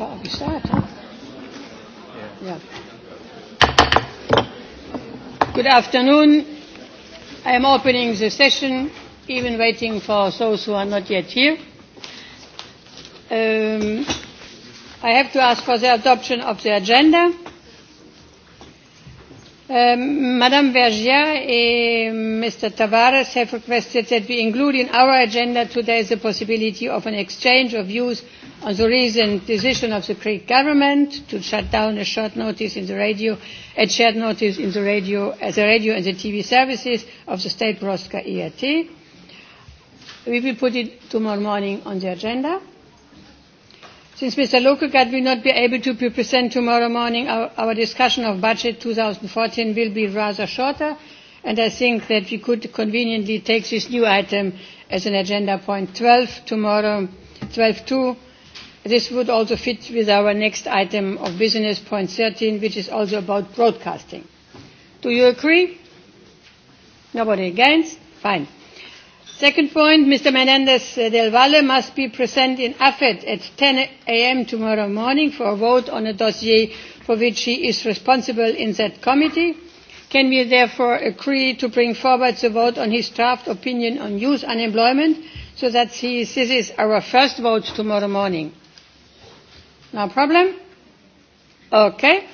start, we start, huh? Yeah. yeah. Good afternoon. I am opening the session, even waiting for those who are not yet here. Um, I have to ask for the adoption of the agenda. Um, Madame Vergia and Mr. Tavares have requested that we include in our agenda today the possibility of an exchange of views on the recent decision of the Greek government to shut down a short notice in the radio, at short notice in the radio, the radio and the TV services of the state broadcaster ERT. We will put it tomorrow morning on the agenda. Since Mr. Lokegaard will not be able to be present tomorrow morning, our, our discussion of budget 2014 will be rather shorter, and I think that we could conveniently take this new item as an agenda point 12 tomorrow, 12 2 This would also fit with our next item of business, point 13, which is also about broadcasting. Do you agree? Nobody against? Fine. Second point, Mr. Menendez uh, del Valle must be present in AFED at 10 a.m. tomorrow morning for a vote on a dossier for which he is responsible in that committee. Can we therefore agree to bring forward the vote on his draft opinion on youth unemployment so that he, this is our first vote tomorrow morning? No problem? Okay.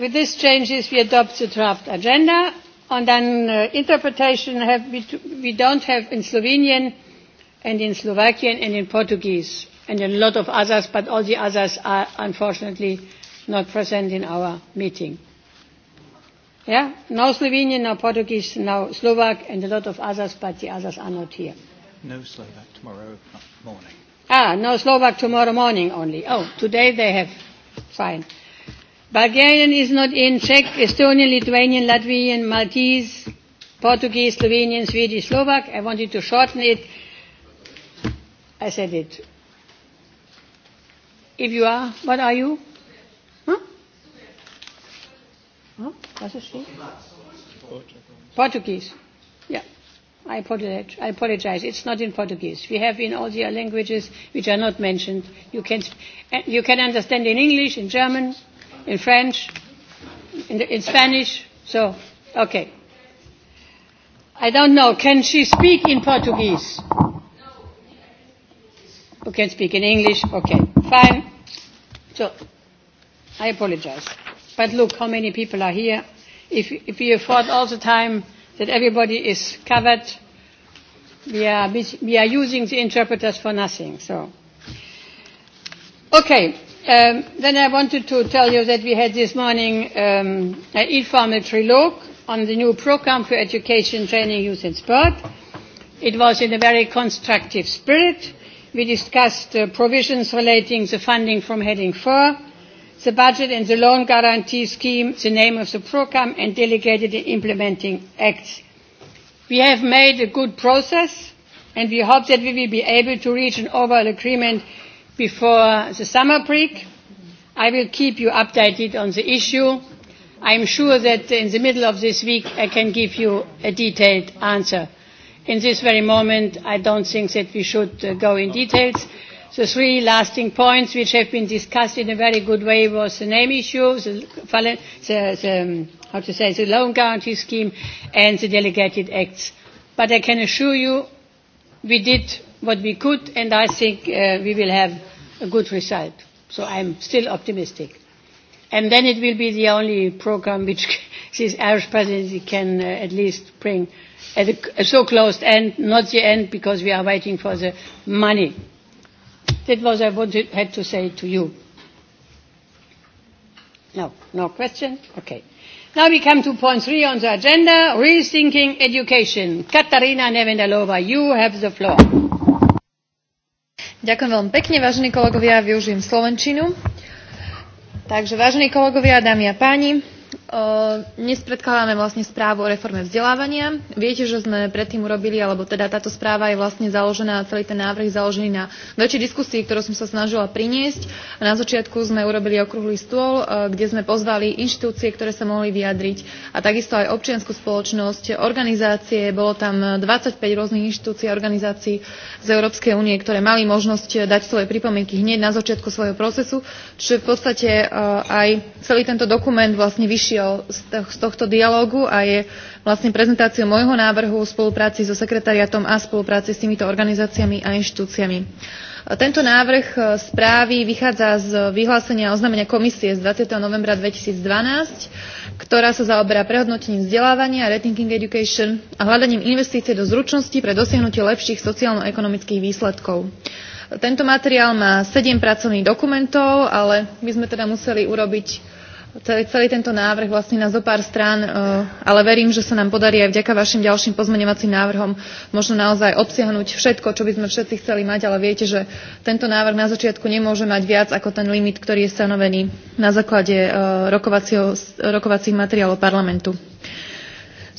With these changes, we adopt the draft agenda. And then uh, interpretation have, we, we don't have in Slovenian and in Slovakian and in Portuguese and a lot of others, but all the others are unfortunately not present in our meeting. Yeah, no Slovenian, no Portuguese, no Slovak, and a lot of others, but the others are not here. No Slovak tomorrow morning. Ah, no, Slovak tomorrow morning only. Oh, today they have. Fine. Bulgarian is not in. Czech, Estonian, Lithuanian, Latvian, Maltese, Portuguese, Slovenian, Swedish, Slovak. I wanted to shorten it. I said it. If you are, what are you? Huh? Huh? What is she? Portuguese. I apologize. it is It's not in Portuguese. We have in all the languages which are not mentioned. You can, understand in English, in German, in French, in, Spanish. So, okay. I don't know. Can she speak in Portuguese? Who can speak in English? Okay, fine. So, I apologize. But look how many people are here. If, if we afford all the time that everybody is covered. We are, we are using the interpreters for nothing. So, okay. Um, then I wanted to tell you that we had this morning um, an informal trilogue on the new program for education, training, youth and sport. It was in a very constructive spirit. We discussed uh, provisions relating to funding from heading 4 the budget and the loan guarantee scheme, the name of the programme and delegated implementing acts. We have made a good process and we hope that we will be able to reach an overall agreement before the summer break. I will keep you updated on the issue. I am sure that in the middle of this week I can give you a detailed answer. In this very moment, I don't think that we should uh, go in details The three lasting points which have been discussed in a very good way was the name issue, the, the, the, um, how to say, the loan guarantee scheme and the delegated acts. But I can assure you we did what we could and I think uh, we will have a good result. So I'm still optimistic. And then it will be the only program which this Irish presidency can uh, at least bring at a, a so close end, not the end because we are waiting for the money That was I wanted, had to say to you. No, no question? Okay. Now we come to point three on the agenda, rethinking education. Katarina Nevendalova, you have the floor. Ďakujem veľmi pekne, vážení kolegovia, využijem Slovenčinu. Takže vážení kolegovia, dámy a páni, Dnes eh, predkladáme vlastne správu o reforme vzdelávania. Viete, že sme predtým urobili, alebo teda táto správa je vlastne založená, celý ten návrh je založený na väčšej diskusii, ktorú som sa snažila priniesť. Na začiatku sme urobili okrúhly stôl, eh, kde sme pozvali inštitúcie, ktoré sa mohli vyjadriť a takisto aj občianskú spoločnosť, organizácie. Bolo tam 25 eh, rôznych inštitúcií a organizácií z Európskej únie, ktoré mali možnosť dať svoje pripomienky hneď na začiatku svojho procesu, čiže v podstate aj celý tento dokument vlastne vyšiel využil z tohto dialógu a je vlastne prezentáciou môjho návrhu v spolupráci so sekretariatom a spolupráci s týmito organizáciami a inštitúciami. Tento návrh e, správy vychádza z vyhlásenia oznámenia komisie z 20. novembra 2012, ktorá sa zaoberá prehodnotením vzdelávania, ratinking education a hľadaním investície do zručnosti pre dosiahnutie lepších sociálno-ekonomických výsledkov. Tento materiál má 7 pracovných dokumentov, ale my sme teda museli urobiť celý tento návrh vlastne na zo pár strán, eh, ale verím, že sa nám podarí aj vďaka vašim ďalším pozmeňovacím návrhom možno naozaj obsiahnuť všetko, čo by sme všetci chceli mať, ale viete, že tento návrh na začiatku nemôže mať viac ako ten limit, ktorý je stanovený na základe eh, rokovacích materiálov parlamentu.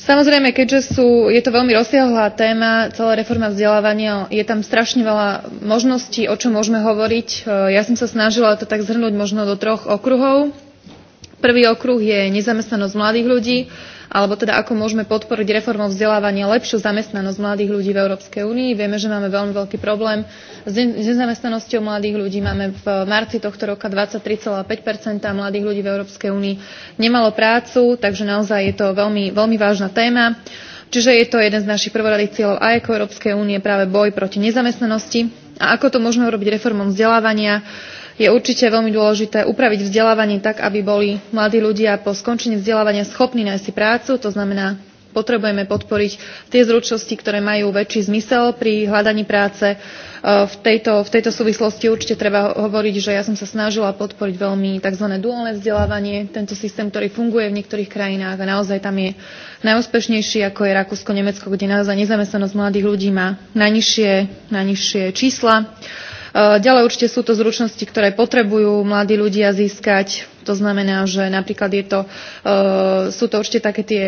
Samozrejme, keďže sú, je to veľmi rozsiahlá téma, celá reforma vzdelávania, je tam strašne veľa možností, o čom môžeme hovoriť. Eh, ja som sa snažila to tak zhrnúť možno do troch okruhov Prvý okruh je nezamestnanosť mladých ľudí, alebo teda ako môžeme podporiť reformou vzdelávania lepšiu zamestnanosť mladých ľudí v Európskej únii. Vieme, že máme veľmi veľký problém s nezamestnanosťou mladých ľudí. Máme v marci tohto roka 23,5 mladých ľudí v Európskej únii nemalo prácu, takže naozaj je to veľmi, veľmi vážna téma. Čiže je to jeden z našich prvoradých cieľov aj ako Európskej únie práve boj proti nezamestnanosti. A ako to môžeme urobiť reformom vzdelávania? je určite veľmi dôležité upraviť vzdelávanie tak, aby boli mladí ľudia po skončení vzdelávania schopní nájsť si prácu, to znamená potrebujeme podporiť tie zručnosti, ktoré majú väčší zmysel pri hľadaní práce. E, v tejto, v tejto súvislosti určite treba hovoriť, že ja som sa snažila podporiť veľmi tzv. duálne vzdelávanie, tento systém, ktorý funguje v niektorých krajinách a naozaj tam je najúspešnejší, ako je Rakúsko, Nemecko, kde naozaj nezamestnanosť mladých ľudí má najnižšie, najnižšie čísla. Uh, Eh, ďalej určite sú to zručnosti, ktoré potrebujú mladí ľudia získať. To znamená, že napríklad je to, eh, sú to určite také tie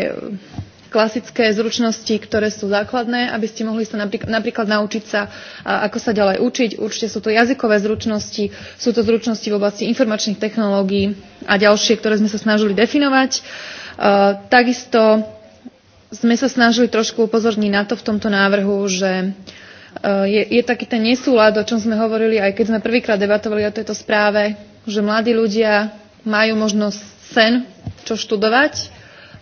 klasické zručnosti, ktoré sú základné, aby ste mohli sa napríklad, napríklad naučiť sa, ako sa ďalej učiť. Určite sú to jazykové zručnosti, sú to zručnosti v oblasti informačných technológií a ďalšie, ktoré sme sa snažili definovať. Eh, takisto sme sa snažili trošku upozorniť na to v tomto návrhu, že Eh, je, je taký ten nesúlad, o čom sme hovorili, aj keď sme prvýkrát debatovali o tejto správe, že mladí ľudia majú možnosť sen, čo študovať,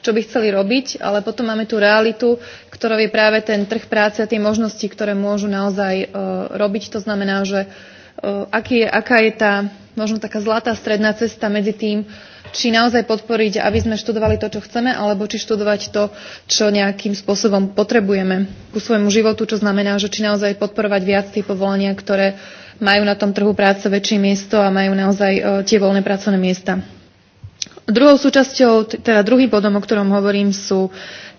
čo by chceli robiť, ale potom máme tú realitu, ktorou je práve ten trh práce a tie možnosti, ktoré môžu naozaj uh, robiť. To znamená, že uh, aký je, aká je tá možno taká zlatá stredná cesta medzi tým, uh, či naozaj podporiť, aby sme študovali to, čo chceme, alebo či študovať to, čo nejakým spôsobom potrebujeme ku svojmu životu, čo znamená, že či naozaj podporovať viac tých povolania, ktoré majú na tom trhu práce väčšie miesto a majú naozaj e, tie voľné pracovné miesta. Druhou súčasťou, teda druhý bodom, o ktorom hovorím, sú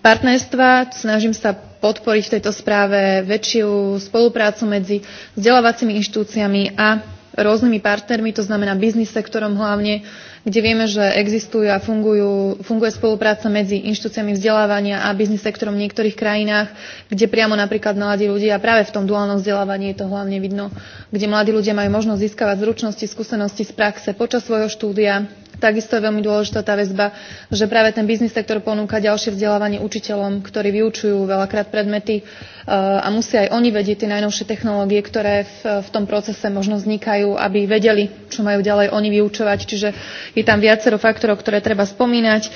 partnerstva. Snažím sa podporiť v tejto správe väčšiu spoluprácu medzi vzdelávacími inštitúciami a rôznymi partnermi, to znamená biznis sektorom hlavne, kde vieme, že existujú a fungujú, funguje spolupráca medzi inštitúciami vzdelávania a biznis sektorom v niektorých krajinách, kde priamo napríklad mladí ľudia, práve v tom duálnom vzdelávaní je to hlavne vidno, kde mladí ľudia majú možnosť získavať zručnosti, skúsenosti z praxe počas svojho štúdia, takisto je veľmi dôležitá tá väzba že práve ten biznis sektor ponúka ďalšie vzdelávanie učiteľom ktorí vyučujú veľakrát predmety eh, a musia aj oni vedieť tie najnovšie technológie ktoré v v tom procese možno vznikajú aby vedeli čo majú ďalej oni vyučovať čiže je tam viacero faktorov ktoré treba spomínať eh,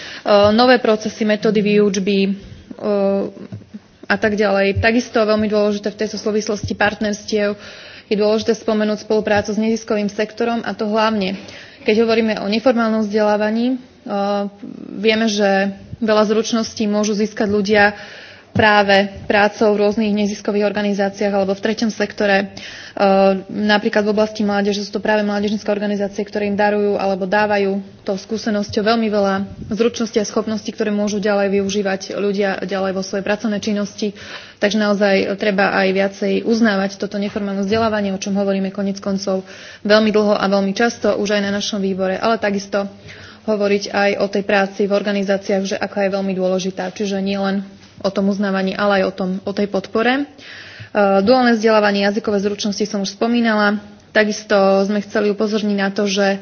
nové procesy metódy výučby eh, a tak ďalej. Takisto veľmi dôležité v tejto súvislosti partnerstiev je dôležité spomenúť spoluprácu s neziskovým sektorom a to hlavne Keď hovoríme o neformálnom vzdelávaní, vieme, že veľa zručností môžu získať ľudia práve prácou v rôznych neziskových organizáciách alebo v treťom sektore. E, napríklad v oblasti mládeže sú to práve mládežnické organizácie, ktoré im darujú alebo dávajú tou skúsenosťou veľmi veľa zručností a schopností, ktoré môžu ďalej využívať ľudia ďalej vo svojej pracovnej činnosti. Takže naozaj treba aj viacej uznávať toto neformálne vzdelávanie, o čom hovoríme konec koncov veľmi dlho a veľmi často, už aj na našom výbore, ale takisto hovoriť aj o tej práci v organizáciách, že aká je veľmi dôležitá. Čiže nie len o tom uznávaní, ale aj o, tom, o tej podpore. E, duálne vzdelávanie jazykové zručnosti som už spomínala. Takisto sme chceli upozorniť na to, že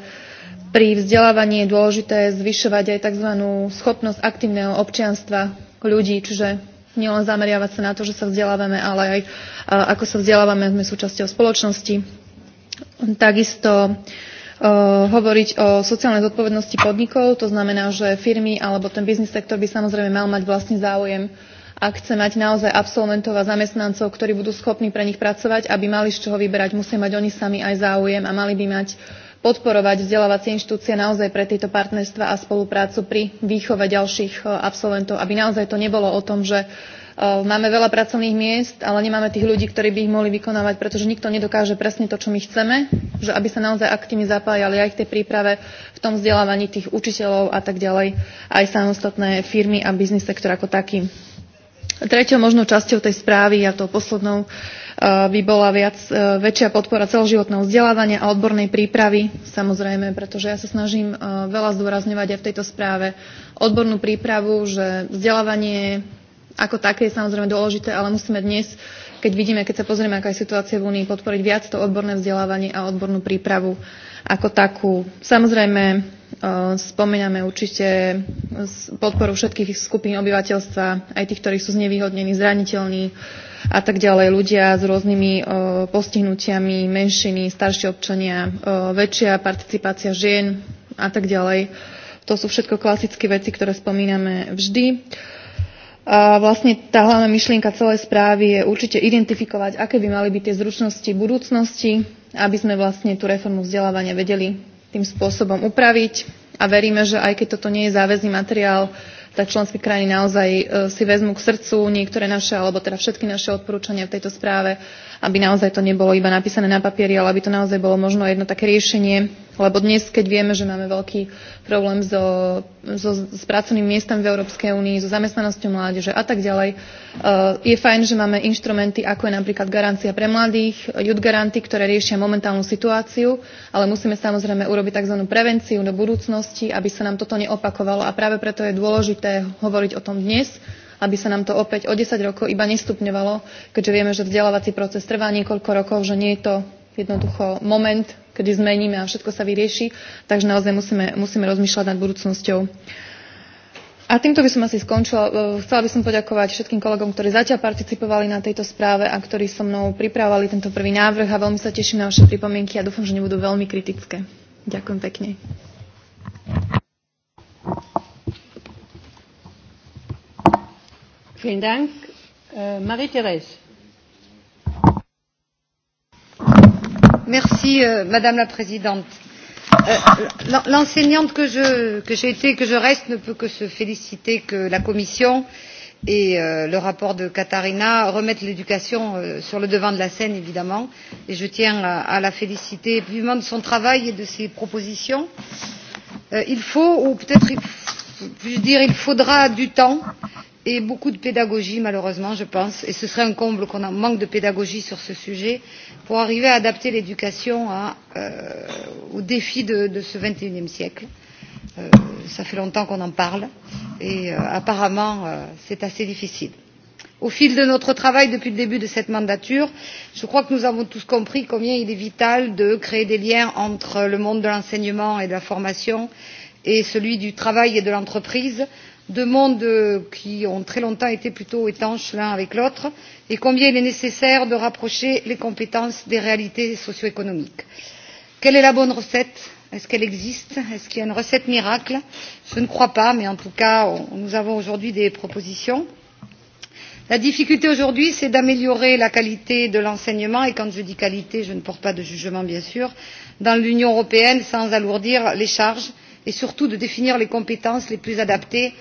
pri vzdelávaní je dôležité zvyšovať aj tzv. schopnosť aktívneho občianstva ľudí, čiže nielen zameriavať sa na to, že sa vzdelávame, ale aj e, ako sa vzdelávame, sme súčasťou spoločnosti. Takisto uh, hovoriť o sociálnej zodpovednosti podnikov, to znamená, že firmy alebo ten biznis sektor by samozrejme mal mať vlastný záujem ak chce mať naozaj absolventov a zamestnancov, ktorí budú schopní pre nich pracovať, aby mali z čoho vyberať, musia mať oni sami aj záujem a mali by mať podporovať vzdelávacie inštitúcie naozaj pre tieto partnerstva a spoluprácu pri výchove ďalších e, absolventov, aby naozaj to nebolo o tom, že e, máme veľa pracovných miest, ale nemáme tých ľudí, ktorí by ich mohli vykonávať, pretože nikto nedokáže presne to, čo my chceme, že aby sa naozaj aktívne zapájali aj v tej príprave, v tom vzdelávaní tých učiteľov a tak ďalej, aj samostatné firmy a biznis sektor ako taký. Treťou možno časťou tej správy a tou poslednou eh, by bola viac, eh, väčšia podpora celoživotného vzdelávania a odbornej prípravy, samozrejme, pretože ja sa snažím eh, veľa zdôrazňovať aj v tejto správe odbornú prípravu, že vzdelávanie ako také je samozrejme dôležité, ale musíme dnes, keď vidíme, keď sa pozrieme, aká je situácia v Únii, podporiť viac to odborné vzdelávanie a odbornú prípravu ako takú. Samozrejme, Spomíname určite podporu všetkých skupín obyvateľstva, aj tých, ktorí sú znevýhodnení, zraniteľní a tak ďalej. Ľudia s rôznymi postihnutiami, menšiny, starší občania, väčšia participácia žien a tak ďalej. To sú všetko klasické veci, ktoré spomíname vždy. A vlastne tá hlavná myšlienka celej správy je určite identifikovať, aké by mali byť tie zručnosti budúcnosti, aby sme vlastne tú reformu vzdelávania vedeli tým spôsobom upraviť a veríme, že aj keď toto nie je záväzný materiál, tak členské krajiny naozaj e, si vezmú k srdcu niektoré naše, alebo teda všetky naše odporúčania v tejto správe, aby naozaj to nebolo iba napísané na papieri, ale aby to naozaj bolo možno jedno také riešenie, Lebo dnes, keď vieme, že máme veľký problém so, so, s pracovnými miestami v Európskej únii, so zamestnanosťou mládeže a tak ďalej, uh, je fajn, že máme inštrumenty, ako je napríklad garancia pre mladých, youth garanty, ktoré riešia momentálnu situáciu, ale musíme samozrejme urobiť tzv. prevenciu do budúcnosti, aby sa nám toto neopakovalo a práve preto je dôležité hovoriť o tom dnes, aby sa nám to opäť o 10 rokov iba nestupňovalo, keďže vieme, že vzdelávací proces trvá niekoľko rokov, že nie je to jednoducho moment, kedy zmeníme a všetko sa vyrieši, takže naozaj musíme, musíme rozmýšľať nad budúcnosťou. A týmto by som asi skončila. E, chcela by som poďakovať všetkým kolegom, ktorí zatiaľ participovali na tejto správe a ktorí so mnou pripravovali tento prvý návrh a veľmi sa teším na vaše pripomienky a dúfam, že nebudú veľmi kritické. Ďakujem pekne. Vielen Dank. Äh, Marie-Therese. Euh, Madame la Présidente. Euh, l'enseignante que j'ai été et que je reste ne peut que se féliciter que la Commission et euh, le rapport de Katharina remettent l'éducation sur le devant de la scène, évidemment. Et je tiens à, la féliciter vivement de son travail et de ses propositions. il faut, ou peut-être, puis-je il faudra du temps et beaucoup de pédagogie malheureusement je pense et ce serait un comble qu'on manque de pédagogie sur ce sujet pour arriver à adapter l'éducation euh, aux défis de, de ce vingt e siècle. Euh, ça fait longtemps qu'on en parle et euh, apparemment euh, c'est assez difficile. Au fil de notre travail depuis le début de cette mandature, je crois que nous avons tous compris combien il est vital de créer des liens entre le monde de l'enseignement et de la formation et celui du travail et de l'entreprise deux mondes euh, qui ont très longtemps été plutôt étanches l'un avec l'autre et combien il est nécessaire de rapprocher les compétences des réalités socio économiques. quelle est la bonne recette? est ce qu'elle existe? est ce qu'il y a une recette miracle? je ne crois pas mais en tout cas nous avons aujourd'hui des propositions. la difficulté aujourd'hui c'est d'améliorer la qualité de l'enseignement et quand je dis qualité je ne porte pas de jugement bien sûr dans l'union européenne sans alourdir les charges et surtout de définir les compétences les plus adaptées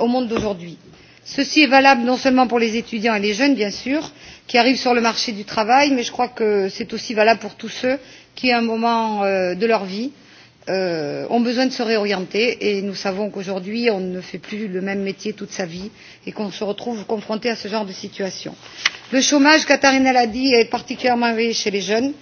au monde d'aujourd'hui. ceci est valable non seulement pour les étudiants et les jeunes bien sûr qui arrivent sur le marché du travail mais je crois que c'est aussi valable pour tous ceux qui à un moment euh, de leur vie euh, ont besoin de se réorienter et nous savons qu'aujourd'hui on ne fait plus le même métier toute sa vie et qu'on se retrouve confronté à ce genre de situation. le chômage katharina l'a dit est particulièrement élevé chez les jeunes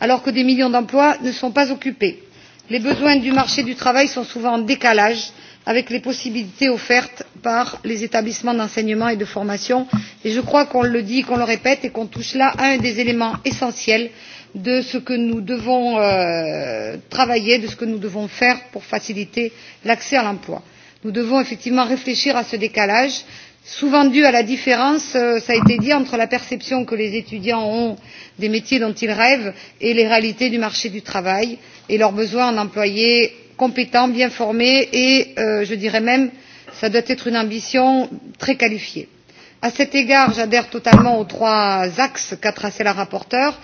alors que des millions d'emplois ne sont pas occupés. les besoins du marché du travail sont souvent en décalage avec les possibilités offertes par les établissements d'enseignement et de formation et je crois qu'on le dit qu'on le répète et qu'on touche là à un des éléments essentiels de ce que nous devons euh, travailler de ce que nous devons faire pour faciliter l'accès à l'emploi. nous devons effectivement réfléchir à ce décalage souvent dû à la différence cela euh, a été dit entre la perception que les étudiants ont des métiers dont ils rêvent et les réalités du marché du travail et leurs besoins en employés compétents bien formés et euh, je dirais même cela doit être une ambition très qualifiée. à cet égard j'adhère totalement aux trois axes qu'a tracés la rapporteure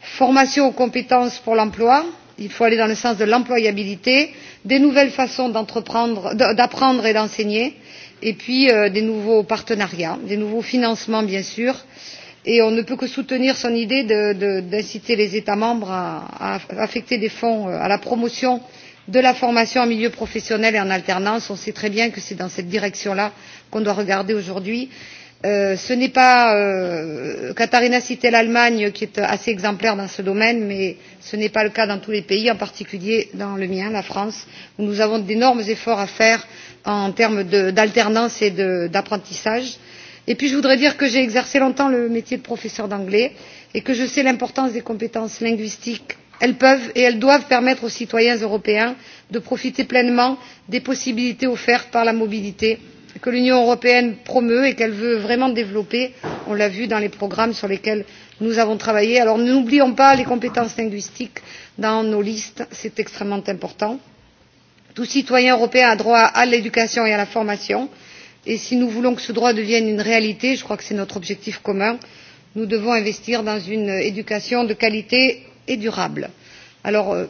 formation aux compétences pour l'emploi il faut aller dans le sens de l'employabilité des nouvelles façons d'apprendre et d'enseigner et puis euh, des nouveaux partenariats des nouveaux financements bien sûr et on ne peut que soutenir son idée d'inciter les états membres à, à affecter des fonds euh, à la promotion de la formation en milieu professionnel et en alternance on sait très bien que c'est dans cette direction là qu'on doit regarder aujourd'hui. Euh, ce n'est pas euh, Katharina citait l'Allemagne qui est assez exemplaire dans ce domaine, mais ce n'est pas le cas dans tous les pays, en particulier dans le mien, la France, où nous avons d'énormes efforts à faire en termes d'alternance et d'apprentissage. Et puis je voudrais dire que j'ai exercé longtemps le métier de professeur d'anglais et que je sais l'importance des compétences linguistiques elles peuvent et elles doivent permettre aux citoyens européens de profiter pleinement des possibilités offertes par la mobilité que l'union européenne promeut et qu'elle veut vraiment développer on l'a vu dans les programmes sur lesquels nous avons travaillé. alors n'oublions pas les compétences linguistiques dans nos listes c'est extrêmement important. tout citoyen européen a droit à l'éducation et à la formation et si nous voulons que ce droit devienne une réalité je crois que c'est notre objectif commun nous devons investir dans une éducation de qualité et durable. Euh,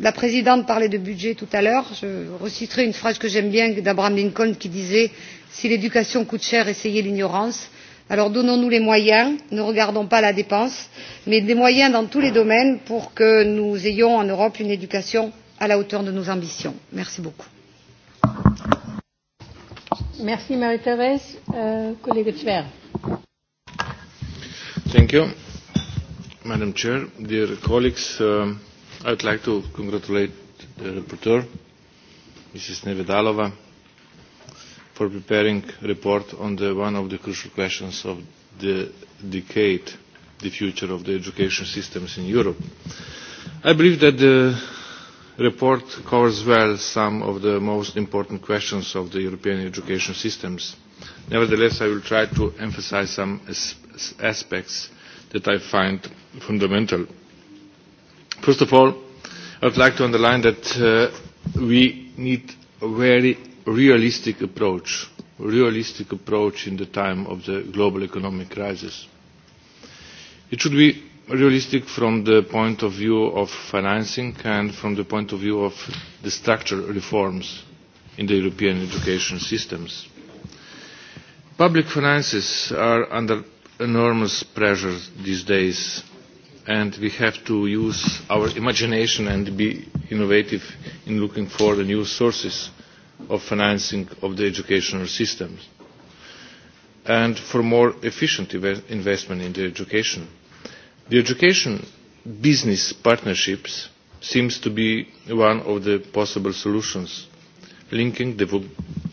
la présidente parlait de budget tout à l'heure je reciterai une phrase que j'aime bien d'abraham lincoln qui disait si l'éducation coûte cher essayez l'ignorance. alors donnons nous les moyens ne regardons pas la dépense mais des moyens dans tous les domaines pour que nous ayons en europe une éducation à la hauteur de nos ambitions. merci beaucoup. Merci Marie-Thérèse. Euh, collègue Tver. Thank you. Madam Chair, dear colleagues, um, I would like to congratulate the rapporteur, Mrs. nevealov for preparing a report on one of the crucial questions of the decade, the future of the education systems in Europe. I believe that the report covers well some of the most important questions of the European education systems. Nevertheless, I will try to emphasise some aspects that I find fundamental. First of all, I would like to underline that uh, we need a very realistic approach, realistic approach in the time of the global economic crisis. It should be realistic from the point of view of financing and from the point of view of the structural reforms in the European education systems. Public finances are under enormous pressure these days and we have to use our imagination and be innovative in looking for the new sources of financing of the educational systems and for more efficient investment in the education. The education business partnerships seems to be one of the possible solutions linking the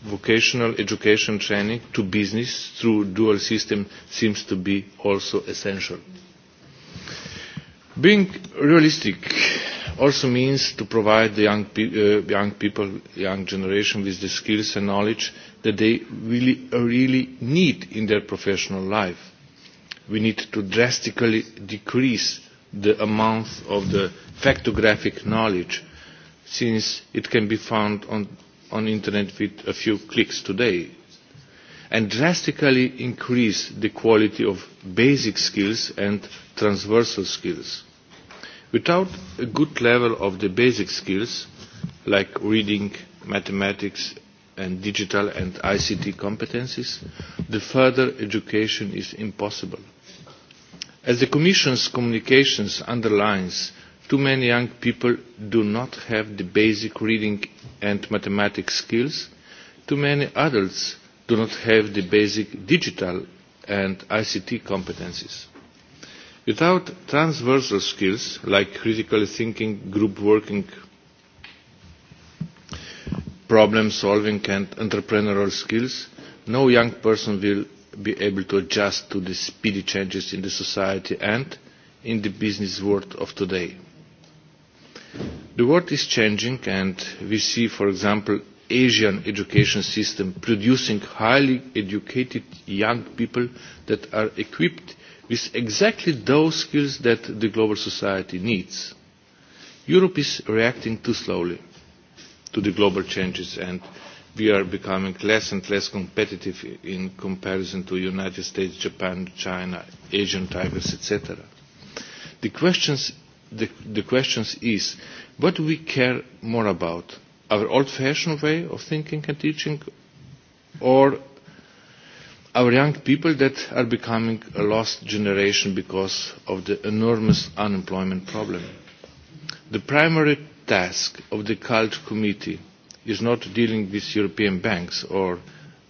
vocational education training to business through dual system seems to be also essential. Being realistic also means to provide the young, pe uh, young people, young generation with the skills and knowledge that they really, really need in their professional life. We need to drastically decrease the amount of the factographic knowledge since it can be found on on the internet with a few clicks today and drastically increase the quality of basic skills and transversal skills. Without a good level of the basic skills, like reading, mathematics and digital and ICT competences, the further education is impossible. As the Commission's communications underlines, too many young people do not have the basic reading and mathematics skills. Too many adults do not have the basic digital and ICT competences. Without transversal skills like critical thinking, group working, problem solving and entrepreneurial skills, no young person will be able to adjust to the speedy changes in the society and in the business world of today The world is changing and we see, for example, Asian education system producing highly educated young people that are equipped with exactly those skills that the global society needs. Europe is reacting too slowly to the global changes and we are becoming less and less competitive in comparison to United States, Japan, China, Asian tigers, etc. The questions the, the question is, what do we care more about? Our old-fashioned way of thinking and teaching or our young people that are becoming a lost generation because of the enormous unemployment problem. The primary task of the CULT committee is not dealing with European banks or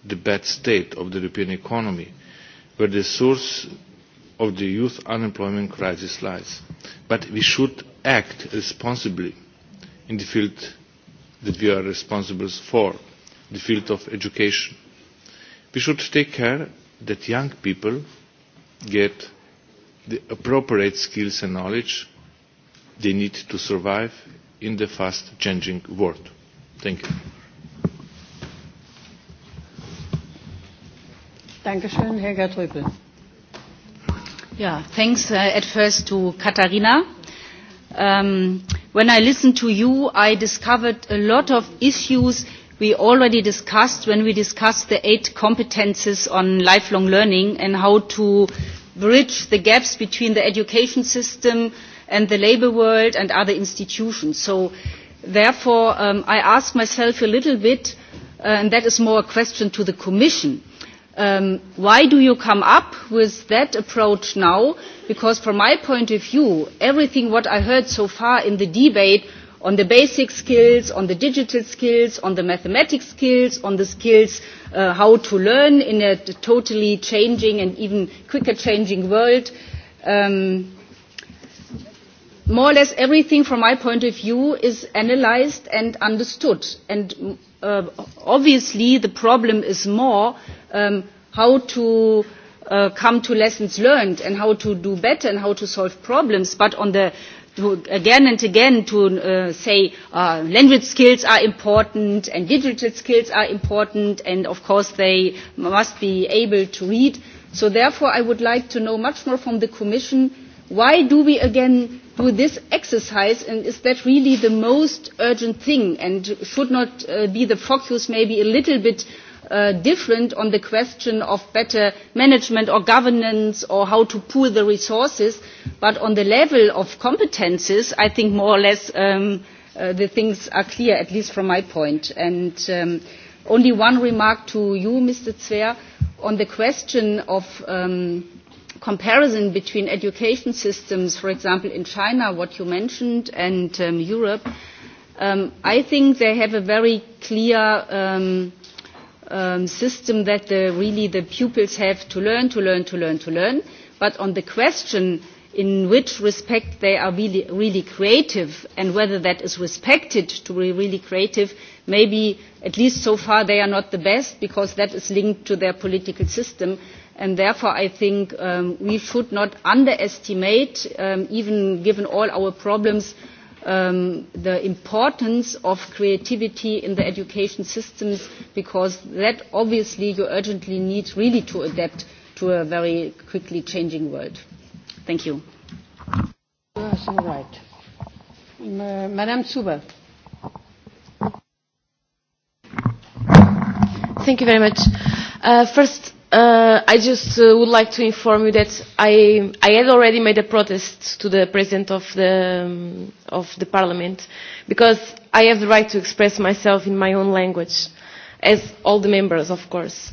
the bad state of the European economy, where the source of the youth unemployment crisis lies. But we should act responsibly in the field that we are responsible for, the field of education. We should take care that young people get the appropriate skills and knowledge they need to survive in the fast changing world. Thank you. you, Herr Gertrüppel. Yeah, thanks uh, at first to Katarina. Um, when I listened to you, I discovered a lot of issues we already discussed when we discussed the eight competences on lifelong learning and how to bridge the gaps between the education system and the labor world and other institutions. So therefore, um, I ask myself a little bit, uh, and that is more a question to the Commission, Um, why do you come up with that approach now? Because from my point of view, everything what I heard so far in the debate on the basic skills, on the digital skills, on the mathematics skills, on the skills uh, how to learn in a totally changing and even quicker changing world. Um, more or less everything from my point of view is analyzed and understood. And uh, obviously the problem is more um, how to uh, come to lessons learned and how to do better and how to solve problems. But on the to again and again to uh, say uh, language skills are important and digital skills are important and of course they must be able to read. So therefore I would like to know much more from the Commission Why do we again do this exercise and is that really the most urgent thing and should not uh, be the focus maybe a little bit uh, different on the question of better management or governance or how to pool the resources but on the level of competences I think more or less um, uh, the things are clear at least from my point and um, only one remark to you Mr. Zwer on the question of um, comparison between education systems, for example, in China, what you mentioned, and um, Europe, um, I think they have a very clear um, um, system that the, really the pupils have to learn, to learn, to learn, to learn. But on the question in which respect they are really, really creative and whether that is respected to be really creative, maybe at least so far they are not the best because that is linked to their political system and therefore I think um, we should not underestimate, um, even given all our problems, um, the importance of creativity in the education systems because that obviously you urgently need really to adapt to a very quickly changing world. Thank you. Yes, all right. M Zuber. Thank you very much. Uh, first, Uh, I just uh, would like to inform you that I, I had already made a protest to the President of the, um, of the Parliament because I have the right to express myself in my own language, as all the members, of course.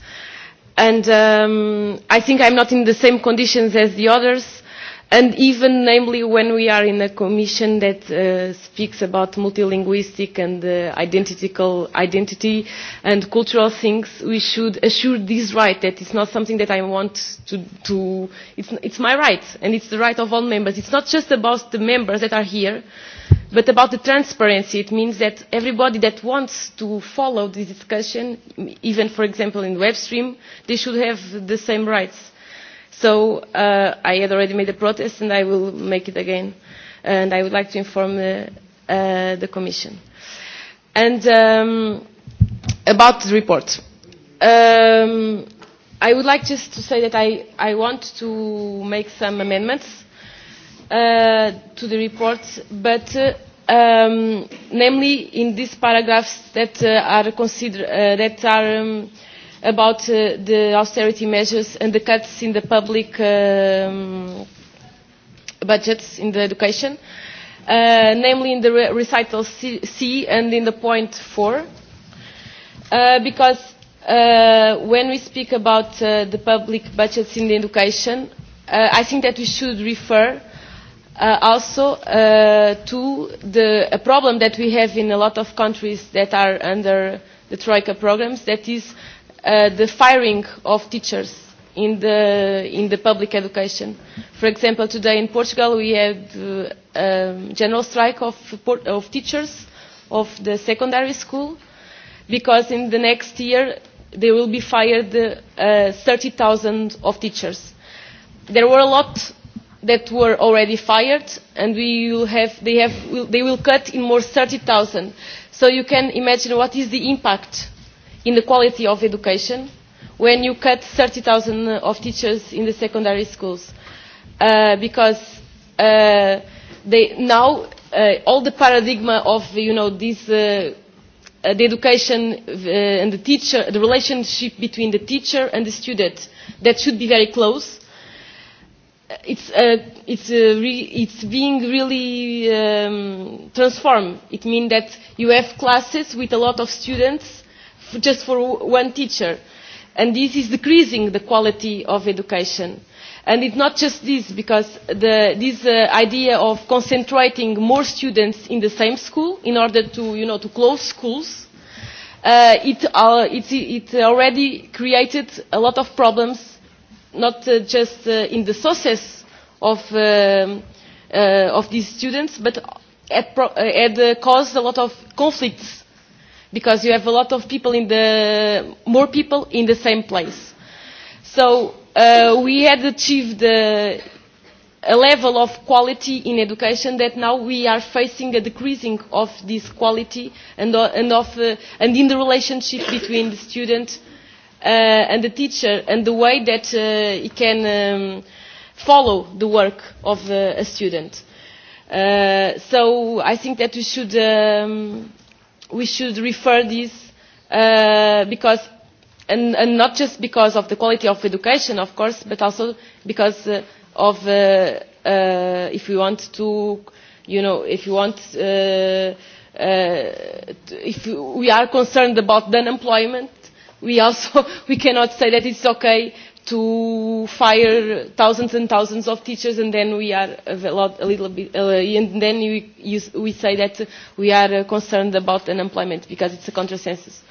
And um, I think I'm not in the same conditions as the others, and even namely when we are in a commission that uh, speaks about multilinguistic and uh, identical identity and cultural things we should assure this right that it's not something that i want to to it's it's my right and it's the right of all members it's not just about the members that are here but about the transparency it means that everybody that wants to follow this discussion even for example in web stream they should have the same rights So uh, I had already made a protest and I will make it again. And I would like to inform the, uh, the Commission. And um, about the report. Um, I would like just to say that I, I want to make some amendments uh, to the report, but uh, um, namely in these paragraphs that uh, are considered, uh, that are um, about uh, the austerity measures and the cuts in the public um, budgets in the education, uh, namely in the re recital C, C and in the point 4, uh, because uh, when we speak about uh, the public budgets in the education, uh, I think that we should refer uh, also uh, to the a problem that we have in a lot of countries that are under the Troika programs, that is uh, the firing of teachers in the, in the public education. For example, today in Portugal we had uh, a um, general strike of, of teachers of the secondary school because in the next year there will be fired uh, 30,000 of teachers. There were a lot that were already fired and we will have, they, have, will, they will cut in more 30,000. So you can imagine what is the impact in the quality of education when you cut 30,000 uh, of teachers in the secondary schools uh, because uh, they now uh, all the paradigm of you know this uh, uh, the education uh, and the teacher the relationship between the teacher and the student that should be very close uh, it's uh, it's uh, re it's being really um, transformed it means that you have classes with a lot of students just for one teacher. And this is decreasing the quality of education. And it's not just this, because the, this uh, idea of concentrating more students in the same school in order to, you know, to close schools, uh, it, uh, it, it already created a lot of problems, not uh, just uh, in the sources of, uh, uh, of these students, but had, pro- uh, had uh, caused a lot of conflicts because you have a lot of people in the more people in the same place. So uh, we had achieved the, a level of quality in education that now we are facing a decreasing of this quality and, uh, and, of, uh, and in the relationship between the student uh, and the teacher and the way that uh, he can um, follow the work of uh, a student. Uh, so I think that we should um, we should refer this uh, because and, and not just because of the quality of education of course but also because uh, of uh, uh, if we want to you know if you want uh, uh, if we are concerned about the unemployment we also we cannot say that it's okay to fire thousands and thousands of teachers and then we are a, lot, a little bit uh, and then we, you, we say that we are uh, concerned about unemployment because it's a contrasensus.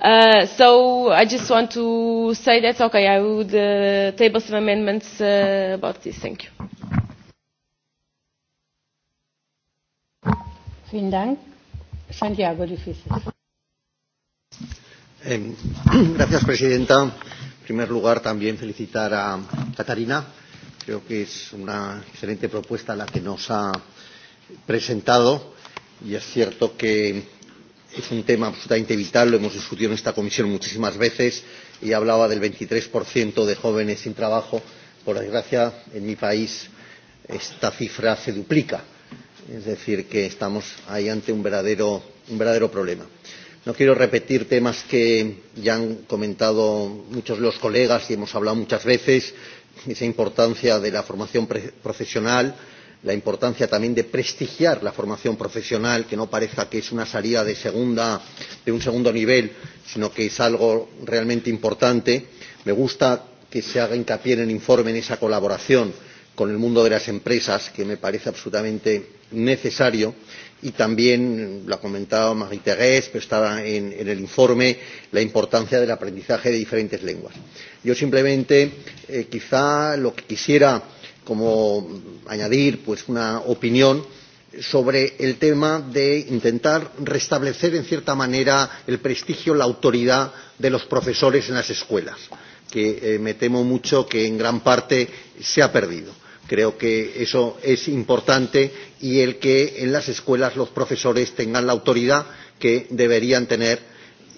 Uh, so I just want to say that okay I would uh, table some amendments uh, about this. Thank you. Vielen Dank. Santiago Difícil. Ähm, eh, gracias, Presidenta primer lugar, también felicitar a Catarina. Creo que es una excelente propuesta la que nos ha presentado y es cierto que es un tema absolutamente vital. Lo hemos discutido en esta comisión muchísimas veces y hablaba del 23% de jóvenes sin trabajo. Por desgracia, en mi país esta cifra se duplica. Es decir, que estamos ahí ante un verdadero, un verdadero problema. No quiero repetir temas que ya han comentado muchos de los colegas y hemos hablado muchas veces, esa importancia de la formación profesional, la importancia también de prestigiar la formación profesional, que no parezca que es una salida de, segunda, de un segundo nivel, sino que es algo realmente importante. Me gusta que se haga hincapié en el informe en esa colaboración con el mundo de las empresas, que me parece absolutamente necesario y también lo ha comentado Marie Thérèse, pero estaba en, en el informe la importancia del aprendizaje de diferentes lenguas. Yo simplemente eh, quizá lo que quisiera como añadir pues una opinión sobre el tema de intentar restablecer en cierta manera el prestigio, la autoridad de los profesores en las escuelas, que eh, me temo mucho que en gran parte se ha perdido Creo que eso es importante y el que en las escuelas los profesores tengan la autoridad que deberían tener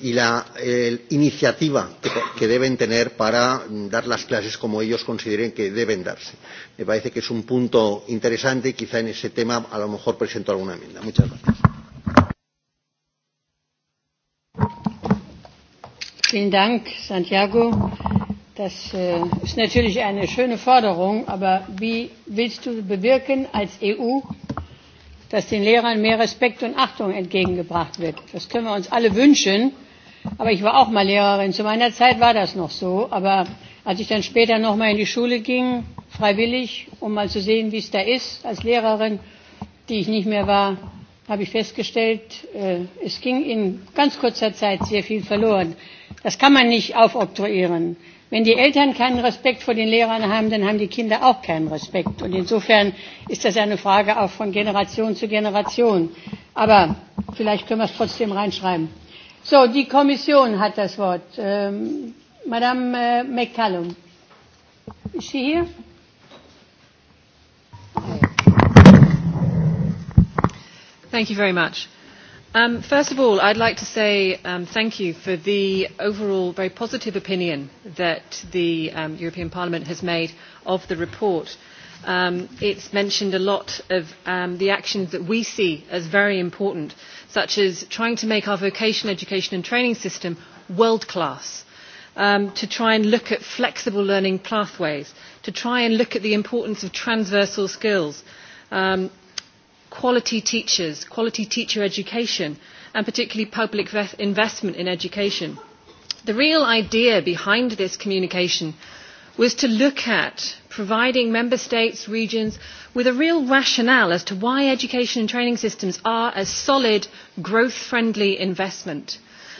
y la eh, iniciativa que, que deben tener para dar las clases como ellos consideren que deben darse. Me parece que es un punto interesante y quizá en ese tema a lo mejor presento alguna enmienda. Muchas gracias. Vielen Dank, Santiago. Das äh, ist natürlich eine schöne Forderung, aber wie willst du bewirken als EU, dass den Lehrern mehr Respekt und Achtung entgegengebracht wird? Das können wir uns alle wünschen, aber ich war auch mal Lehrerin. Zu meiner Zeit war das noch so, aber als ich dann später noch mal in die Schule ging, freiwillig, um mal zu sehen, wie es da ist, als Lehrerin, die ich nicht mehr war, habe ich festgestellt, äh, es ging in ganz kurzer Zeit sehr viel verloren. Das kann man nicht aufoktroyieren. Wenn die Eltern keinen Respekt vor den Lehrern haben, dann haben die Kinder auch keinen Respekt. Und insofern ist das eine Frage auch von Generation zu Generation. Aber vielleicht können wir es trotzdem reinschreiben. So, die Kommission hat das Wort. Ähm, Madame äh, McCallum. Is she here? Thank you very much. Um, first of all, i would like to say um, thank you for the overall very positive opinion that the um, European Parliament has made of the report. it has mentioned a lot of the actions that we see as very important, such as trying to make our vocational education and training system world class, to try and look at flexible learning pathways, to try and look at the importance of transversal skills, um, quality teachers, quality teacher education, and particularly public investment in education. The real idea behind this communication was to look at providing member states, regions with a real rationale as to why education and training systems are a solid, growth friendly investment.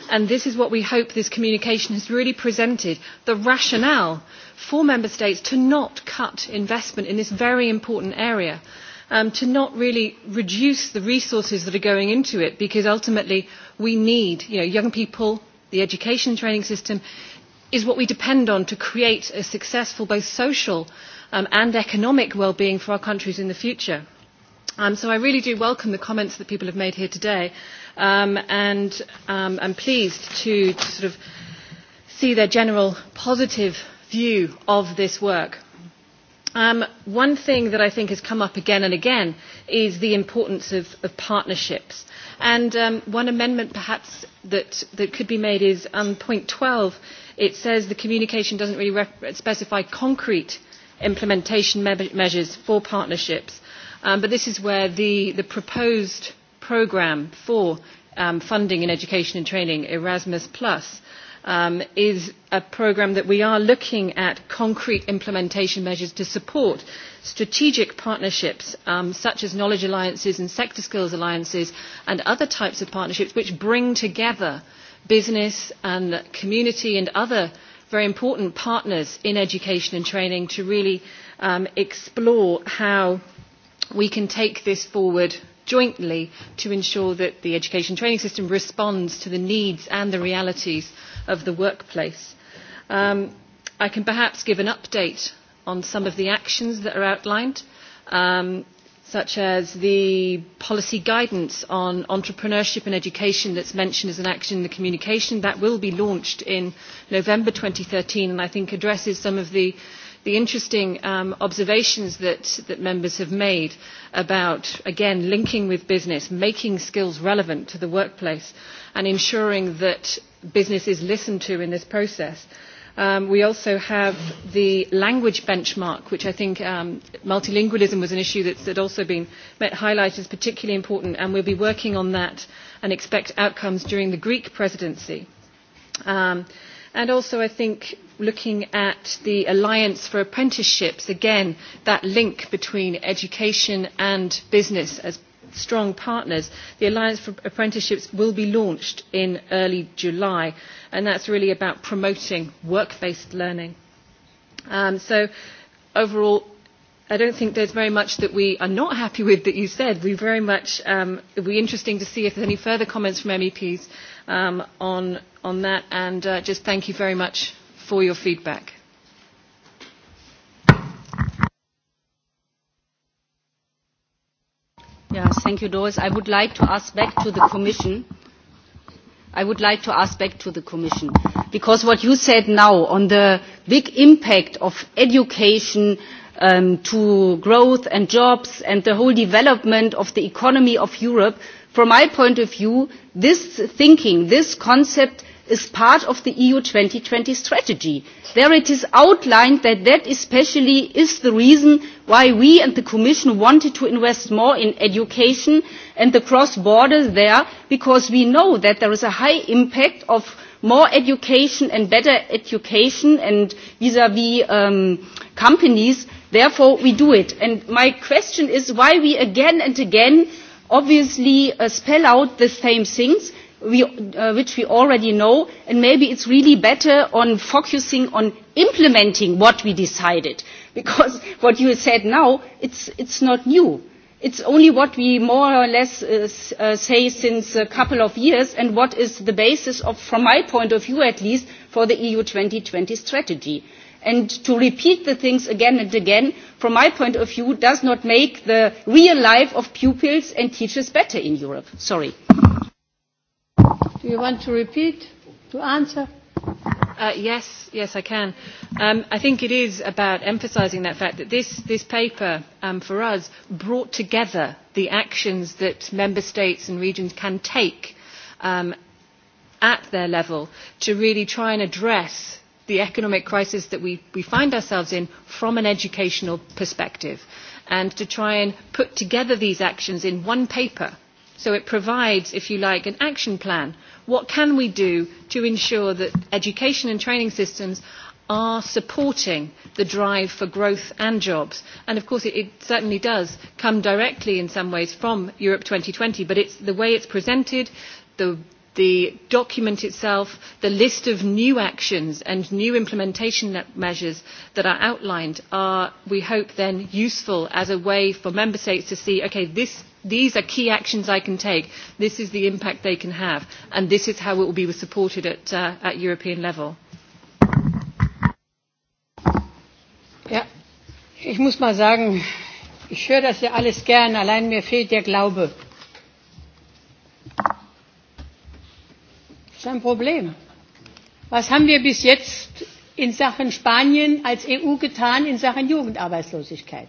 And this is what we hope this communication has really presented the rationale for member states to not cut investment in this very important area um, to not really reduce the resources that are going into it because ultimately we need you know, young people, the education training system is what we depend on to create a successful both social um, and economic well-being for our countries in the future. Um, so I really do welcome the comments that people have made here today um, and um, I'm pleased to, to sort of see their general positive view of this work. Um, one thing that I think has come up again and again is the importance of, of partnerships. And um, one amendment perhaps that, that could be made is um, point 12. It says the communication doesn't really specify concrete implementation me- measures for partnerships. Um, but this is where the, the proposed programme for um, funding in education and training, Erasmus Plus, um, is a programme that we are looking at concrete implementation measures to support strategic partnerships um, such as knowledge alliances and sector skills alliances and other types of partnerships which bring together business and community and other very important partners in education and training to really um, explore how we can take this forward jointly to ensure that the education training system responds to the needs and the realities of the workplace. Um, I can perhaps give an update on some of the actions that are outlined, um, such as the policy guidance on entrepreneurship and education that's mentioned as an action in the communication. That will be launched in November 2013 and I think addresses some of the uh, the interesting um, observations that, that members have made about, again, linking with business, making skills relevant to the workplace, and ensuring that business is listened to in this process. Um, we also have the language benchmark, which I think um, multilingualism was an issue that's that also been highlighted as particularly important, and we'll be working on that and expect outcomes during the Greek presidency. Um, and also, I think looking at the Alliance for Apprenticeships, again, that link between education and business as strong partners. The Alliance for Apprenticeships will be launched in early July, and that's really about promoting work-based learning. Um, so overall, I don't think there's very much that we are not happy with that you said. We very much, um, it would be interesting to see if there's any further comments from MEPs um, on, on that, and uh, just thank you very much for your feedback. Yes, thank you, Doris. I would like to ask back to the Commission. I would like to ask back to the Commission because what you said now on the big impact of education um, to growth and jobs and the whole development of the economy of Europe, from my point of view, this thinking, this concept is part of the EU 2020 strategy. There it is outlined that that especially is the reason why we and the Commission wanted to invest more in education and the cross borders there, because we know that there is a high impact of more education and better education and vis-à-vis -vis, um, companies. Therefore, we do it. And my question is why we again and again obviously uh, spell out the same things Uh, which we already know, and maybe it's really better on focusing on implementing what we decided. Because what you said now, it's, it's not new. It's only what we more or less uh, uh, say since a couple of years and what is the basis of, from my point of view at least, for the EU 2020 strategy. And to repeat the things again and again, from my point of view, does not make the real life of pupils and teachers better in Europe. Sorry you want to repeat to answer? Uh, yes, yes, I can. Um, I think it is about emphasising that fact that this, this paper, um, for us, brought together the actions that member states and regions can take um, at their level to really try and address the economic crisis that we, we find ourselves in from an educational perspective and to try and put together these actions in one paper. So it provides, if you like, an action plan What can we do to ensure that education and training systems are supporting the drive for growth and jobs. And of course, it, it certainly does come directly in some ways from Europe 2020, but it's the way it's presented, the the document itself, the list of new actions and new implementation measures that are outlined are, we hope, then useful as a way for member states to see, okay, this these are key actions I can take. This is the impact they can have, and this is how it will be supported at, uh, at European level. Ja, ich muss mal sagen, ich höre das ja alles gern, allein mir fehlt der Glaube. Das ist ein Problem. Was haben wir bis jetzt in Sachen Spanien als EU getan in Sachen Jugendarbeitslosigkeit?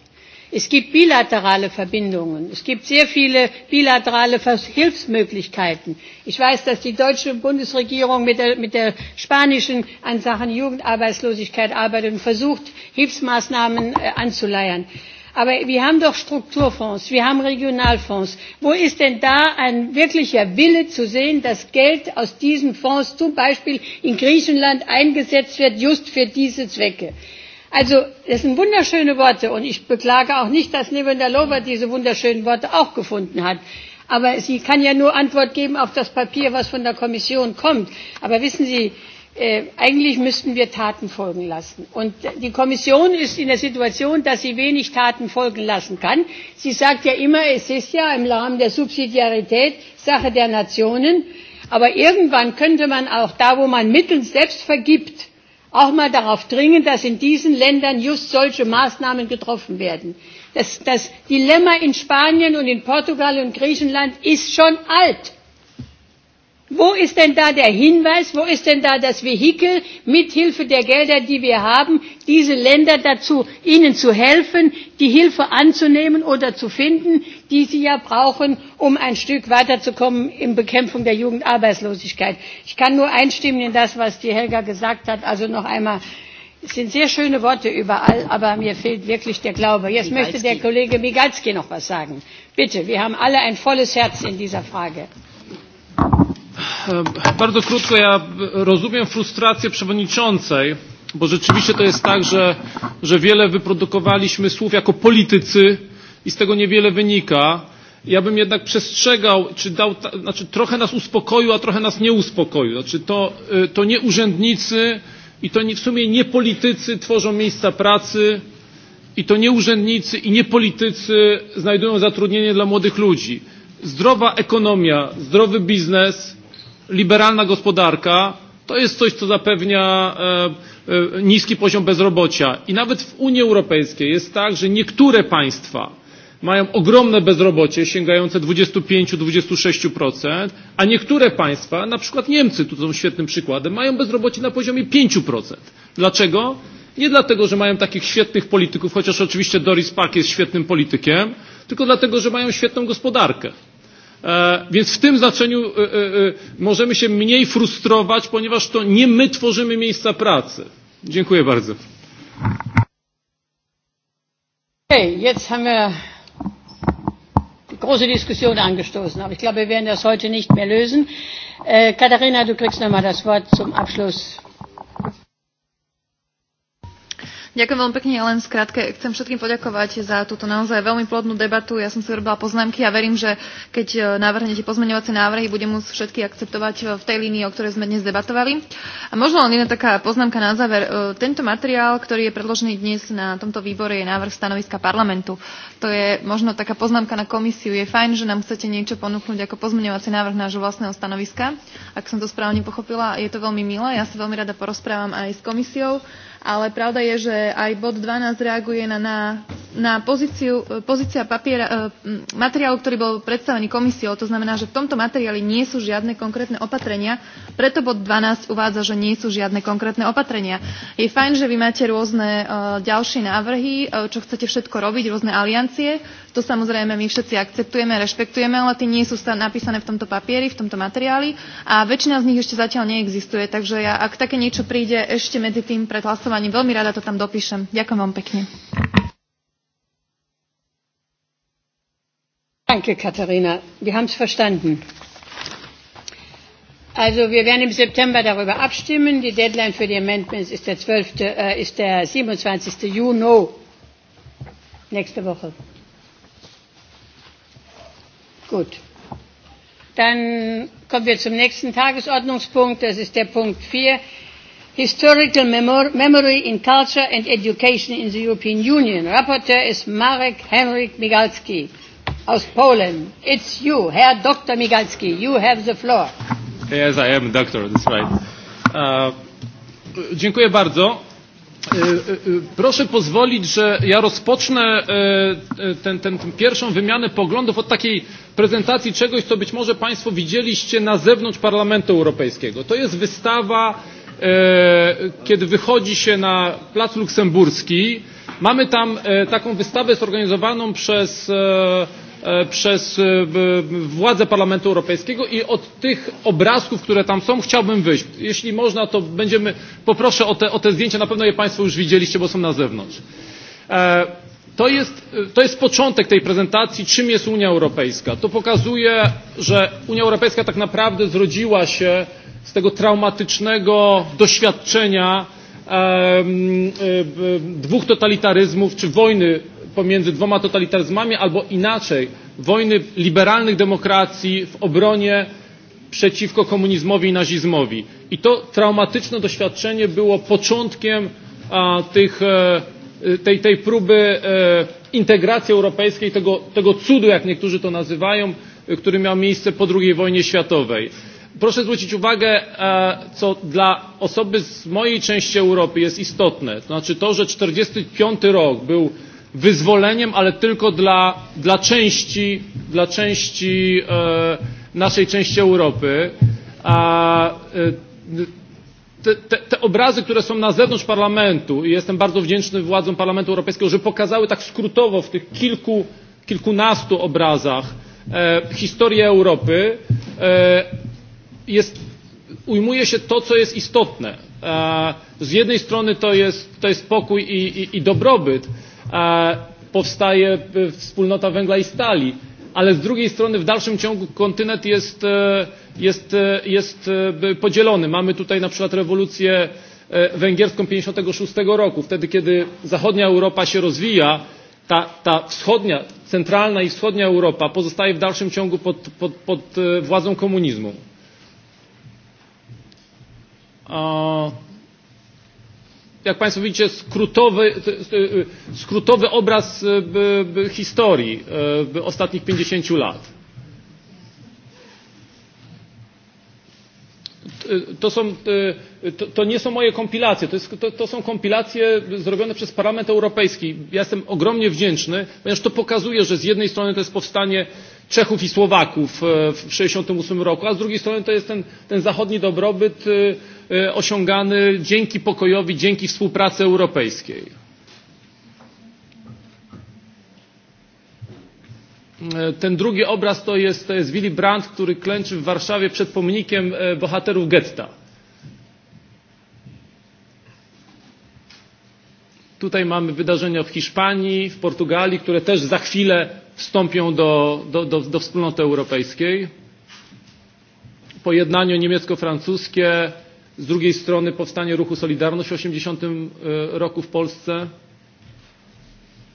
Es gibt bilaterale Verbindungen. Es gibt sehr viele bilaterale Hilfsmöglichkeiten. Ich weiß, dass die deutsche Bundesregierung mit der, spanischen an Sachen Jugendarbeitslosigkeit arbeitet und versucht, Hilfsmaßnahmen äh, anzuleiern. Aber wir haben doch Strukturfonds, wir haben Regionalfonds. Wo ist denn da ein wirklicher Wille zu sehen, dass Geld aus diesen Fonds zum Beispiel in Griechenland eingesetzt wird, just für diese Zwecke? also das sind wunderschöne worte und ich beklage auch nicht dass nevealov diese wunderschönen worte auch gefunden hat aber sie kann ja nur antwort geben auf das papier das von der kommission kommt. aber wissen sie äh, eigentlich müssten wir taten folgen lassen. und die kommission ist in der situation dass sie wenig taten folgen lassen kann. sie sagt ja immer es ist ja im rahmen der subsidiarität sache der nationen aber irgendwann könnte man auch da wo man mittel selbst vergibt auch mal darauf dringen, dass in diesen Ländern just solche Maßnahmen getroffen werden. Das, das Dilemma in Spanien und in Portugal und Griechenland ist schon alt. Wo ist denn da der Hinweis, wo ist denn da das Vehikel, mithilfe der Gelder, die wir haben, diese Länder dazu, ihnen zu helfen, die Hilfe anzunehmen oder zu finden, die sie ja brauchen, um ein Stück weiterzukommen in Bekämpfung der Jugendarbeitslosigkeit? Ich kann nur einstimmen in das, was die Helga gesagt hat. Also noch einmal, es sind sehr schöne Worte überall, aber mir fehlt wirklich der Glaube. Jetzt Migalski. möchte der Kollege Migalski noch was sagen. Bitte, wir haben alle ein volles Herz in dieser Frage. E, bardzo krótko, ja rozumiem frustrację przewodniczącej, bo rzeczywiście to jest tak, że, że wiele wyprodukowaliśmy słów jako politycy i z tego niewiele wynika. Ja bym jednak przestrzegał, czy dał, znaczy trochę nas uspokoił, a trochę nas nie uspokoił. Znaczy to, e, to nie urzędnicy i to nie, w sumie nie politycy tworzą miejsca pracy i to nie urzędnicy i nie politycy znajdują zatrudnienie dla młodych ludzi. Zdrowa ekonomia, zdrowy biznes liberalna gospodarka to jest coś, co zapewnia e, e, niski poziom bezrobocia. I nawet w Unii Europejskiej jest tak, że niektóre państwa mają ogromne bezrobocie sięgające 25-26%, a niektóre państwa, na przykład Niemcy, tu są świetnym przykładem, mają bezrobocie na poziomie 5%. Dlaczego? Nie dlatego, że mają takich świetnych polityków, chociaż oczywiście Doris Pack jest świetnym politykiem, tylko dlatego, że mają świetną gospodarkę. E, więc w tym znaczeniu e, e, możemy się mniej frustrować, ponieważ to nie my tworzymy miejsca pracy. Dziękuję bardzo. Okay, jetzt haben wir die große Diskussion angestoßen, aber ich glaube, wir werden das heute nicht mehr lösen. Äh, Katharina, du kriegst nochmal das Wort zum Abschluss. Ďakujem veľmi pekne, len skrátke chcem všetkým poďakovať za túto naozaj veľmi plodnú debatu. Ja som si robila poznámky a verím, že keď e, navrhnete pozmeňovacie návrhy, budem môcť všetky akceptovať e, v tej línii, o ktorej sme dnes debatovali. A možno len jedna taká poznámka na záver. E, tento materiál, ktorý je predložený dnes na tomto výbore, je návrh stanoviska parlamentu. To je možno taká poznámka na komisiu. Je fajn, že nám chcete niečo ponúknuť ako pozmeňovací návrh nášho vlastného stanoviska. Ak som to správne pochopila, je to veľmi milé. Ja sa veľmi rada porozprávam aj s komisiou ale pravda je, že aj bod 12 reaguje na, na, na pozíciu, eh, pozícia papiera, eh, materiálu, ktorý bol predstavený komisiou. To znamená, že v tomto materiáli nie sú žiadne konkrétne opatrenia, preto bod 12 uvádza, že nie sú žiadne konkrétne opatrenia. Je fajn, že vy máte rôzne eh, ďalšie návrhy, čo chcete všetko robiť, rôzne aliancie, To samozrejme my všetci akceptujeme, rešpektujeme, ale tie nie sú napísané v tomto papieri, v tomto materiáli a väčšina z nich ešte zatiaľ neexistuje. Takže ja, ak také niečo príde ešte medzi tým pred hlasovaním, veľmi rada to tam dopíšem. Ďakujem vám pekne. Danke, Katharina. Wir haben es verstanden. Also wir werden im September darüber abstimmen. Die Deadline für die Amendments ist der, 12., äh, ist der 27. Juni nächste Woche. Gut. Dann kommen wir zum nächsten Tagesordnungspunkt. Das ist der Punkt 4. Historical Memory in Culture and Education in the European Union. Rapporteur ist Marek Henrik Migalski aus Polen. It's you, Herr Dr. Migalski. You have the floor. Yes, I am a doctor, that's right. Uh, dziękuję bardzo. Proszę pozwolić, że ja rozpocznę tę ten, ten, pierwszą wymianę poglądów od takiej prezentacji czegoś, co być może Państwo widzieliście na zewnątrz Parlamentu Europejskiego. To jest wystawa, kiedy wychodzi się na Plac Luksemburski. Mamy tam taką wystawę zorganizowaną przez E, przez e, władze Parlamentu Europejskiego i od tych obrazków, które tam są, chciałbym wyjść. Jeśli można, to będziemy, poproszę o te, o te zdjęcia, na pewno je Państwo już widzieliście, bo są na zewnątrz. E, to jest, to jest początek tej prezentacji, czym jest Unia Europejska. To pokazuje, że Unia Europejska tak naprawdę zrodziła się z tego traumatycznego doświadczenia dwóch totalitaryzmów czy wojny pomiędzy dwoma totalitaryzmami albo inaczej wojny liberalnych demokracji w obronie przeciwko komunizmowi i nazizmowi. I to traumatyczne doświadczenie było początkiem a, tych, e, e tej, tej próby e, integracji europejskiej, tego, tego cudu, jak niektórzy to nazywają, e, który miał miejsce po II wojnie światowej. Proszę zwrócić uwagę, e, co dla osoby z mojej części Europy jest istotne. To znaczy to, że 1945 rok był wyzwoleniem, ale tylko dla, dla części, dla części e, naszej części Europy. A, e, te, te, te obrazy, które są na zewnątrz parlamentu i jestem bardzo wdzięczny władzom Parlamentu Europejskiego, że pokazały tak skrótowo w tych kilku, kilkunastu obrazach e, historię Europy, e, jest, ujmuje się to, co jest istotne. E, z jednej strony to jest, to jest pokój i, i, i dobrobyt, powstaje wspólnota węgla i stali, ale z drugiej strony w dalszym ciągu kontynent jest, e, jest, e, jest e, podzielony. Mamy tutaj na przykład rewolucję węgierską 1956 roku, wtedy kiedy zachodnia Europa się rozwija, ta, ta wschodnia, centralna i wschodnia Europa pozostaje w dalszym ciągu pod, pod, pod władzą komunizmu jak Państwo widzicie, skrótowy, e, e, skrótowy obraz e, historii ostatnich 50 lat. To, są, to, to nie są moje kompilacje, to, jest, to, to są kompilacje zrobione przez Parlament Europejski. Ja jestem ogromnie wdzięczny, ponieważ to pokazuje, że z jednej strony to jest powstanie Czechów i Słowaków w 1968 roku, a z drugiej strony to jest ten, ten zachodni dobrobyt E, osiągany dzięki pokojowi, dzięki współpracy europejskiej. E, ten drugi obraz to jest, to jest Willy Brandt, który klęczy w Warszawie przed pomnikiem e, bohaterów getta. Tutaj mamy wydarzenia w Hiszpanii, w Portugalii, które też za chwilę wstąpią do, do, do, do wspólnoty europejskiej. Pojednanie niemiecko-francuskie, Z drugiej strony powstanie ruchu Solidarność w 80 e, roku w Polsce.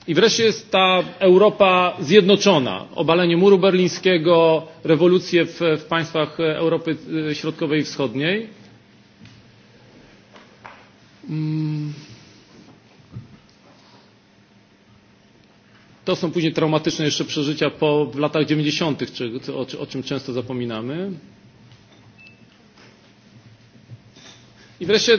I wreszcie jest ta Europa zjednoczona. Obalenie muru berlińskiego, rewolucje w, w państwach e, Europy e, Środkowej i Wschodniej. Mm. To są później traumatyczne jeszcze przeżycia po w latach 90., czy, o, o czym często zapominamy. I wreszcie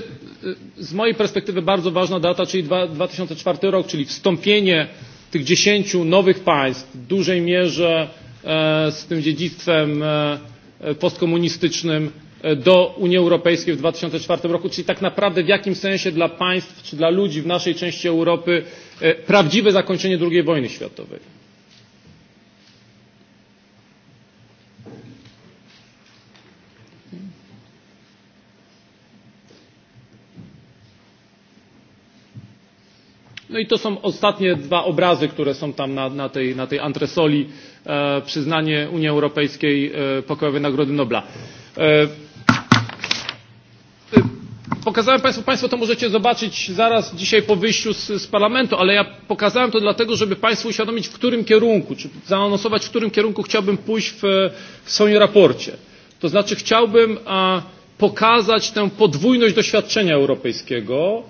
z mojej perspektywy bardzo ważna data, czyli 2004 rok, czyli wstąpienie tych dziesięciu nowych państw w dużej mierze e, z tym dziedzictwem e, e, postkomunistycznym do Unii Europejskiej w 2004 roku, czyli tak naprawdę w jakim sensie dla państw czy dla ludzi w naszej części Europy prawdziwe zakończenie II wojny światowej. No i to są ostatnie dwa obrazy, które są tam na, na, tej, na tej antresoli. E, przyznanie Unii Europejskiej e, pokojowej Nagrody Nobla. E, e, pokazałem Państwu, Państwo to możecie zobaczyć zaraz dzisiaj po wyjściu z, z parlamentu, ale ja pokazałem to dlatego, żeby Państwu uświadomić, w którym kierunku, czy zaanonsować, w którym kierunku chciałbym pójść w, w swoim raporcie. To znaczy chciałbym a, pokazać tę podwójność doświadczenia europejskiego,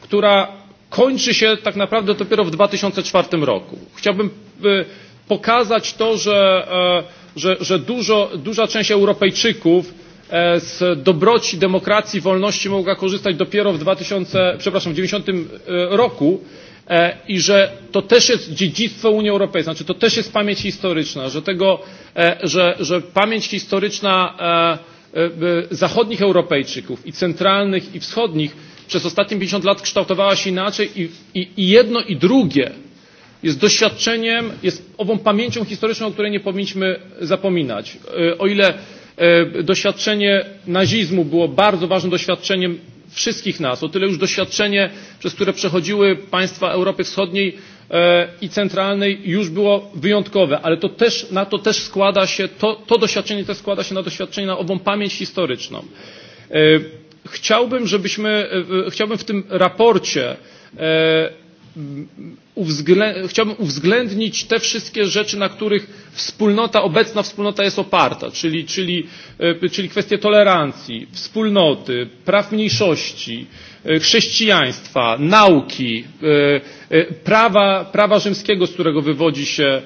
która kończy się tak naprawdę dopiero w 2004 roku. Chciałbym e, pokazać to, że, e, że, że dużo, duża część Europejczyków e, z dobroci, demokracji, wolności mogła korzystać dopiero w 2000, przepraszam, w 90 roku i że to też jest dziedzictwo Unii Europejskiej, znaczy to też jest pamięć historyczna, że, tego, że, że pamięć historyczna zachodnich Europejczyków i centralnych i wschodnich przez ostatnie 50 lat kształtowała się inaczej i, i, i jedno i drugie jest doświadczeniem, jest ową pamięcią historyczną, o której nie powinniśmy zapominać. E, o ile e, doświadczenie nazizmu było bardzo ważnym doświadczeniem wszystkich nas, o tyle już doświadczenie, przez które przechodziły państwa Europy Wschodniej e, i centralnej już było wyjątkowe, ale to też, na to też składa się, to, to doświadczenie też składa się na doświadczenie, na ową pamięć historyczną chciałbym, żebyśmy, e, chciałbym w tym raporcie e, chciałbym uwzględnić te wszystkie rzeczy, na których wspólnota, obecna wspólnota jest oparta, czyli, czyli, e, czyli kwestie tolerancji, wspólnoty, praw mniejszości, chrześcijaństwa, nauki, prawa, prawa rzymskiego, z którego wywodzi się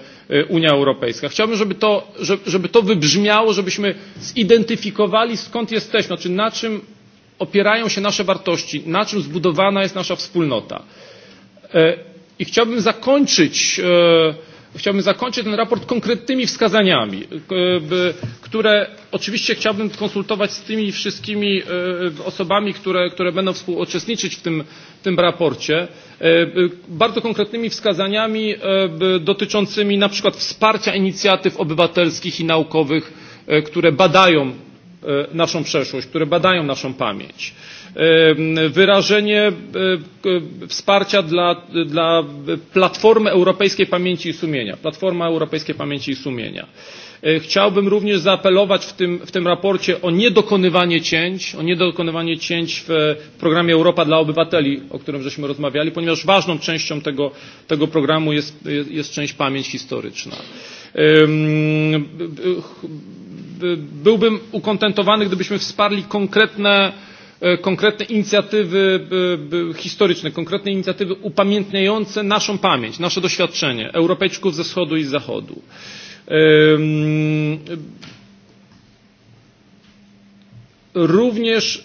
Unia Europejska. Chciałbym, żeby to, żeby to wybrzmiało, żebyśmy zidentyfikowali skąd jesteśmy, znaczy na czym opierają się nasze wartości, na czym zbudowana jest nasza wspólnota. E, I chciałbym zakończyć, e, chciałbym zakończyć ten raport konkretnymi wskazaniami, e, które oczywiście chciałbym konsultować z tymi wszystkimi osobami, które, które będą współuczestniczyć w tym, w tym raporcie. Bardzo konkretnymi wskazaniami dotyczącymi na przykład wsparcia inicjatyw obywatelskich i naukowych, które badają E, naszą przeszłość, które badają naszą pamięć. E, wyrażenie e, wsparcia dla, dla Platformy Europejskiej Pamięci i Sumienia. Platforma Europejskiej Pamięci i Sumienia. Chciałbym również zaapelować w tym, w tym raporcie o niedokonywanie cięć, o niedokonywanie cięć w programie Europa dla Obywateli, o którym żeśmy rozmawiali, ponieważ ważną częścią tego, tego programu jest, jest, jest część pamięć historyczna byłbym ukontentowany, gdybyśmy wsparli konkretne, e, konkretne inicjatywy e, historyczne, konkretne inicjatywy upamiętniające naszą pamięć, nasze doświadczenie Europejczyków ze wschodu i z zachodu. Również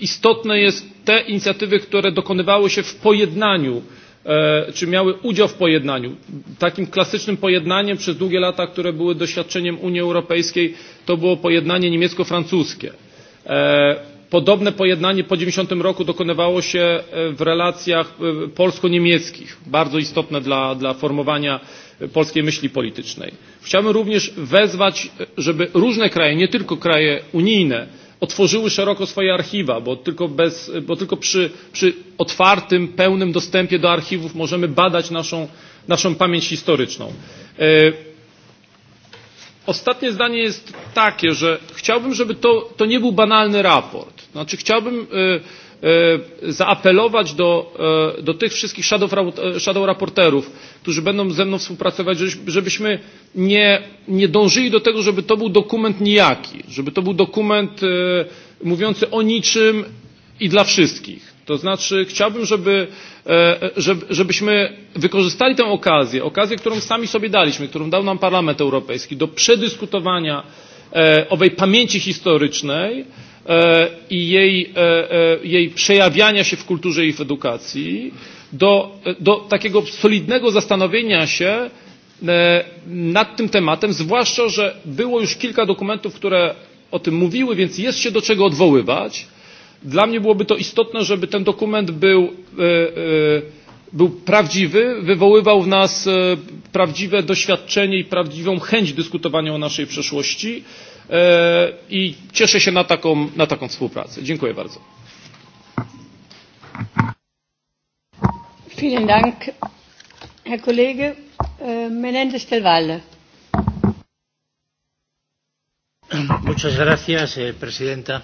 istotne jest te inicjatywy, które dokonywały się w pojednaniu E, czy miały udział w pojednaniu. Takim klasycznym pojednaniem przez długie lata, które były doświadczeniem Unii Europejskiej, to było pojednanie niemiecko-francuskie. E, podobne pojednanie po 90 roku dokonywało się e, w relacjach polsko-niemieckich, bardzo istotne dla, dla formowania polskiej myśli politycznej. Chciałbym również wezwać, żeby różne kraje, nie tylko kraje unijne, otworzyły szeroko swoje archiwa, bo tylko, bez, bo tylko przy, przy otwartym, pełnym dostępie do archiwów możemy badać naszą, naszą pamięć historyczną. E, ostatnie zdanie jest takie, że chciałbym, żeby to, to nie był banalny raport. Znaczy chciałbym y, e, E, zaapelować do, e, do tych wszystkich shadow, e, shadow raporterów, którzy będą ze mną współpracować, żebyśmy nie, nie dążyli do tego, żeby to był dokument nijaki, żeby to był dokument mówiący o niczym i dla wszystkich. To znaczy chciałbym, żeby, żebyśmy wykorzystali tę okazję, okazję, którą sami sobie daliśmy, którą dał nam Parlament Europejski do przedyskutowania owej pamięci historycznej, E, i jej, e, e, jej przejawiania się w kulturze i w edukacji, do, do takiego solidnego zastanowienia się nad tym tematem, zwłaszcza, że było już kilka dokumentów, które o tym mówiły, więc jest się do czego odwoływać. Dla mnie byłoby to istotne, żeby ten dokument był, był prawdziwy, wywoływał w nas prawdziwe doświadczenie i prawdziwą chęć dyskutowania o naszej przeszłości E, i cieszę się na taką, na taką współpracę. Dziękuję bardzo. Vielen Dank, Herr Kollege e, Menendez del Valle. Muchas gracias, eh, Presidenta.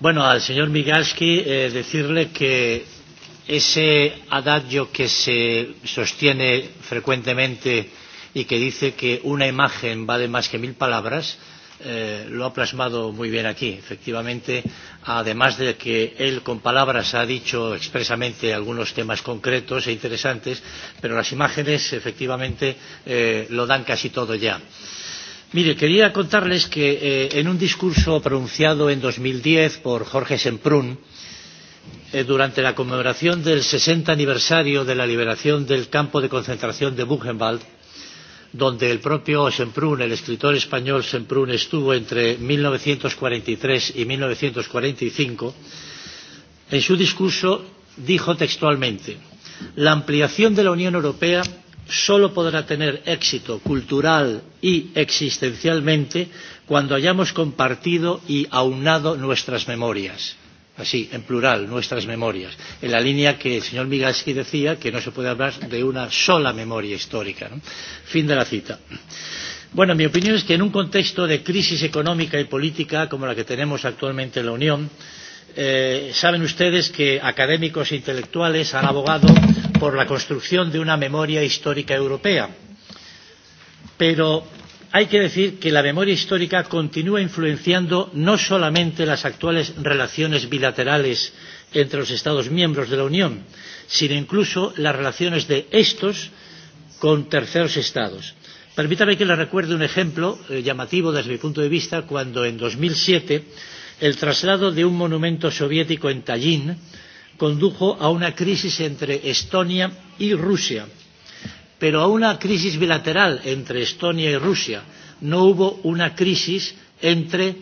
Bueno, al señor Migalski eh, decirle que ese adagio que se sostiene frecuentemente y que dice que una imagen vale más que mil palabras, eh, Eh, lo ha plasmado muy bien aquí. Efectivamente, además de que él con palabras ha dicho expresamente algunos temas concretos e interesantes, pero las imágenes efectivamente eh, lo dan casi todo ya. Mire, quería contarles que eh, en un discurso pronunciado en 2010 por Jorge Semprún, eh, durante la conmemoración del 60 aniversario de la liberación del campo de concentración de Buchenwald, donde el propio Semprún, el escritor español Semprún, estuvo entre 1943 y 1945, en su discurso dijo textualmente, la ampliación de la Unión Europea solo podrá tener éxito cultural y existencialmente cuando hayamos compartido y aunado nuestras memorias así en plural nuestras memorias, en la línea que el señor Migalski decía que no se puede hablar de una sola memoria histórica. ¿no? Fin de la cita. Bueno, mi opinión es que en un contexto de crisis económica y política como la que tenemos actualmente en la Unión, eh, saben ustedes que académicos e intelectuales han abogado por la construcción de una memoria histórica europea. Pero hay que decir que la memoria histórica continúa influenciando no solamente las actuales relaciones bilaterales entre los Estados miembros de la Unión, sino incluso las relaciones de estos con terceros Estados. Permítame que le recuerde un ejemplo eh, llamativo desde mi punto de vista cuando en 2007 el traslado de un monumento soviético en Tallinn condujo a una crisis entre Estonia y Rusia pero a una crisis bilateral entre Estonia y Rusia. No hubo una crisis entre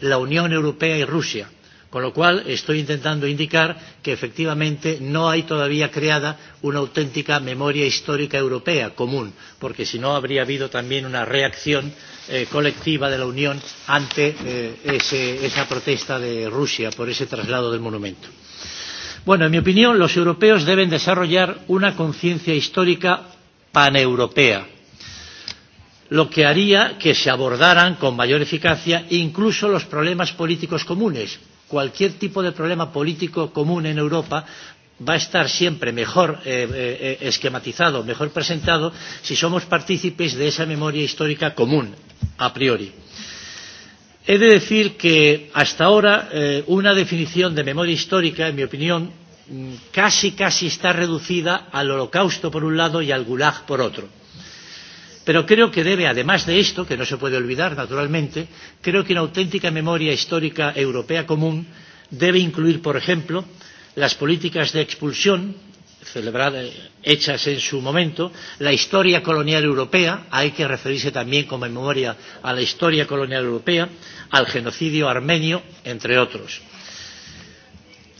la Unión Europea y Rusia. Con lo cual, estoy intentando indicar que efectivamente no hay todavía creada una auténtica memoria histórica europea común, porque si no habría habido también una reacción eh, colectiva de la Unión ante eh, ese, esa protesta de Rusia por ese traslado del monumento. Bueno, en mi opinión, los europeos deben desarrollar una conciencia histórica paneuropea, lo que haría que se abordaran con mayor eficacia incluso los problemas políticos comunes. Cualquier tipo de problema político común en Europa va a estar siempre mejor eh, eh, esquematizado, mejor presentado, si somos partícipes de esa memoria histórica común, a priori. He de decir que hasta ahora eh, una definición de memoria histórica, en mi opinión, casi casi está reducida al holocausto por un lado y al gulag por otro. Pero creo que debe, además de esto, que no se puede olvidar naturalmente, creo que una auténtica memoria histórica europea común debe incluir, por ejemplo, las políticas de expulsión celebrada, hechas en su momento, la historia colonial europea, hay que referirse también como memoria a la historia colonial europea, al genocidio armenio, entre otros.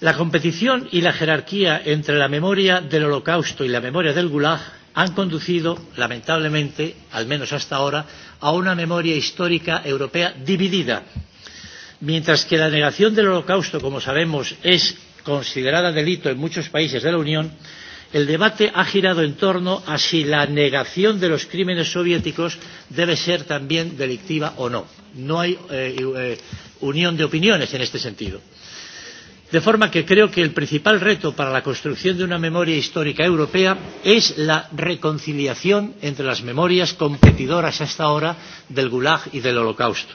La competición y la jerarquía entre la memoria del holocausto y la memoria del Gulag han conducido, lamentablemente, al menos hasta ahora, a una memoria histórica europea dividida. Mientras que la negación del holocausto, como sabemos, es considerada delito en muchos países de la Unión, el debate ha girado en torno a si la negación de los crímenes soviéticos debe ser también delictiva o no. No hay eh, eh, unión de opiniones en este sentido. De forma que creo que el principal reto para la construcción de una memoria histórica europea es la reconciliación entre las memorias competidoras hasta ahora del Gulag y del Holocausto.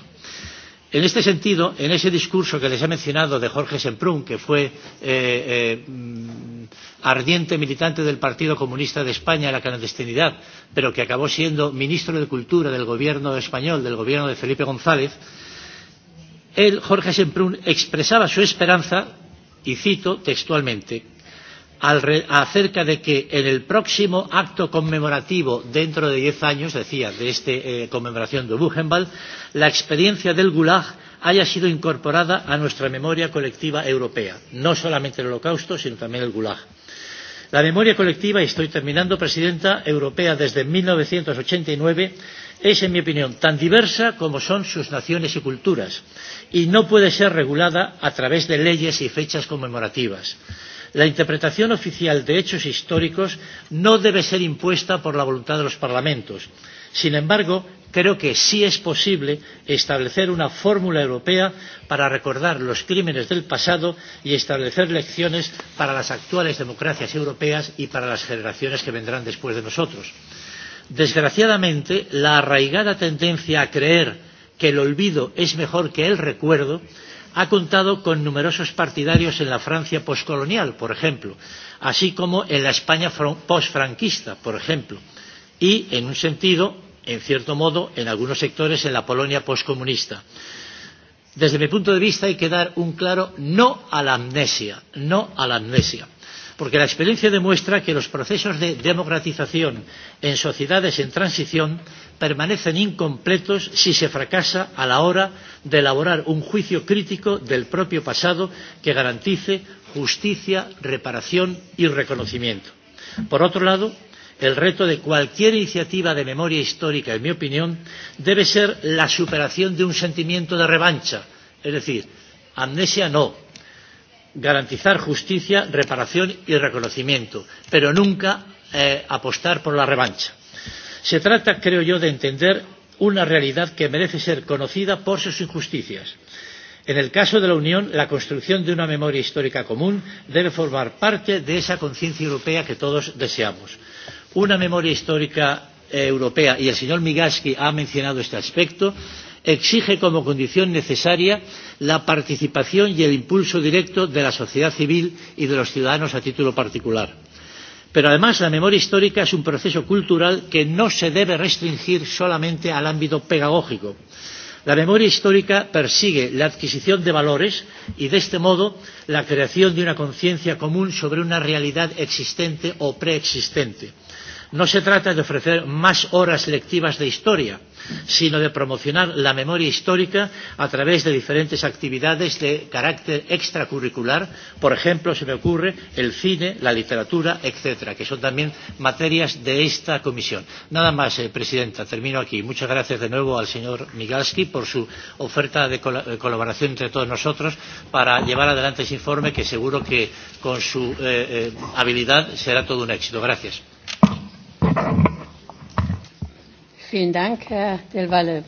En este sentido, en ese discurso que les he mencionado de Jorge Semprún, que fue eh, eh, ardiente militante del Partido Comunista de España en la clandestinidad, pero que acabó siendo ministro de Cultura del gobierno español, del gobierno de Felipe González, él, Jorge Semprún, expresaba su esperanza y cito textualmente, al re, acerca de que en el próximo acto conmemorativo dentro de diez años, decía, de esta eh, conmemoración de Buchenwald, la experiencia del Gulag haya sido incorporada a nuestra memoria colectiva europea, no solamente el Holocausto, sino también el Gulag. La memoria colectiva, y estoy terminando, Presidenta, europea desde 1989 es, en mi opinión, tan diversa como son sus naciones y culturas, y no puede ser regulada a través de leyes y fechas conmemorativas. La interpretación oficial de hechos históricos no debe ser impuesta por la voluntad de los parlamentos. Sin embargo, creo que sí es posible establecer una fórmula europea para recordar los crímenes del pasado y establecer lecciones para las actuales democracias europeas y para las generaciones que vendrán después de nosotros. Desgraciadamente, la arraigada tendencia a creer que el olvido es mejor que el recuerdo ha contado con numerosos partidarios en la Francia poscolonial, por ejemplo, así como en la España posfranquista, por ejemplo, y, en un sentido, en cierto modo, en algunos sectores en la Polonia poscomunista. Desde mi punto de vista hay que dar un claro no a la amnesia, no a la amnesia porque la experiencia demuestra que los procesos de democratización en sociedades en transición permanecen incompletos si se fracasa a la hora de elaborar un juicio crítico del propio pasado que garantice justicia, reparación y reconocimiento. Por otro lado, el reto de cualquier iniciativa de memoria histórica, en mi opinión, debe ser la superación de un sentimiento de revancha, es decir, amnesia no, garantizar justicia, reparación y reconocimiento, pero nunca eh, apostar por la revancha. Se trata, creo yo, de entender una realidad que merece ser conocida por sus injusticias. En el caso de la Unión, la construcción de una memoria histórica común debe formar parte de esa conciencia europea que todos deseamos. Una memoria histórica eh, europea, y el señor Migaski ha mencionado este aspecto, exige como condición necesaria la participación y el impulso directo de la sociedad civil y de los ciudadanos a título particular Pero además la memoria histórica es un proceso cultural que no se debe restringir solamente al ámbito pedagógico. La memoria histórica persigue la adquisición de valores y, de este modo, la creación de una conciencia común sobre una realidad existente o preexistente. No se trata de ofrecer más horas lectivas de historia, sino de promocionar la memoria histórica a través de diferentes actividades de carácter extracurricular, por ejemplo, se me ocurre el cine, la literatura, etcétera, que son también materias de esta comisión. Nada más, eh, Presidenta, termino aquí. Muchas gracias de nuevo al señor Migalski por su oferta de, col de colaboración entre todos nosotros para llevar adelante ese informe que seguro que con su eh, eh, habilidad será todo un éxito. Gracias. Vielen Dank, Herr Del Valle.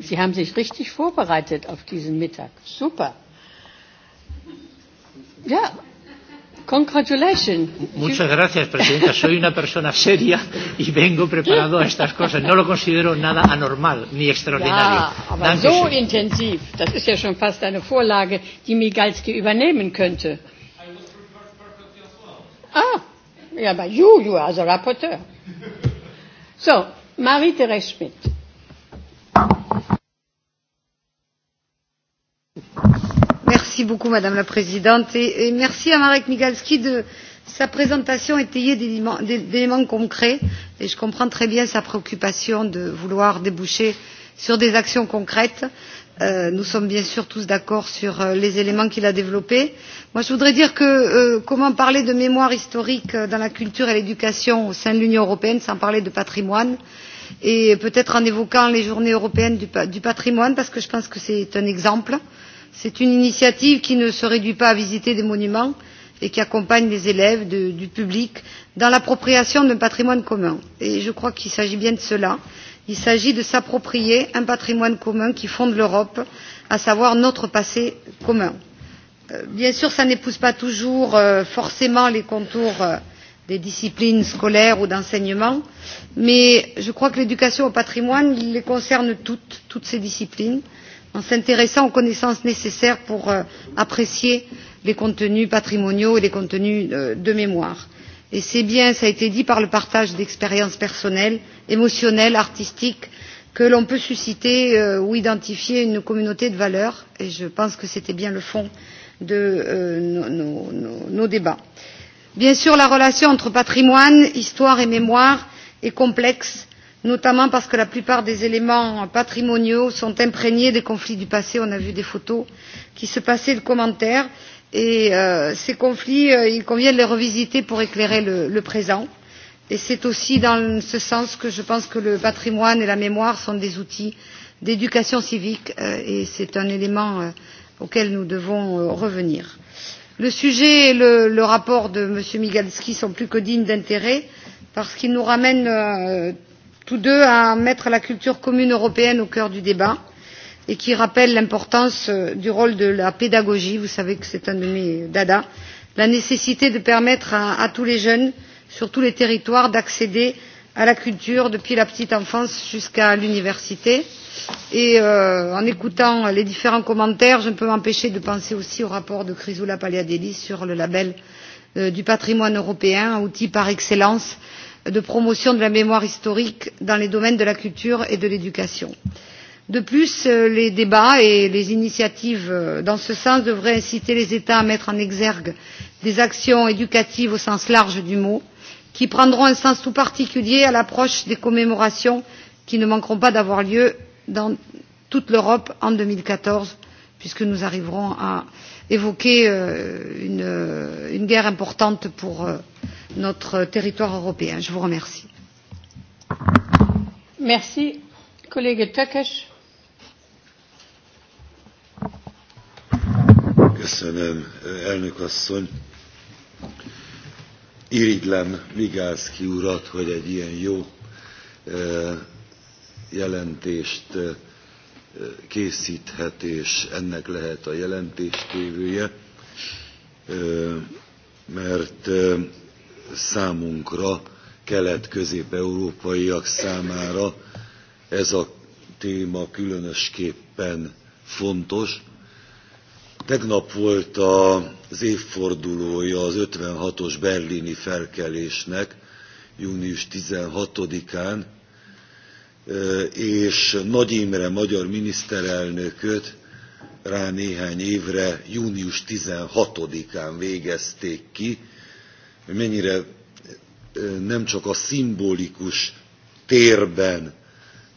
Sie haben sich richtig vorbereitet auf diesen Mittag. Super. Ja, Congratulations. Muchas gracias, Presidenta. Soy una persona seria y vengo preparado a estas cosas. No lo considero nada anormal ni extraordinario. Ja, aber Danke so schön. intensiv, das ist ja schon fast eine Vorlage, die Migalski übernehmen könnte. Ah, ja, aber you, you are the rapporteur. So, Marie-Thérèse Schmitt. Merci beaucoup, Madame la Présidente, et, et merci à Marek Migalski de sa présentation étayée d'éléments concrets, et je comprends très bien sa préoccupation de vouloir déboucher sur des actions concrètes. Euh, Euh, nous sommes bien sûr tous d'accord sur euh, les éléments qu'il a développés. Moi, je voudrais dire que euh, comment parler de mémoire historique euh, dans la culture et l'éducation au sein de l'Union européenne sans parler de patrimoine et peut-être en évoquant les journées européennes du, du patrimoine parce que je pense que c'est un exemple. C'est une initiative qui ne se réduit pas à visiter des monuments et qui accompagne les élèves de, du public dans l'appropriation d'un patrimoine commun. Et je crois qu'il s'agit bien de cela. Il s'agit de s'approprier un patrimoine commun qui fonde l'Europe, à savoir notre passé commun. Euh, bien sûr, ça n'épouse pas toujours euh, forcément les contours euh, des disciplines scolaires ou d'enseignement, mais je crois que l'éducation au patrimoine les concerne toutes, toutes ces disciplines, en s'intéressant aux connaissances nécessaires pour apprécier les contenus patrimoniaux et les contenus de mémoire et c'est bien cela a été dit par le partage d'expériences personnelles émotionnelles artistiques que l'on peut susciter euh, ou identifier une communauté de valeurs et je pense que c'était bien le fond de euh, nos, débats. Bien sûr, la relation entre patrimoine, histoire et mémoire est complexe, notamment parce que la plupart des éléments patrimoniaux sont imprégnés des conflits du passé. On a vu des photos qui se passaient de commentaires et euh, ces conflits euh, il convient de les revisiter pour éclairer le, le présent et c'est aussi dans ce sens que je pense que le patrimoine et la mémoire sont des outils d'éducation civique euh, et c'est un élément euh, auquel nous devons euh, revenir. Le sujet et le, le rapport de M. Migalski sont plus que dignes d'intérêt parce qu'ils nous ramènent euh, tous deux à mettre la culture commune européenne au cœur du débat et qui rappelle l'importance euh, du rôle de la pédagogie vous savez que c'est un de mes dada la nécessité de permettre à, tous les jeunes sur tous les territoires d'accéder à la culture depuis la petite enfance jusqu'à l'université et euh, en écoutant les différents commentaires je ne peux m'empêcher de penser aussi au rapport de chrysoula paliadeli sur le label euh, du patrimoine européen outil par excellence de promotion de la mémoire historique dans les domaines de la culture et de l'éducation. Euh, De plus, euh, les débats et les initiatives euh, dans ce sens devraient inciter les États à mettre en exergue des actions éducatives au sens large du mot, qui prendront un sens tout particulier à l'approche des commémorations qui ne manqueront pas d'avoir lieu dans toute l'Europe en 2014, puisque nous arriverons à évoquer euh, une, une guerre importante pour notre territoire européen. Je vous remercie. Merci. Kollege Tökes. Köszönöm, elnök asszony. Iridlem Vigászki urat, hogy egy ilyen jó jelentést készíthet, és ennek lehet a jelentéstévője, mert számunkra, kelet-közép-európaiak számára ez a téma különösképpen fontos, Tegnap volt az évfordulója az 56-os berlini felkelésnek, június 16-án, és Nagy Imre magyar miniszterelnököt rá néhány évre június 16-án végezték ki, hogy mennyire nem csak a szimbolikus térben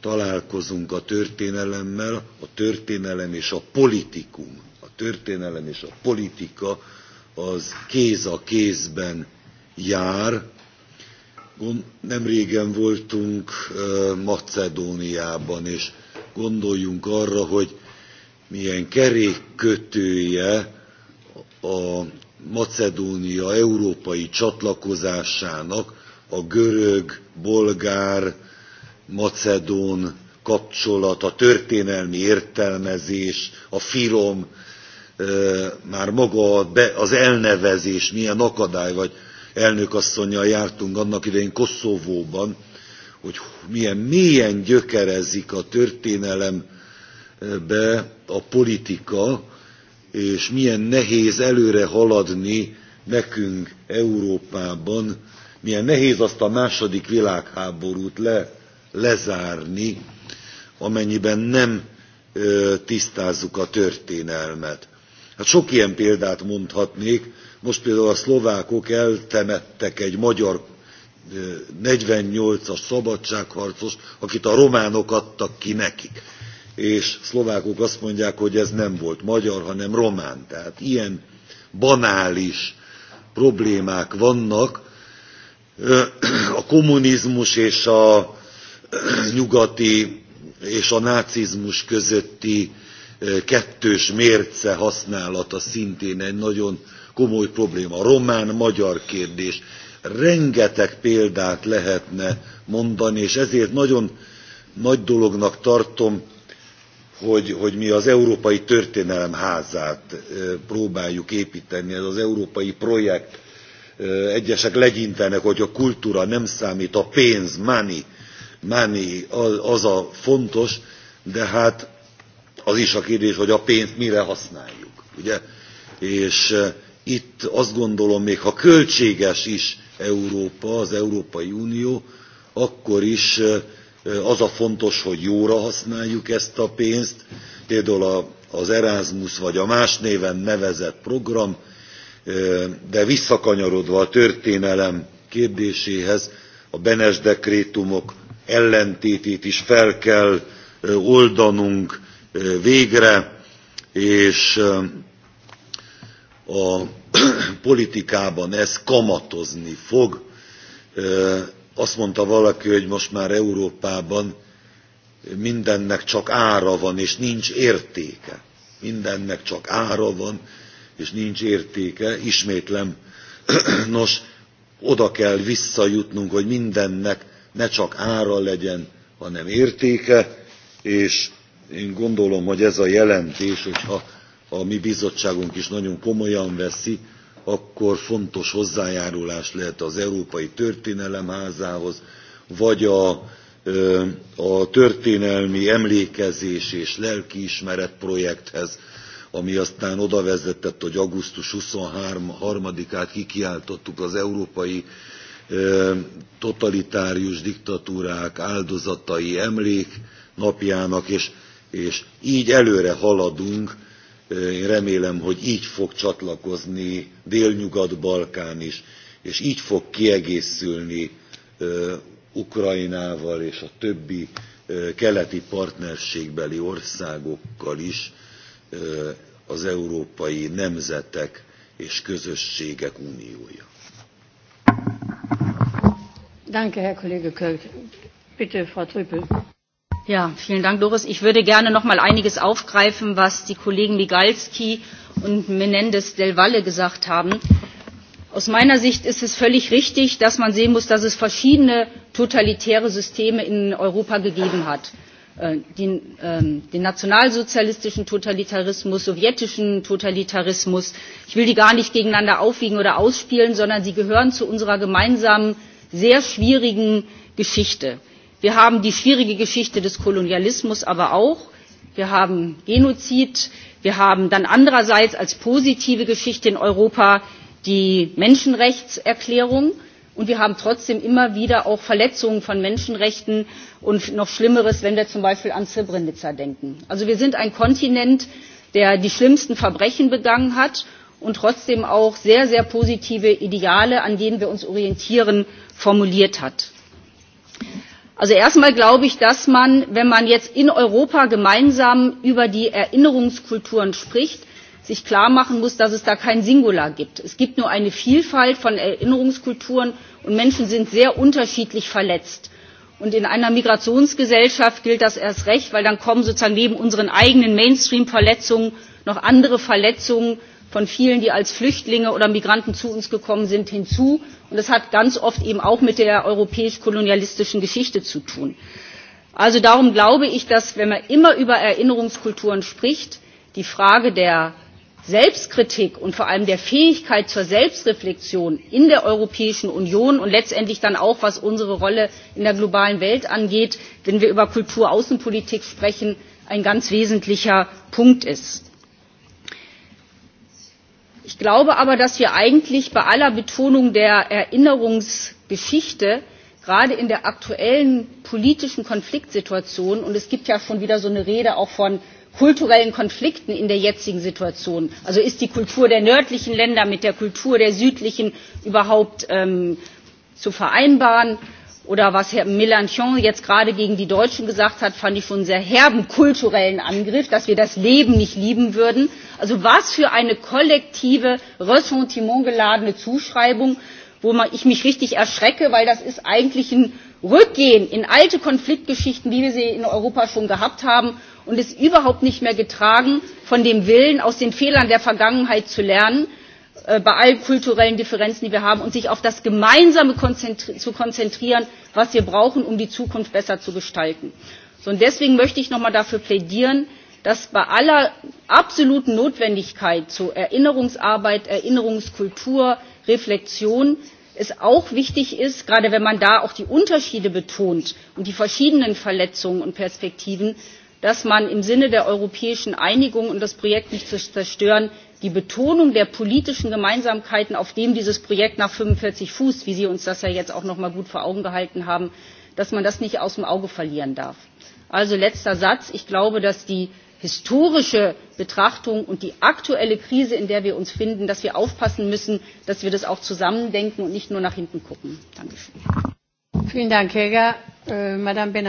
találkozunk a történelemmel, a történelem és a politikum történelem és a politika az kéz a kézben jár. Nem régen voltunk Macedóniában, és gondoljunk arra, hogy milyen kerékkötője a Macedónia európai csatlakozásának a görög, bolgár, macedón kapcsolat, a történelmi értelmezés, a filom már maga az elnevezés milyen akadály, vagy elnökasszonynal jártunk annak idején Koszovóban, hogy milyen mélyen gyökerezik a történelembe a politika, és milyen nehéz előre haladni nekünk Európában, milyen nehéz azt a második világháborút le, lezárni, amennyiben nem tisztázzuk a történelmet. Hát sok ilyen példát mondhatnék. Most például a szlovákok eltemettek egy magyar 48-as szabadságharcos, akit a románok adtak ki nekik. És szlovákok azt mondják, hogy ez nem volt magyar, hanem román. Tehát ilyen banális problémák vannak. A kommunizmus és a nyugati és a nácizmus közötti Eh, kettős mérce használata szintén egy nagyon komoly probléma. A román-magyar kérdés. Rengeteg példát lehetne mondani, és ezért nagyon nagy dolognak tartom, hogy, hogy mi az Európai Történelem házát eh, próbáljuk építeni, ez az európai projekt. Eh, egyesek legyintenek, hogy a kultúra nem számít, a pénz, money, money az a fontos, de hát az is a kérdés, hogy a pénzt mire használjuk. Ugye? És eh, itt azt gondolom, még ha költséges is Európa, az Európai Unió, akkor is eh, eh, az a fontos, hogy jóra használjuk ezt a pénzt. Például az Erasmus vagy a más néven nevezett program, de visszakanyarodva a történelem kérdéséhez, a Benes dekrétumok ellentétét is fel kell oldanunk végre, és a politikában ez kamatozni fog. Azt mondta valaki, hogy most már Európában mindennek csak ára van, és nincs értéke. Mindennek csak ára van, és nincs értéke. Ismétlem, nos, oda kell visszajutnunk, hogy mindennek ne csak ára legyen, hanem értéke, és én gondolom, hogy ez a jelentés, hogyha a mi bizottságunk is nagyon komolyan veszi, akkor fontos hozzájárulás lehet az Európai Történelemházához, vagy a, a történelmi emlékezés és lelkiismeret projekthez, ami aztán oda vezetett, hogy augusztus 23-át kikiáltottuk az európai totalitárius diktatúrák áldozatai emlék napjának, és és így előre haladunk, én remélem, hogy így fog csatlakozni Délnyugat-Balkán is, és így fog kiegészülni Ukrajnával és a többi keleti partnerségbeli országokkal is az európai nemzetek és közösségek uniója. Danke, Herr Kollege Kölk. Bitte, Frau Trüppel. Ja, vielen Dank, Doris. Ich würde gerne noch mal einiges aufgreifen, was die Kollegen Migalski und Menendez del Valle gesagt haben. Aus meiner Sicht ist es völlig richtig, dass man sehen muss, dass es verschiedene totalitäre Systeme in Europa gegeben hat. Äh, den, ähm, den nationalsozialistischen Totalitarismus, sowjetischen Totalitarismus. Ich will die gar nicht gegeneinander aufwiegen oder ausspielen, sondern sie gehören zu unserer gemeinsamen, sehr schwierigen Geschichte wir haben die schwierige geschichte des kolonialismus aber auch wir haben genozid wir haben dann andererseits als positive geschichte in europa die menschenrechtserklärung und wir haben trotzdem immer wieder auch verletzungen von menschenrechten und noch schlimmeres wenn wir zum beispiel an srebrenica denken. also wir sind ein kontinent der die schlimmsten verbrechen begangen hat und trotzdem auch sehr sehr positive ideale an denen wir uns orientieren formuliert hat. Also erstmal glaube ich, dass man, wenn man jetzt in Europa gemeinsam über die Erinnerungskulturen spricht, sich klar machen muss, dass es da kein Singular gibt. Es gibt nur eine Vielfalt von Erinnerungskulturen und Menschen sind sehr unterschiedlich verletzt. Und in einer Migrationsgesellschaft gilt das erst recht, weil dann kommen sozusagen neben unseren eigenen Mainstream-Verletzungen noch andere Verletzungen von vielen, die als Flüchtlinge oder Migranten zu uns gekommen sind, hinzu. Und das hat ganz oft eben auch mit der europäisch-kolonialistischen Geschichte zu tun. Also darum glaube ich, dass, wenn man immer über Erinnerungskulturen spricht, die Frage der Selbstkritik und vor allem der Fähigkeit zur Selbstreflexion in der Europäischen Union und letztendlich dann auch, was unsere Rolle in der globalen Welt angeht, wenn wir über Kulturaußenpolitik sprechen, ein ganz wesentlicher Punkt ist ich glaube aber dass wir eigentlich bei aller betonung der erinnerungsgeschichte gerade in der aktuellen politischen konfliktsituation und es gibt ja schon wieder so eine rede auch von kulturellen konflikten in der jetzigen situation also ist die kultur der nördlichen länder mit der kultur der südlichen überhaupt ähm, zu vereinbaren oder was Herr Mélenchon jetzt gerade gegen die Deutschen gesagt hat, fand ich schon einen sehr herben kulturellen Angriff, dass wir das Leben nicht lieben würden. Also was für eine kollektive, ressentiment geladene Zuschreibung, wo man, ich mich richtig erschrecke, weil das ist eigentlich ein Rückgehen in alte Konfliktgeschichten, wie wir sie in Europa schon gehabt haben und ist überhaupt nicht mehr getragen von dem Willen, aus den Fehlern der Vergangenheit zu lernen Äh, bei allen kulturellen differenzen die wir haben und sich auf das gemeinsame zu konzentrieren was wir brauchen um die zukunft besser zu gestalten. deswegen möchte ich noch einmal dafür plädieren dass bei aller absoluten notwendigkeit zu erinnerungsarbeit erinnerungskultur reflexion es auch wichtig ist gerade wenn man da auch die unterschiede betont und die verschiedenen verletzungen und perspektiven dass man im sinne der europäischen einigung um das projekt nicht zu zerstören die Betonung der politischen Gemeinsamkeiten, auf denen dieses Projekt nach fünfundvierzig fußt, wie Sie uns das ja jetzt auch noch mal gut vor Augen gehalten haben, dass man das nicht aus dem Auge verlieren darf. Also letzter Satz. Ich glaube, dass die historische Betrachtung und die aktuelle Krise, in der wir uns finden, dass wir aufpassen müssen, dass wir das auch zusammen denken und nicht nur nach hinten gucken. Dankeschön. Vielen äh, euh, Madame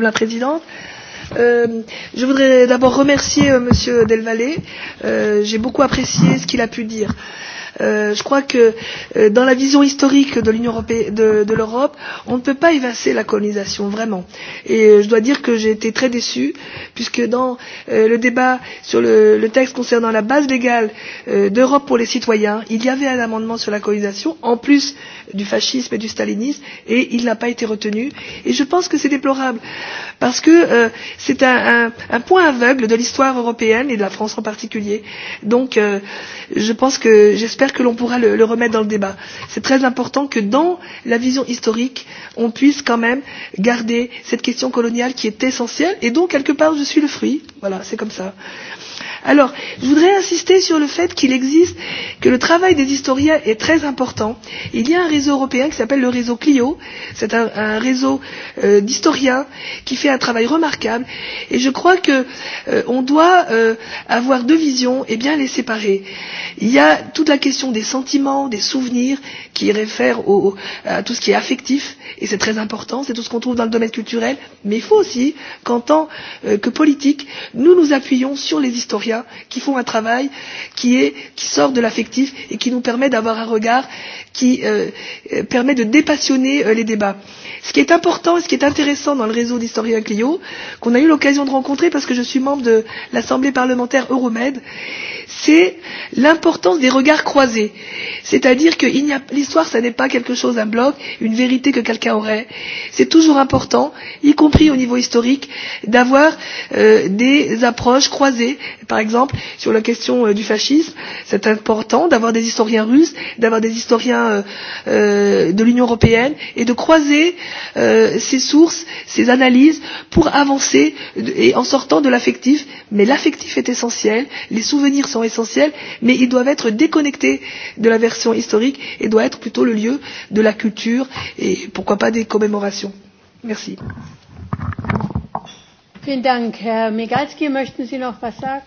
la Présidente. Euh, je voudrais d'abord remercier euh, Monsieur Delvalle. Euh, J'ai beaucoup apprécié ce qu'il a pu dire. Euh, je crois que euh, dans la vision historique de l'Union européenne, de, de l'Europe, on ne peut pas évincer la colonisation vraiment. Et euh, je dois dire que j'ai été très déçue puisque dans euh, le débat sur le, le texte concernant la base légale euh, d'Europe pour les citoyens, il y avait un amendement sur la colonisation en plus du fascisme et du stalinisme et il n'a pas été retenu. Et je pense que c'est déplorable parce que euh, c'est un, un, un point aveugle de l'histoire européenne et de la France en particulier. Donc, euh, je pense que j'espère j'espère que l'on pourra le, le remettre dans le débat. C'est très important que dans la vision historique, on puisse quand même garder cette question coloniale qui est essentielle et dont quelque part je suis le fruit. Voilà, c'est comme ça. Euh, Alors, je voudrais insister sur le fait qu'il existe, que le travail des historiens est très important. Il y a un réseau européen qui s'appelle le réseau Clio. C'est un, un réseau euh, d'historiens qui fait un travail remarquable. Et je crois que euh, on doit euh, avoir deux visions et bien les séparer. Il y a toute la question des sentiments, des souvenirs qui réfèrent au, au, à tout ce qui est affectif. Et c'est très important. C'est tout ce qu'on trouve dans le domaine culturel. Mais il faut aussi qu'en tant euh, que politique, nous nous appuyons sur les historiens citoyens qui font un travail qui, est, qui sort de l'affectif et qui nous permet d'avoir un regard qui euh, euh, permet de dépassionner euh, les débats. Ce qui est important et ce qui est intéressant dans le réseau d'historiens Clio, qu'on a eu l'occasion de rencontrer parce que je suis membre de l'Assemblée parlementaire Euromed, c'est l'importance des regards croisés. C'est-à-dire que l'histoire, ce n'est pas quelque chose, un bloc, une vérité que quelqu'un aurait. C'est toujours important, y compris au niveau historique, d'avoir euh, des approches croisées. Par exemple sur la question euh, du fascisme c'est important d'avoir des historiens russes d'avoir des historiens euh, euh, de l'union européenne et de croiser euh, ces sources ces analyses pour avancer et en sortant de l'affectif mais l'affectif est essentiel les souvenirs sont essentiels mais ils doivent être déconnectés de la version historique et doivent être plutôt le lieu de la culture et pourquoi pas des commémorations. merci. Vielen Dank. Herr Migalski, möchten Sie noch was sagen?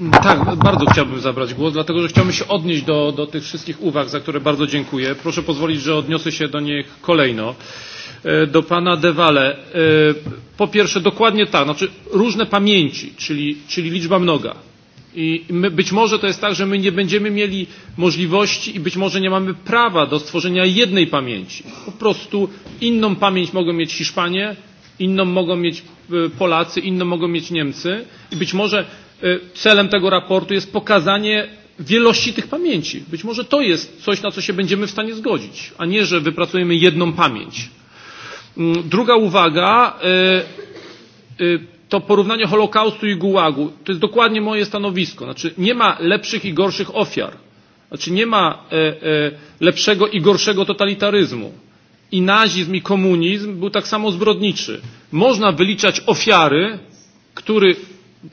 Mm, tak, bardzo chciałbym zabrać głos, dlatego że chciałbym się odnieść do, do tych wszystkich uwag, za które bardzo dziękuję. Proszę pozwolić, że odniosę się do nich kolejno. E, do pana Dewale. E, po pierwsze, dokładnie tak, znaczy różne pamięci, czyli, czyli liczba mnoga. I my, być może to jest tak, że my nie będziemy mieli możliwości i być może nie mamy prawa do stworzenia jednej pamięci. Po prostu inną pamięć mogą mieć Hiszpanie, inną mogą mieć e, Polacy, inną mogą mieć Niemcy i być może celem tego raportu jest pokazanie wielości tych pamięci. Być może to jest coś, na co się będziemy w stanie zgodzić, a nie, że wypracujemy jedną pamięć. Mm, druga uwaga to porównanie Holokaustu i Gułagu. To jest dokładnie moje stanowisko. Znaczy nie ma lepszych i gorszych ofiar. Znaczy nie ma e, e, lepszego i gorszego totalitaryzmu. I nazizm, i komunizm był tak samo zbrodniczy. Można wyliczać ofiary, który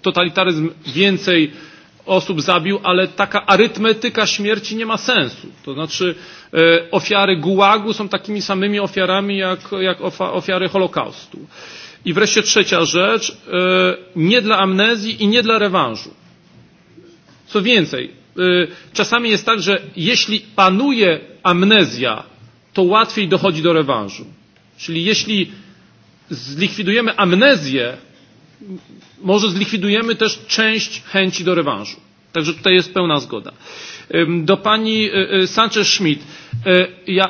totalitaryzm więcej osób zabił, ale taka arytmetyka śmierci nie ma sensu. To znaczy e, ofiary gułagu są takimi samymi ofiarami jak, jak ofa, ofiary Holokaustu. I wreszcie trzecia rzecz, e, nie dla amnezji i nie dla rewanżu. Co więcej, e, czasami jest tak, że jeśli panuje amnezja, to łatwiej dochodzi do rewanżu. Czyli jeśli zlikwidujemy amnezję, może zlikwidujemy też część chęci do rewanżu. Także tutaj jest pełna zgoda. Do pani Sanchez-Schmidt. Ja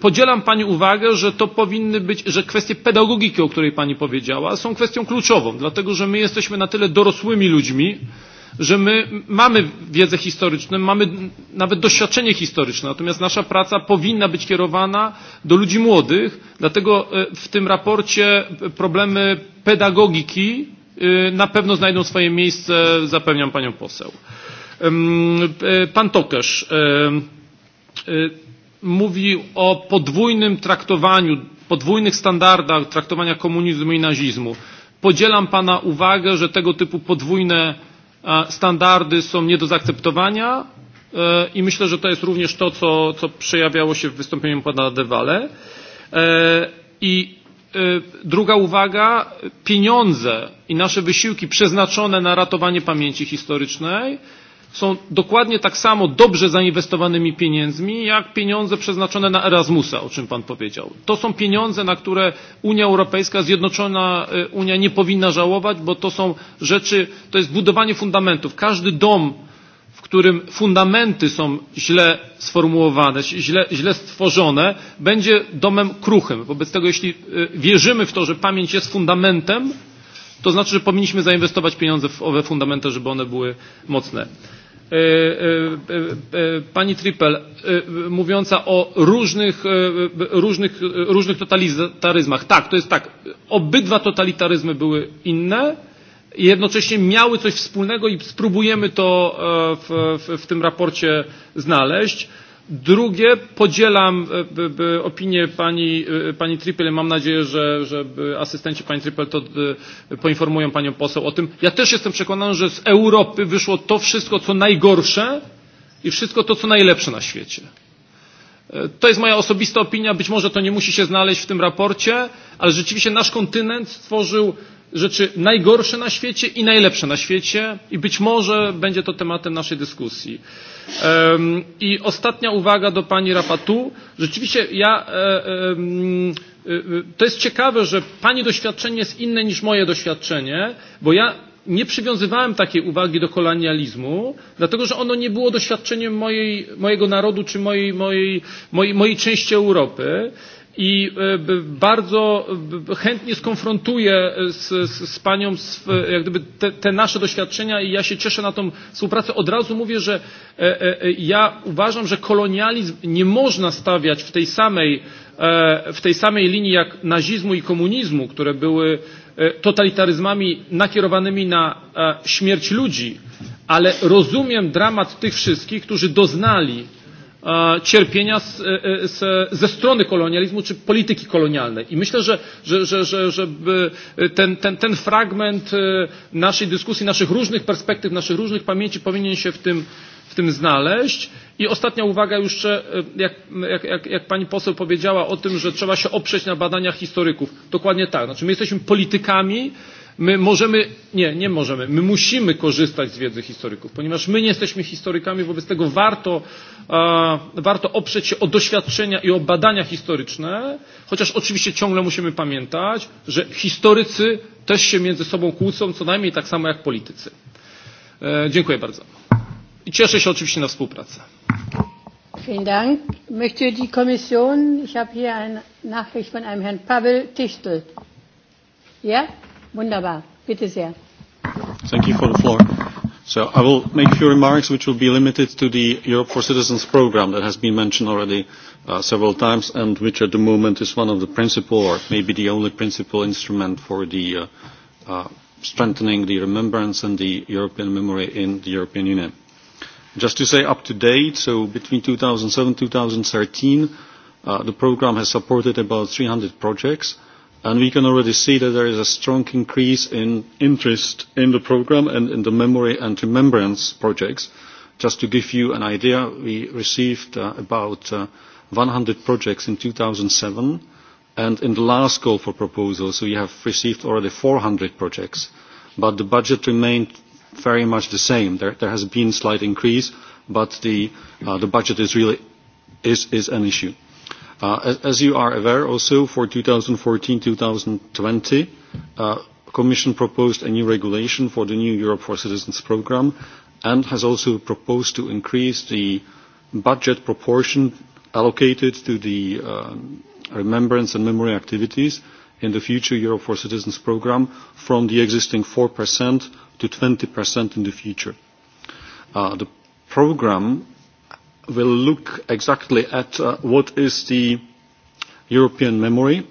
podzielam Pani uwagę, że to powinny być, że kwestie pedagogiki, o której Pani powiedziała, są kwestią kluczową, dlatego że my jesteśmy na tyle dorosłymi ludźmi, że my mamy wiedzę historyczną, mamy nawet doświadczenie historyczne, natomiast nasza praca powinna być kierowana do ludzi młodych, dlatego e, w tym raporcie problemy pedagogiki e, na pewno znajdą swoje miejsce, zapewniam panią poseł. E, pan Tokesz mówi o podwójnym traktowaniu, podwójnych standardach traktowania komunizmu i nazizmu. Podzielam Pana uwagę, że tego typu podwójne Standardy są nie do zaakceptowania e, i myślę, że to jest również to, co, co przejawiało się w wystąpieniu pana Dewale. E, I e, druga uwaga, pieniądze i nasze wysiłki przeznaczone na ratowanie pamięci historycznej są dokładnie tak samo dobrze zainwestowanymi pieniędzmi, jak pieniądze przeznaczone na Erasmusa, o czym Pan powiedział. To są pieniądze, na które Unia Europejska, Zjednoczona Unia nie powinna żałować, bo to są rzeczy, to jest budowanie fundamentów. Każdy dom, w którym fundamenty są źle sformułowane, źle, źle stworzone, będzie domem kruchym. Wobec tego, jeśli wierzymy w to, że pamięć jest fundamentem, to znaczy, że powinniśmy zainwestować pieniądze w owe fundamenty, żeby one były mocne. E, e, e, pani Trippel mówiąca o różnych, różnych, różnych totalitaryzmach. Tak, to jest tak. Obydwa totalitaryzmy były inne i jednocześnie miały coś wspólnego i spróbujemy to w, w, w tym raporcie znaleźć. Drugie, podzielam e, e, e, opinię pani, pani Trippel. Mam nadzieję, że, że asystenci pani Trippel to poinformują panią poseł o tym. Ja też jestem przekonany, że z Europy wyszło to wszystko, co najgorsze i wszystko to, co najlepsze na świecie. To jest moja osobista opinia. Być może to nie musi się znaleźć w tym raporcie, ale rzeczywiście nasz kontynent stworzył rzeczy najgorsze na świecie i najlepsze na świecie i być może będzie to tematem naszej dyskusji. I ostatnia uwaga do pani Rapatu. Rzeczywiście ja e, e, e, to jest ciekawe, że Pani doświadczenie jest inne niż moje doświadczenie, bo ja nie przywiązywałem takiej uwagi do kolonializmu, dlatego że ono nie było doświadczeniem mojej, mojego narodu czy mojej, mojej, mojej, mojej części Europy i e, bardzo chętnie skonfrontuję e, z, z, z panią z, jak gdyby te, te nasze doświadczenia i ja się cieszę na tą współpracę. Od razu mówię, że e, ja uważam, że kolonializm nie można stawiać w tej samej, w tej samej linii jak nazizmu i komunizmu, które były totalitaryzmami nakierowanymi na śmierć ludzi, ale rozumiem dramat tych wszystkich, którzy doznali E, cierpienia z, e, e, z, ze strony kolonializmu czy polityki kolonialnej. I myślę, że, że, że, że żeby ten, ten, ten fragment naszej dyskusji, naszych różnych perspektyw, naszych różnych pamięci powinien się w tym, w tym znaleźć. I ostatnia uwaga już, jak, jak, jak, jak pani poseł powiedziała o tym, że trzeba się oprzeć na badaniach historyków. Dokładnie tak. Znaczy my jesteśmy politykami, My możemy, nie, nie możemy, my musimy korzystać z wiedzy historyków, ponieważ my nie jesteśmy historykami, wobec tego warto, e, warto oprzeć się o doświadczenia i o badania historyczne, chociaż oczywiście ciągle musimy pamiętać, że historycy też się między sobą kłócą, co najmniej tak samo jak politycy. E, dziękuję bardzo. I cieszę się oczywiście na współpracę. Vielen Dank. Möchte die Kommission, ich habe hier eine Nachricht von einem Herrn Pavel Tichtel. Ja? Yeah? Wunderbar. Bitte sehr. Thank you for the floor. So I will make a few remarks which will be limited to the Europe for Citizens program that has been mentioned already uh, several times and which at the moment is one of the principal or maybe the only principal instrument for the uh, uh, strengthening the remembrance and the European memory in the European Union. Just to say up to date, so between 2007 and 2013, uh, the program has supported about 300 projects and we can already see that there is a strong increase in interest in the programme and in the memory and remembrance projects. Just to give you an idea, we received uh, about uh, 100 projects in 2007, and in the last call for proposals, we have received already 400 projects. But the budget remained very much the same. There, there has been a slight increase, but the, uh, the budget is really is, is an issue. Uh, as you are aware, also for 2014-2020, uh, Commission proposed a new regulation for the new Europe for Citizens programme and has also proposed to increase the budget proportion allocated to the um, remembrance and memory activities in the future Europe for Citizens programme from the existing 4% to 20% in the future. Uh, the programme will look exactly at uh, what is the European memory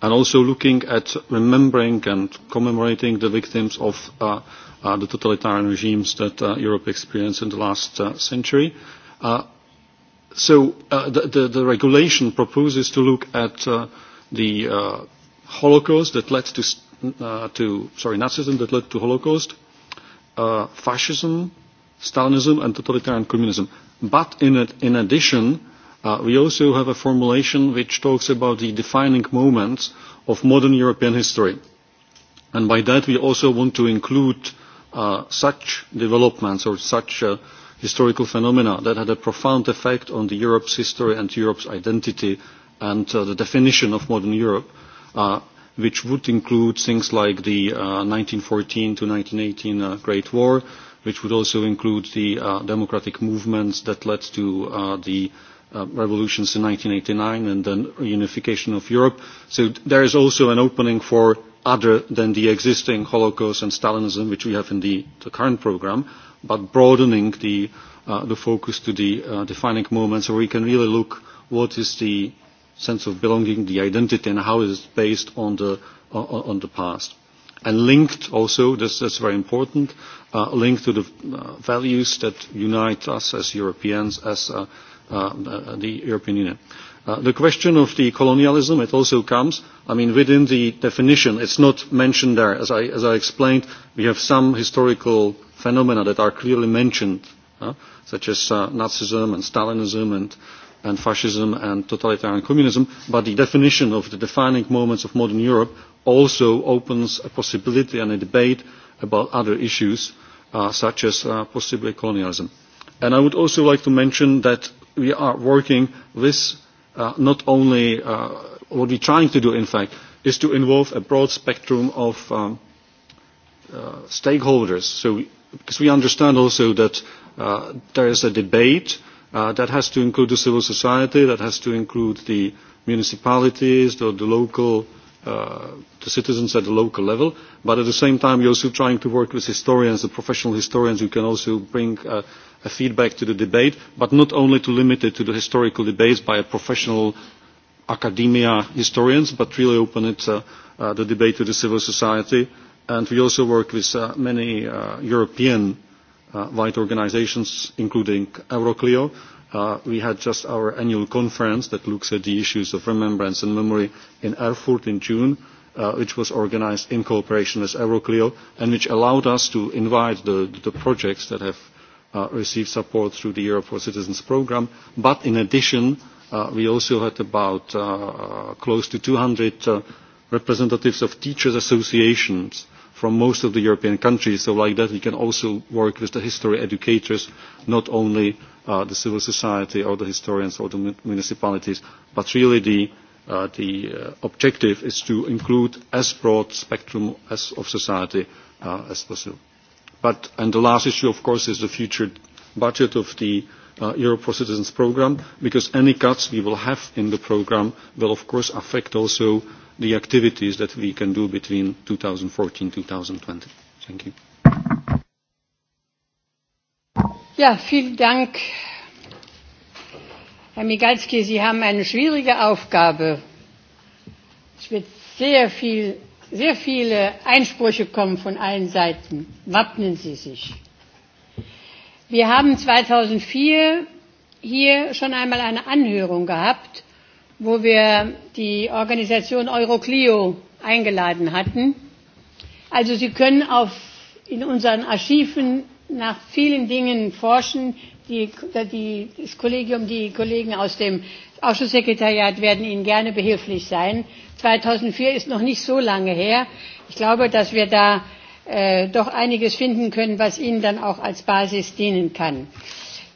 and also looking at remembering and commemorating the victims of uh, uh, the totalitarian regimes that uh, Europe experienced in the last uh, century. Uh, so uh, the, the, the regulation proposes to look at uh, the uh, Holocaust that led to, uh, to, sorry, Nazism that led to Holocaust, uh, fascism, Stalinism and totalitarian communism. But in, it, in addition, uh, we also have a formulation which talks about the defining moments of modern European history. And by that, we also want to include uh, such developments or such uh, historical phenomena that had a profound effect on the Europe's history and Europe's identity and uh, the definition of modern Europe, uh, which would include things like the uh, 1914 to 1918 uh, Great War, which would also include the uh, democratic movements that led to uh, the uh, revolutions in 1989 and then reunification of Europe. So there is also an opening for other than the existing Holocaust and Stalinism, which we have in the, the current program, but broadening the, uh, the focus to the uh, defining moments where we can really look what is the sense of belonging, the identity, and how it is based on the, uh, on the past and linked also, this is very important, uh, linked to the uh, values that unite us as Europeans, as uh, uh, uh, the European Union. Uh, the question of the colonialism, it also comes, I mean, within the definition, it's not mentioned there. As I, as I explained, we have some historical phenomena that are clearly mentioned, uh, such as uh, Nazism and Stalinism and, and fascism and totalitarian communism, but the definition of the defining moments of modern Europe also opens a possibility and a debate about other issues uh, such as uh, possibly colonialism. And I would also like to mention that we are working with uh, not only uh, what we're trying to do, in fact, is to involve a broad spectrum of um, uh, stakeholders. So, because we understand also that uh, there is a debate uh, that has to include the civil society, that has to include the municipalities, the, the local uh, to citizens at the local level, but at the same time you're also trying to work with historians, the professional historians who can also bring uh, a feedback to the debate, but not only to limit it to the historical debates by a professional academia historians, but really open it, uh, uh, the debate to the civil society. And we also work with uh, many uh, European uh, wide organizations, including Euroclio, Uh, we had just our annual conference that looks at the issues of remembrance and memory in Erfurt in June. Uh, which was organised in cooperation with Euroclear and which allowed us to invite the, the projects that have uh, received support through the Europe for Citizens programme. But in addition, uh, we also had about uh, close to 200 uh, representatives of teachers' associations from most of the European countries. So like that, we can also work with the history educators, not only uh, the civil society or the historians or the municipalities, but really the Uh, the uh, objective is to include as broad spectrum as of society uh, as possible. But, and the last issue, of course, is the future budget of the uh, Europe for Citizens program, because any cuts we will have in the program will, of course, affect also the activities that we can do between 2014-2020. Thank you. Ja, vielen Dank, Herr Migalski, Sie haben eine schwierige Aufgabe. Es wird sehr, viel, sehr viele Einsprüche kommen von allen Seiten. Wappnen Sie sich. Wir haben 2004 hier schon einmal eine Anhörung gehabt, wo wir die Organisation Euroclio eingeladen hatten. Also Sie können auf, in unseren Archiven nach vielen Dingen forschen, Die, die, das Kollegium, die Kollegen aus dem Ausschusssekretariat werden Ihnen gerne behilflich sein. 2004 ist noch nicht so lange her. Ich glaube, dass wir da äh, doch einiges finden können, was Ihnen dann auch als Basis dienen kann.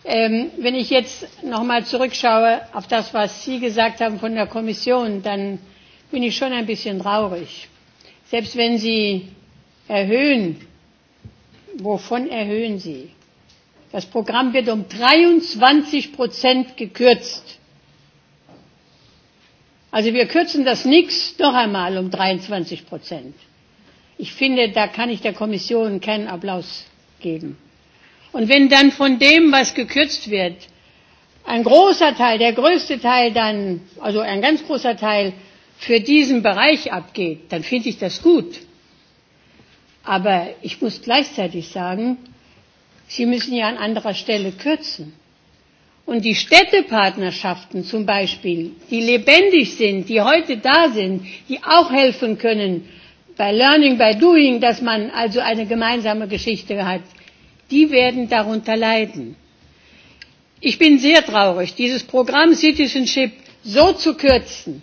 Ähm, wenn ich jetzt noch mal zurückschaue auf das, was Sie gesagt haben von der Kommission, dann bin ich schon ein bisschen traurig. Selbst wenn Sie erhöhen, wovon erhöhen Sie? Das Programm wird um 23 Prozent gekürzt. Also wir kürzen das nix noch einmal um 23 Prozent. Ich finde, da kann ich der Kommission keinen Applaus geben. Und wenn dann von dem, was gekürzt wird, ein großer Teil, der größte Teil dann, also ein ganz großer Teil für diesen Bereich abgeht, dann finde ich das gut. Aber ich muss gleichzeitig sagen, Sie müssen ja an anderer Stelle kürzen. Und die Städtepartnerschaften zum Beispiel, die lebendig sind, die heute da sind, die auch helfen können bei Learning bei Doing, dass man also eine gemeinsame Geschichte hat, die werden darunter leiden. Ich bin sehr traurig, dieses Programm Citizenship so zu kürzen,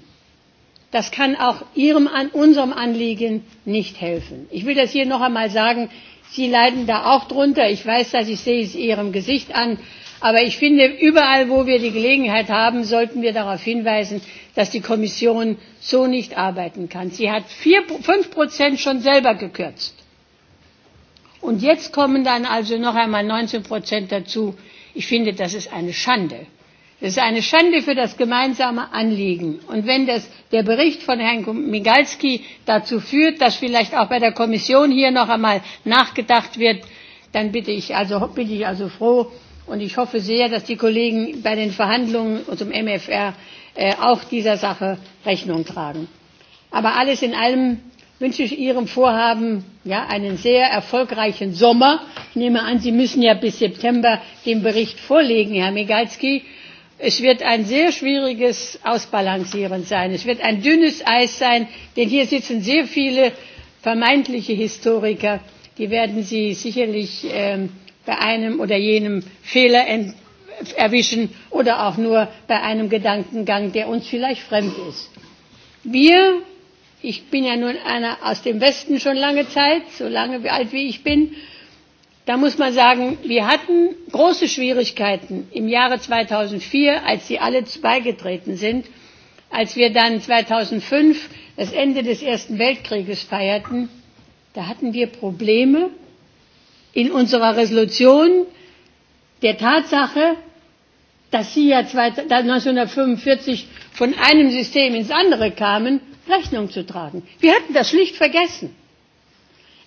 das kann auch Ihrem an unserem Anliegen nicht helfen. Ich will das hier noch einmal sagen, Sie leiden da auch drunter. Ich weiß das, ich sehe es Ihrem Gesicht an. Aber ich finde, überall, wo wir die Gelegenheit haben, sollten wir darauf hinweisen, dass die Kommission so nicht arbeiten kann. Sie hat vier, fünf Prozent schon selber gekürzt. Und jetzt kommen dann also noch einmal 19 Prozent dazu. Ich finde, das ist eine Schande. Es ist eine Schande für das gemeinsame Anliegen. Und wenn das, der Bericht von Herrn Migalski dazu führt, dass vielleicht auch bei der Kommission hier noch einmal nachgedacht wird, dann bitte ich also, bin ich also froh und ich hoffe sehr, dass die Kollegen bei den Verhandlungen zum MFR äh, auch dieser Sache Rechnung tragen. Aber alles in allem wünsche ich Ihrem Vorhaben ja, einen sehr erfolgreichen Sommer. Ich nehme an, Sie müssen ja bis September den Bericht vorlegen, Herr Migalski Es wird ein sehr schwieriges Ausbalancieren sein. Es wird ein dünnes Eis sein, denn hier sitzen sehr viele vermeintliche Historiker. Die werden Sie sicherlich ähm, bei einem oder jenem Fehler erwischen oder auch nur bei einem Gedankengang, der uns vielleicht fremd ist. Wir, ich bin ja nun einer aus dem Westen schon lange Zeit, so lange wie alt wie ich bin, da muss man sagen wir hatten große schwierigkeiten im jahre zweitausendvier als sie alle beigetreten sind als wir dann zweitausendfünf das ende des ersten weltkrieges feierten da hatten wir probleme in unserer entschließung der tatsache dass sie ja 1945 von einem System ins andere kamen, Rechnung zu tragen. Wir hatten das schlicht vergessen.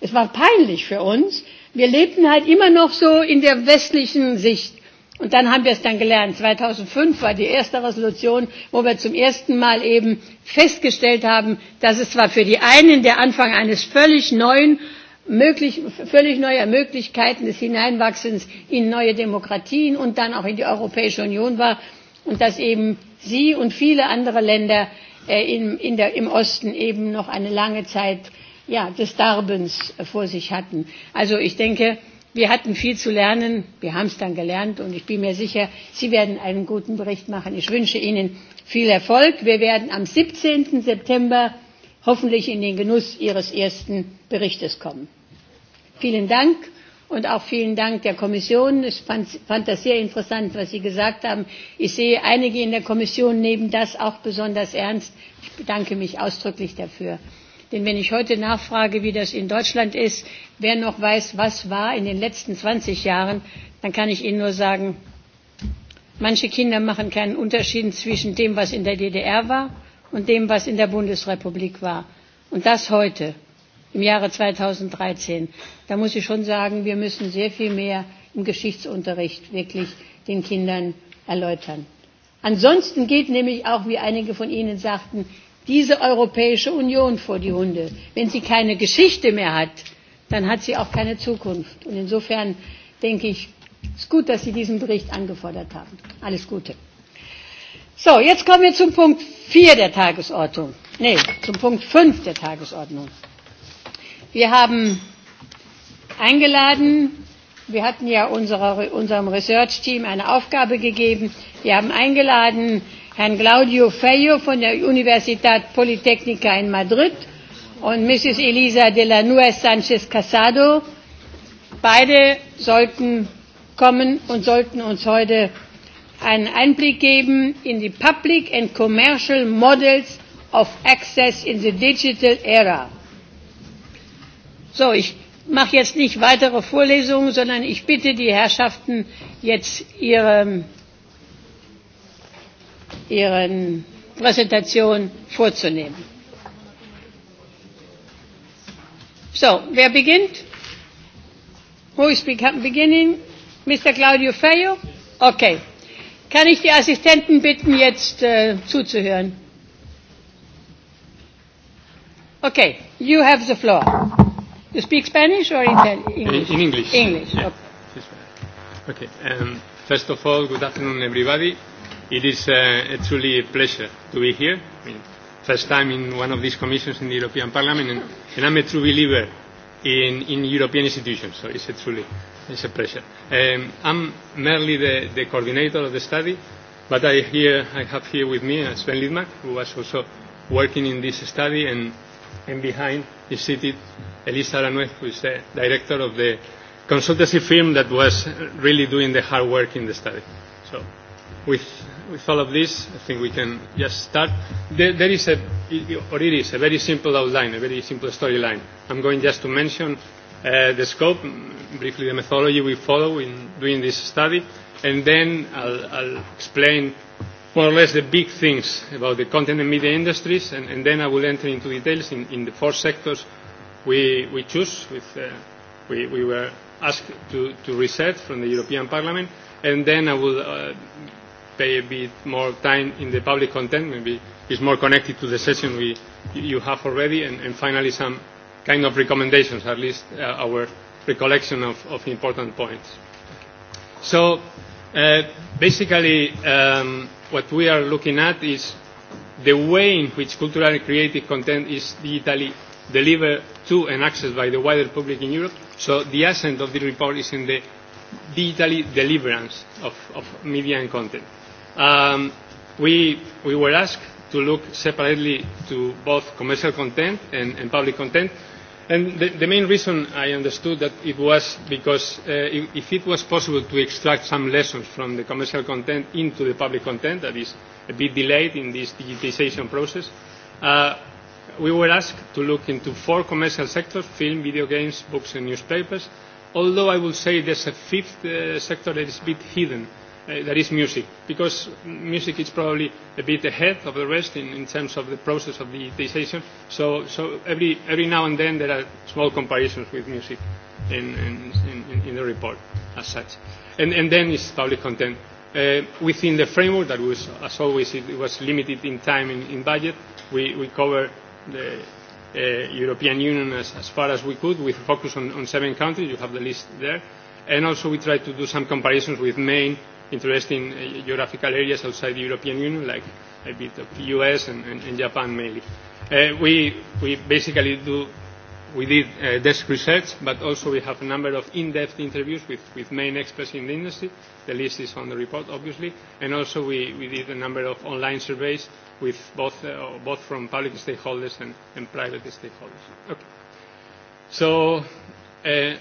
Es war peinlich für uns, wir lebten halt immer noch so in der westlichen Sicht. Und dann haben wir es dann gelernt. 2005 war die erste Resolution, wo wir zum ersten Mal eben festgestellt haben, dass es zwar für die einen der Anfang eines völlig neuen möglich, völlig neuer Möglichkeiten des Hineinwachsens in neue Demokratien und dann auch in die Europäische Union war und dass eben Sie und viele andere Länder äh, in, in der, im Osten eben noch eine lange Zeit ja, des Darbens vor sich hatten. Also ich denke, wir hatten viel zu lernen. Wir haben es dann gelernt und ich bin mir sicher, Sie werden einen guten Bericht machen. Ich wünsche Ihnen viel Erfolg. Wir werden am 17. September hoffentlich in den Genuss Ihres ersten Berichtes kommen. Vielen Dank und auch vielen Dank der Kommission. Ich fand, fand das sehr interessant, was Sie gesagt haben. Ich sehe, einige in der Kommission nehmen das auch besonders ernst. Ich bedanke mich ausdrücklich dafür. Denn wenn ich heute nachfrage, wie das in Deutschland ist, wer noch weiß, was war in den letzten 20 Jahren, dann kann ich Ihnen nur sagen, manche Kinder machen keinen Unterschied zwischen dem, was in der DDR war und dem, was in der Bundesrepublik war. Und das heute, im Jahre 2013, da muss ich schon sagen, wir müssen sehr viel mehr im Geschichtsunterricht wirklich den Kindern erläutern. Ansonsten gilt nämlich auch, wie einige von Ihnen sagten, diese europäische union vor die hunde. wenn sie keine geschichte mehr hat dann hat sie auch keine zukunft. und insofern denke ich es ist gut dass sie diesen bericht angefordert haben. alles gute! So, jetzt kommen wir zum Punkt 4 der Tagesordnung. Nee, zum Punkt 5 der Tagesordnung. Wir haben eingeladen, wir hatten ja unserer, unserem Research-Team eine Aufgabe gegeben. Wir haben eingeladen Herrn Claudio Feio von der Universität Politecnica in Madrid und Mrs. Elisa de la Nuez Sanchez Casado. Beide sollten kommen und sollten uns heute einen Einblick geben in die Public and Commercial Models of Access in the Digital Era. So, ich mache jetzt nicht weitere Vorlesungen, sondern ich bitte die Herrschaften jetzt ihre Ihren Präsentation vorzunehmen. So, wer beginnt? Who is beginning? Mr. Claudio Feio? Okay. Kann ich die Assistenten bitten, jetzt äh, zuzuhören? Okay, you have the floor. You speak Spanish or Italian? English? In English. English. Yeah. Okay. okay. Um, first of all, good afternoon, everybody. It is uh, it's really a pleasure to be here. I mean, first time in one of these commissions in the European Parliament, and, and I'm a true believer in, in European institutions, so it's a truly it's a pleasure. Um, I'm merely the, the coordinator of the study, but I, here, I have here with me uh, Sven Lidmark, who was also working in this study, and, and behind is seated Elisa Aranuez, who is the director of the consultancy firm that was really doing the hard work in the study. So, with with all of this, I think we can just start. There, there is a, or it is a very simple outline, a very simple storyline. I'm going just to mention uh, the scope, briefly the methodology we follow in doing this study, and then I'll, I'll explain more or less the big things about the content and media industries, and, and then I will enter into details in, in the four sectors we, we choose, with, uh, we, we were asked to, to research from the European Parliament, and then I will uh, pay a bit more time in the public content, maybe it's more connected to the session we, you have already, and, and finally some kind of recommendations, at least uh, our recollection of, of important points. So uh, basically um, what we are looking at is the way in which cultural and creative content is digitally delivered to and accessed by the wider public in Europe. So the accent of the report is in the digitally deliverance of, of media and content. Um, we, we were asked to look separately to both commercial content and, and public content. And the, the main reason I understood that it was because uh, if, it was possible to extract some lessons from the commercial content into the public content that is a bit delayed in this digitization process, uh, we were asked to look into four commercial sectors, film, video games, books and newspapers, although I would say there's a fifth uh, sector that is a bit hidden uh, that is music, because music is probably a bit ahead of the rest in, in terms of the process of digitization. So, so every, every now and then there are small comparisons with music in, in, in, in the report as such. And, and then it's public content. Uh, within the framework that was, as always, it, it was limited in time and in budget, we, we cover the uh, European Union as, as far as we could with focus on, on seven countries. You have the list there. And also we tried to do some comparisons with main interesting uh, geographical areas outside the European Union, like a bit of US and, and, and Japan mainly. Uh, we, we basically do, we did uh, desk research, but also we have a number of in-depth interviews with, with main experts in the industry. The list is on the report, obviously. And also we, we did a number of online surveys with both, uh, both from public stakeholders and, and private stakeholders. Okay. So uh,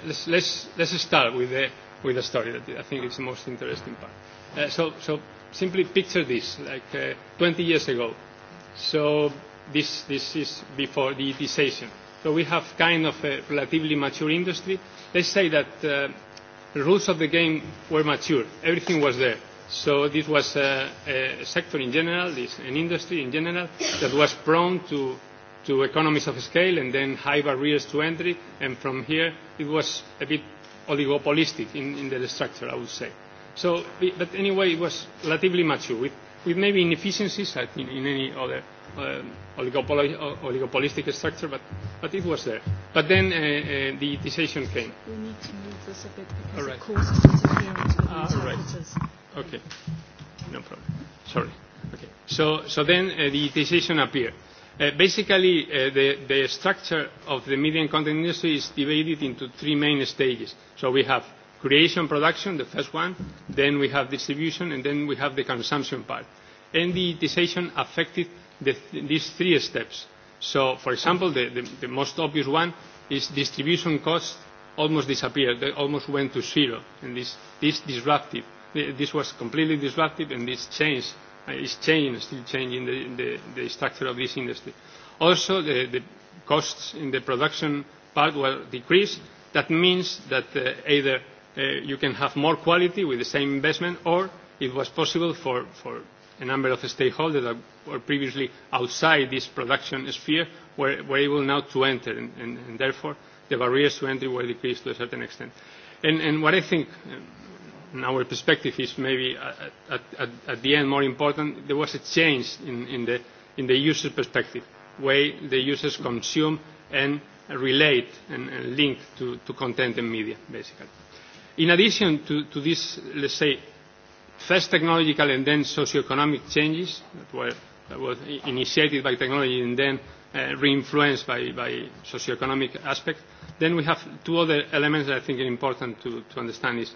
let's, let's, let's start with the with the story that I think is the most interesting part. Uh, so, so simply picture this, like uh, 20 years ago. So this, this is before the decision. So we have kind of a relatively mature industry. Let's say that uh, the rules of the game were mature. Everything was there. So this was a, uh, a sector in general, this, an industry in general, that was prone to, to economies of scale and then high barriers to entry. And from here, it was a bit oligopolistic in, in the structure, I would say. So, but anyway, it was relatively mature, with, with maybe inefficiencies like in, in any other um, oligopoly, oligopolistic structure, but, but it was there. But then uh, uh, the decision came. We need to move this a bit because all right. it causes interference with ah, the interpreters. right. Okay, no problem. Sorry. Okay. So, so then uh, the decision appeared Uh, basically, uh, the, the structure of the media and content industry is divided into three main stages. So we have creation production, the first one, then we have distribution, and then we have the consumption part. And the digitization affected the th these three steps. So, for example, the, the, the most obvious one is distribution costs almost disappeared. They almost went to zero. And this, this disrupted. this was completely disruptive, and this changed is changing, still changing the, the, the structure of this industry. Also, the, the costs in the production part will decrease. That means that uh, either uh, you can have more quality with the same investment, or it was possible for, for a number of stakeholders that were previously outside this production sphere were, were able now to enter, and, and, and therefore the barriers to entry were decreased to a certain extent. And, and what I think, um, in our perspective is maybe at, at, at the end more important, there was a change in, in, the, in the user perspective, way the users consume and relate and, and link to, to content and media, basically. In addition to, to this, let's say, first technological and then socioeconomic changes that were, that were initiated by technology and then uh, re-influenced by, by socioeconomic aspect, then we have two other elements that I think are important to, to understand is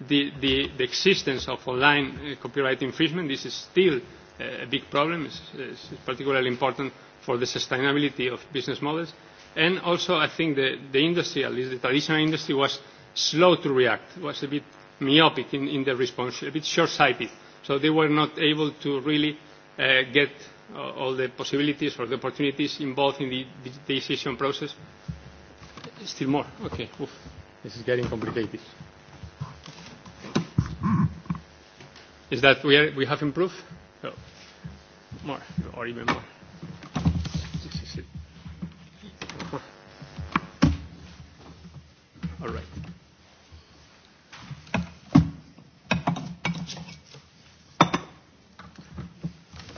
the, the, the existence of online uh, copyright infringement. This is still uh, a big problem. It's, it's particularly important for the sustainability of business models. And also, I think the, the industry, at least the traditional industry, was slow to react, was a bit myopic in, in the response, a bit short-sighted. So they were not able to really uh, get uh, all the possibilities or the opportunities involved in the, the decision process. Still more. Okay. Oof. This is getting complicated. is that we, are, we have improved oh, more or even more. All right.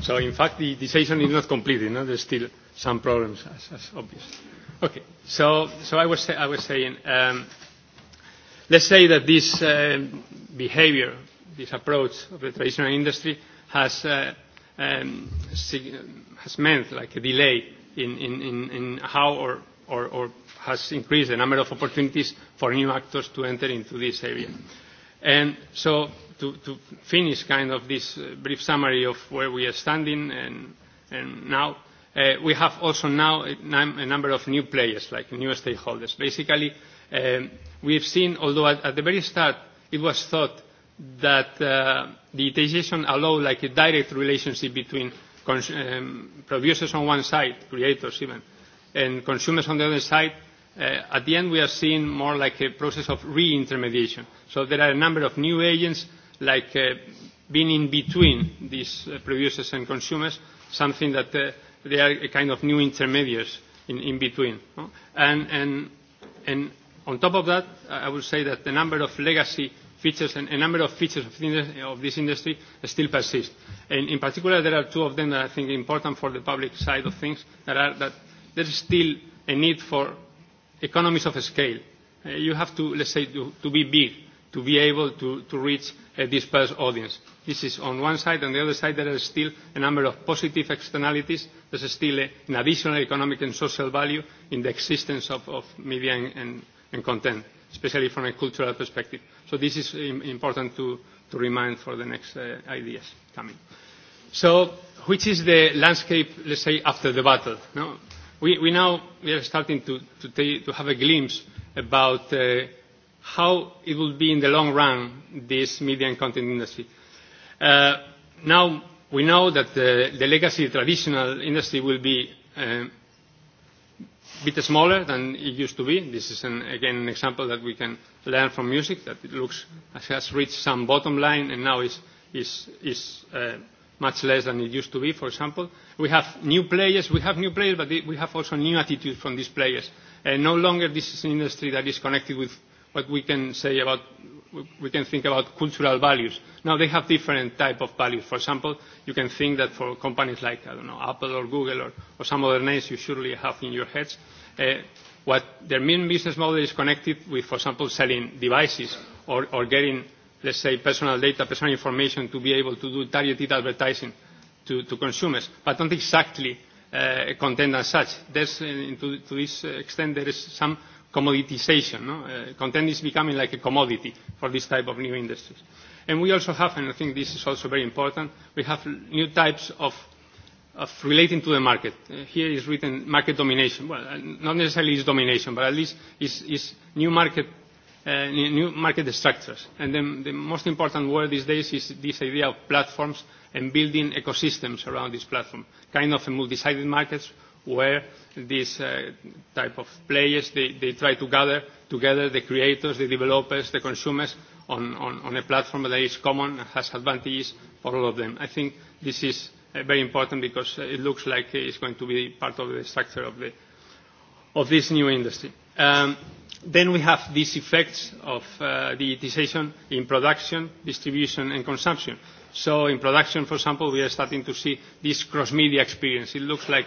So in fact, the, the session is not completed. No? There's still some problems, as, as obvious. Okay. So, so I, was, I was saying, um, let's say that this um, behavior this approach of the traditional industry has, uh, um, has meant like a delay in, in, in, in how or, or, or has increased the number of opportunities for new actors to enter into this area. And so to, to finish kind of this uh, brief summary of where we are standing and, and now, uh, we have also now a, a number of new players, like new stakeholders. Basically, um, we have seen, although at, at the very start it was thought that uh, the taxation allow like a direct relationship between cons um, producers on one side, creators even, and consumers on the other side, uh, at the end we are seeing more like a process of re-intermediation. So there are a number of new agents like uh, being in between these uh, producers and consumers, something that uh, they are a kind of new intermediaries in, in between. No? And, and, and on top of that, I would say that the number of legacy features and a number of features of, the, of this industry still persist. And in particular, there are two of them that I think are important for the public side of things, that are that there is still a need for economies of scale. Uh, you have to, let's say, to, to be big to be able to, to reach a uh, dispersed audience. This is on one side. On the other side, there are still a number of positive externalities. There's still a, an additional economic and social value in the existence of, of media and, and, and content especially from a cultural perspective. So this is important to, to remind for the next uh, ideas coming. So which is the landscape, let's say, after the battle? No? We, we now we are starting to, to, take, to have a glimpse about uh, how it will be in the long run, this media and content industry. Uh, now we know that the, the legacy traditional industry will be um, bit smaller than it used to be. This is, an, again, an example that we can learn from music, that it looks it has reached some bottom line and now is, is, is uh, much less than it used to be, for example. We have new players, we have new players, but we have also new attitudes from these players. And uh, no longer this is an industry that is connected with what we can say about we can think about cultural values. Now they have different type of values. For example, you can think that for companies like, I don't know, Apple or Google or, or some other names you surely have in your heads, uh, what their main business model is connected with, for example, selling devices or, or getting, let's say, personal data, personal information to be able to do targeted advertising to, to consumers, but not exactly uh, content as such. There's, uh, to, to this extent, there is some commoditization. No? Uh, content is becoming like a commodity for this type of new industries. And we also have, and I think this is also very important, we have new types of, of relating to the market. Uh, here is written market domination. Well, uh, not necessarily is domination, but at least is, is new market uh, new market structures. And then the most important word these days is this idea of platforms and building ecosystems around this platform, kind of a multi-sided markets where these uh, type of players, they, they try to gather together the creators, the developers, the consumers on, on, on a platform that is common and has advantages for all of them. I think this is uh, very important because uh, it looks like it's going to be part of the structure of, the, of this new industry. Um, Then we have these effects of uh, digitization in production, distribution, and consumption. So in production, for example, we are starting to see this cross-media experience. It looks like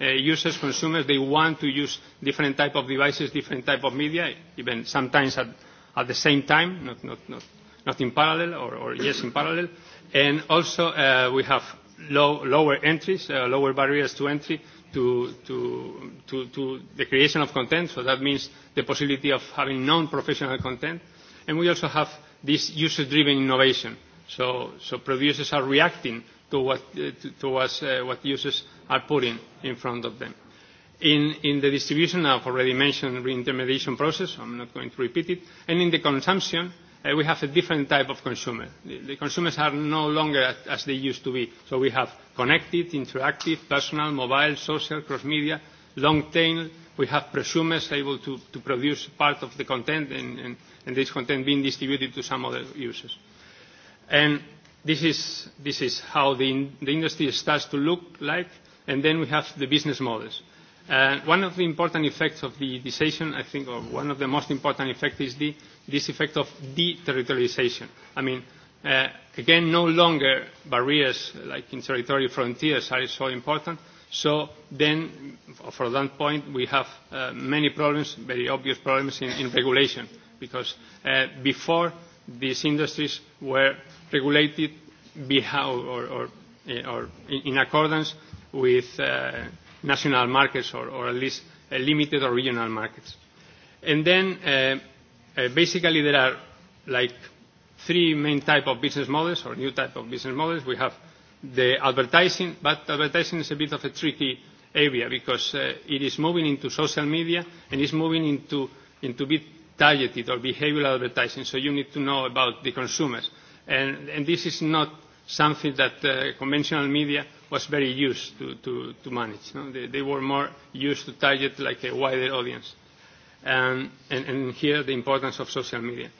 uh, users, consumers, they want to use different type of devices, different type of media, even sometimes at, at the same time, not, not, not, not in parallel, or, or yes, in parallel. And also uh, we have low, lower entries, uh, lower barriers to entry, to, to, to, to the creation of content. So that means the possibility of having non-professional content. And we also have this user-driven innovation. So, so producers are reacting to what, uh, to, towards uh, what users are putting in front of them. In, in the distribution, I've already mentioned reintermediation process. I'm not going to repeat it. And in the consumption, uh, we have a different type of consumer. The, the consumers are no longer as they used to be. So we have connected, interactive, personal, mobile, social, cross-media, long tail. We have presumers able to, to produce part of the content and, and, and this content being distributed to some other users. And this is, this is how the, in, the industry starts to look like. And then we have the business models. Uh, one of the important effects of the decision, I think, or one of the most important effects is the, this effect of deterritorialization. I mean, Uh, again, no longer barriers like in territory frontiers are so important. So then, from that point, we have uh, many problems, very obvious problems in, in regulation, because uh, before these industries were regulated or, or, eh, or in accordance with uh, national markets or, or at least uh, limited or regional markets. And then, uh, uh, basically, there are like three main type of business models or new type of business models. We have the advertising, but advertising is a bit of a tricky area because uh, it is moving into social media and it's moving into, into bit targeted or behavioral advertising, so you need to know about the consumers. And, and this is not something that uh, conventional media was very used to, to, to manage. No? They, they were more used to target like a wider audience. Um, and, and here the importance of social media.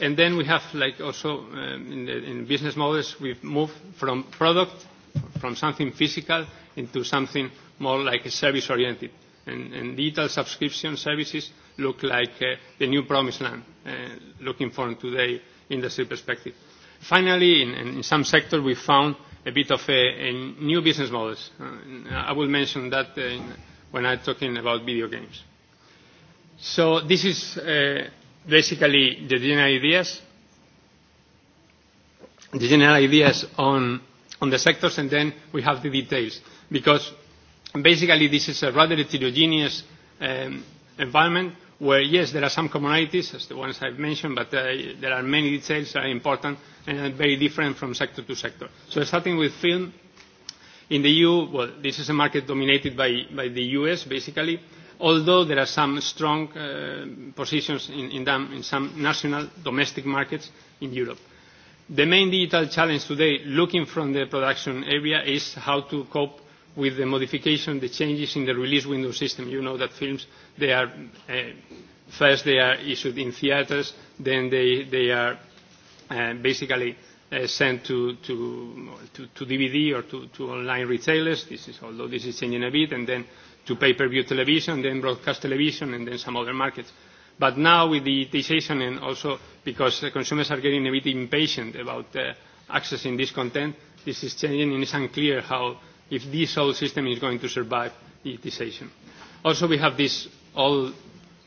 And then we have, like also um, in, the, in business models, we've moved from product, from something physical, into something more like a service-oriented. And, and digital subscription services look like uh, the new promised land, uh, looking from today industry perspective. Finally, in, in some sectors, we found a bit of a, a new business models. Uh, I will mention that uh, when I'm talking about video games. So this is uh, basically the general ideas, the general ideas on, on the sectors, and then we have the details. Because basically this is a rather heterogeneous um, environment where, yes, there are some commonalities, as the ones I've mentioned, but uh, there are many details that are important and are very different from sector to sector. So starting with film, in the EU, well, this is a market dominated by, by the US, basically although there are some strong uh, positions in, in, them, in some national domestic markets in Europe. The main digital challenge today, looking from the production area, is how to cope with the modification, the changes in the release window system. You know that films, they are, uh, first they are issued in theaters, then they, they are uh, basically uh, sent to, to, to, to DVD or to, to online retailers. This is, although this is changing a bit, and then to pay-per-view television, then broadcast television, and then some other markets. But now with the digitization and also because the consumers are getting a bit impatient about uh, accessing this content, this is changing and it's unclear how, if this whole system is going to survive digitization. Also, we have this all,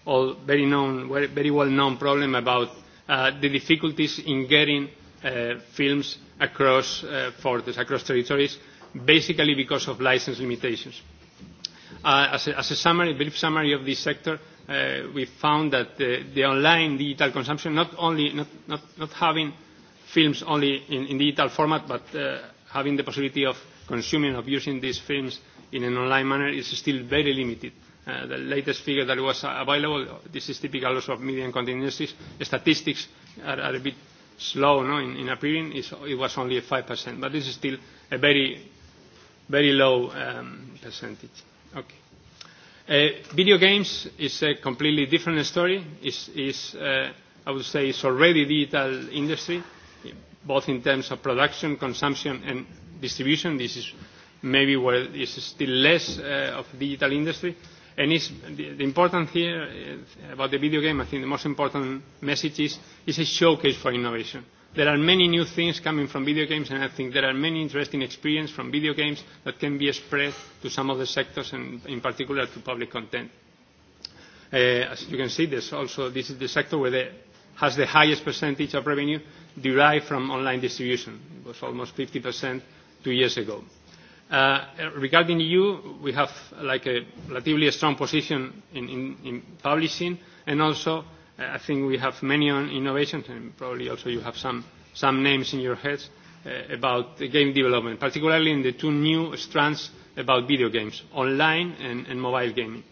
all very, known, very well-known problem about uh, the difficulties in getting uh, films across uh, for this, across territories, basically because of license limitations Uh, as, a, as a summary, brief summary of this sector, uh, we found that the, uh, the online digital consumption, not only not, not, not having films only in, in digital format, but uh, having the possibility of consuming, of using these films in an online manner is still very limited. Uh, the latest figure that was uh, available, this is typical also of media and content continuities, statistics are, are a bit slow no, in, in appearing. It's, it was only 5%, but this is still a very, very low um, percentage. Okay. Uh, video games is a completely different story. It's, it's, uh, I would say it's already digital industry, both in terms of production, consumption, and distribution. This is maybe where it's still less uh, of digital industry. And it's, the, the important here uh, about the video game, I think the most important message is it's a showcase for innovation There are many new things coming from video games, and I think there are many interesting experiences from video games that can be spread to some of the sectors, and in particular to public content. Uh, as you can see, there's also this is the sector where it has the highest percentage of revenue derived from online distribution. It was almost 50% two years ago. Uh, uh regarding EU, we have like a relatively strong position in, in, in publishing and also I think we have many on innovations, and probably also you have some, some names in your heads uh, about the game development, particularly in the two new strands about video games, online and, and mobile gaming.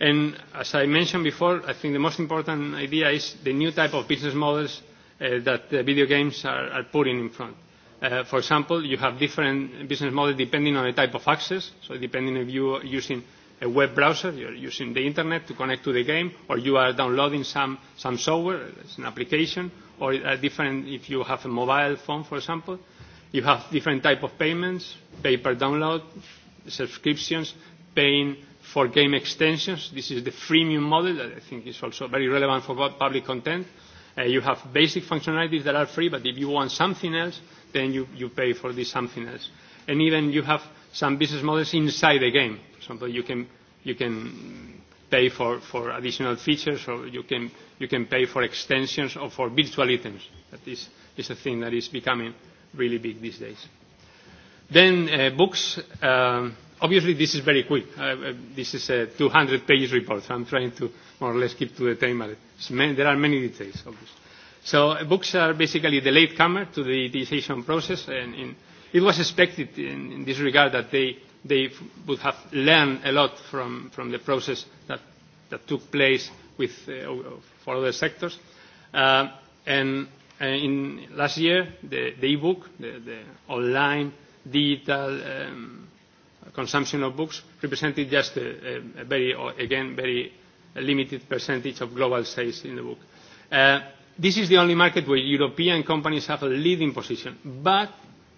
And as I mentioned before, I think the most important idea is the new type of business models uh, that the video games are, are putting in front. Uh, for example, you have different business models depending on the type of access, so depending if you are using a web browser, you're using the internet to connect to the game, or you are downloading some, some software, it's an application, or a different, if you have a mobile phone, for example, you have different type of payments, paper download, subscriptions, paying for game extensions. This is the freemium model that I think is also very relevant for public content. Uh, you have basic functionalities that are free, but if you want something else, then you, you pay for this something else. And even you have some business models inside the game. For example, you can, you can pay for, for additional features or you can, you can pay for extensions or for virtual items. That is, is a thing that is becoming really big these days. Then uh, books. Uh, obviously, this is very quick. Uh, uh, this is a 200-page report. So I'm trying to more or less keep to the time. Many, there are many details, obviously. So uh, books are basically the latecomer to the digitization process. And in, It was expected in, in this regard that they, they would have learned a lot from, from the process that, that took place with, uh, for other sectors. Uh, and uh, in last year, the, the e-book, the, the online digital um, consumption of books, represented just a, a very, again, very limited percentage of global sales in the book. Uh, this is the only market where European companies have a leading position, but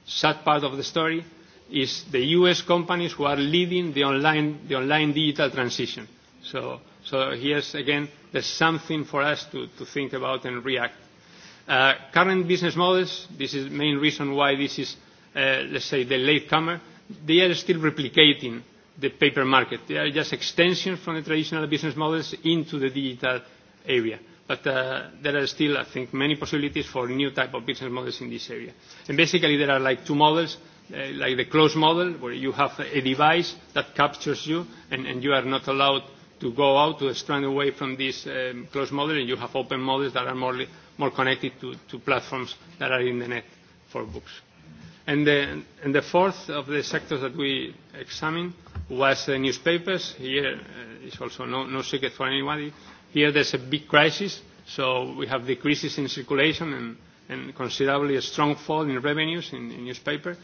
sad part of the story is the U.S. companies who are leading the online, the online digital transition. So, so here's again, there's something for us to, to think about and react. Uh, current business models, this is the main reason why this is, uh, let's say, the latecomer, they are still replicating the paper market. They are just extensions from the traditional business models into the digital area but uh, there are still, I think, many possibilities for new type of business models in this area. And basically, there are like two models, uh, like the closed model, where you have a device that captures you, and, and you are not allowed to go out, to strand away from this um, closed model, and you have open models that are more, more connected to, to platforms that are in the net for books. And the, and the fourth of the sectors that we examined was uh, newspapers. Here uh, is also no, no secret for anybody Here there's a big crisis, so we have decreases in circulation and, and considerably a strong fall in revenues in, in newspaper,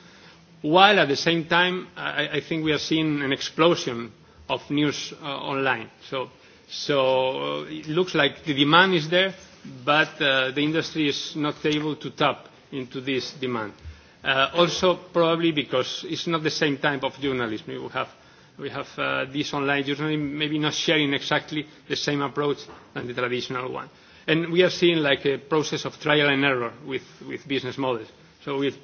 while at the same time I, I think we are seeing an explosion of news uh, online. So, so it looks like the demand is there, but uh, the industry is not able to tap into this demand. Uh, also, probably because it's not the same type of journalism. we have we have uh, this online journal maybe not sharing exactly the same approach than the traditional one. And we are seeing like a process of trial and error with, with business models. So with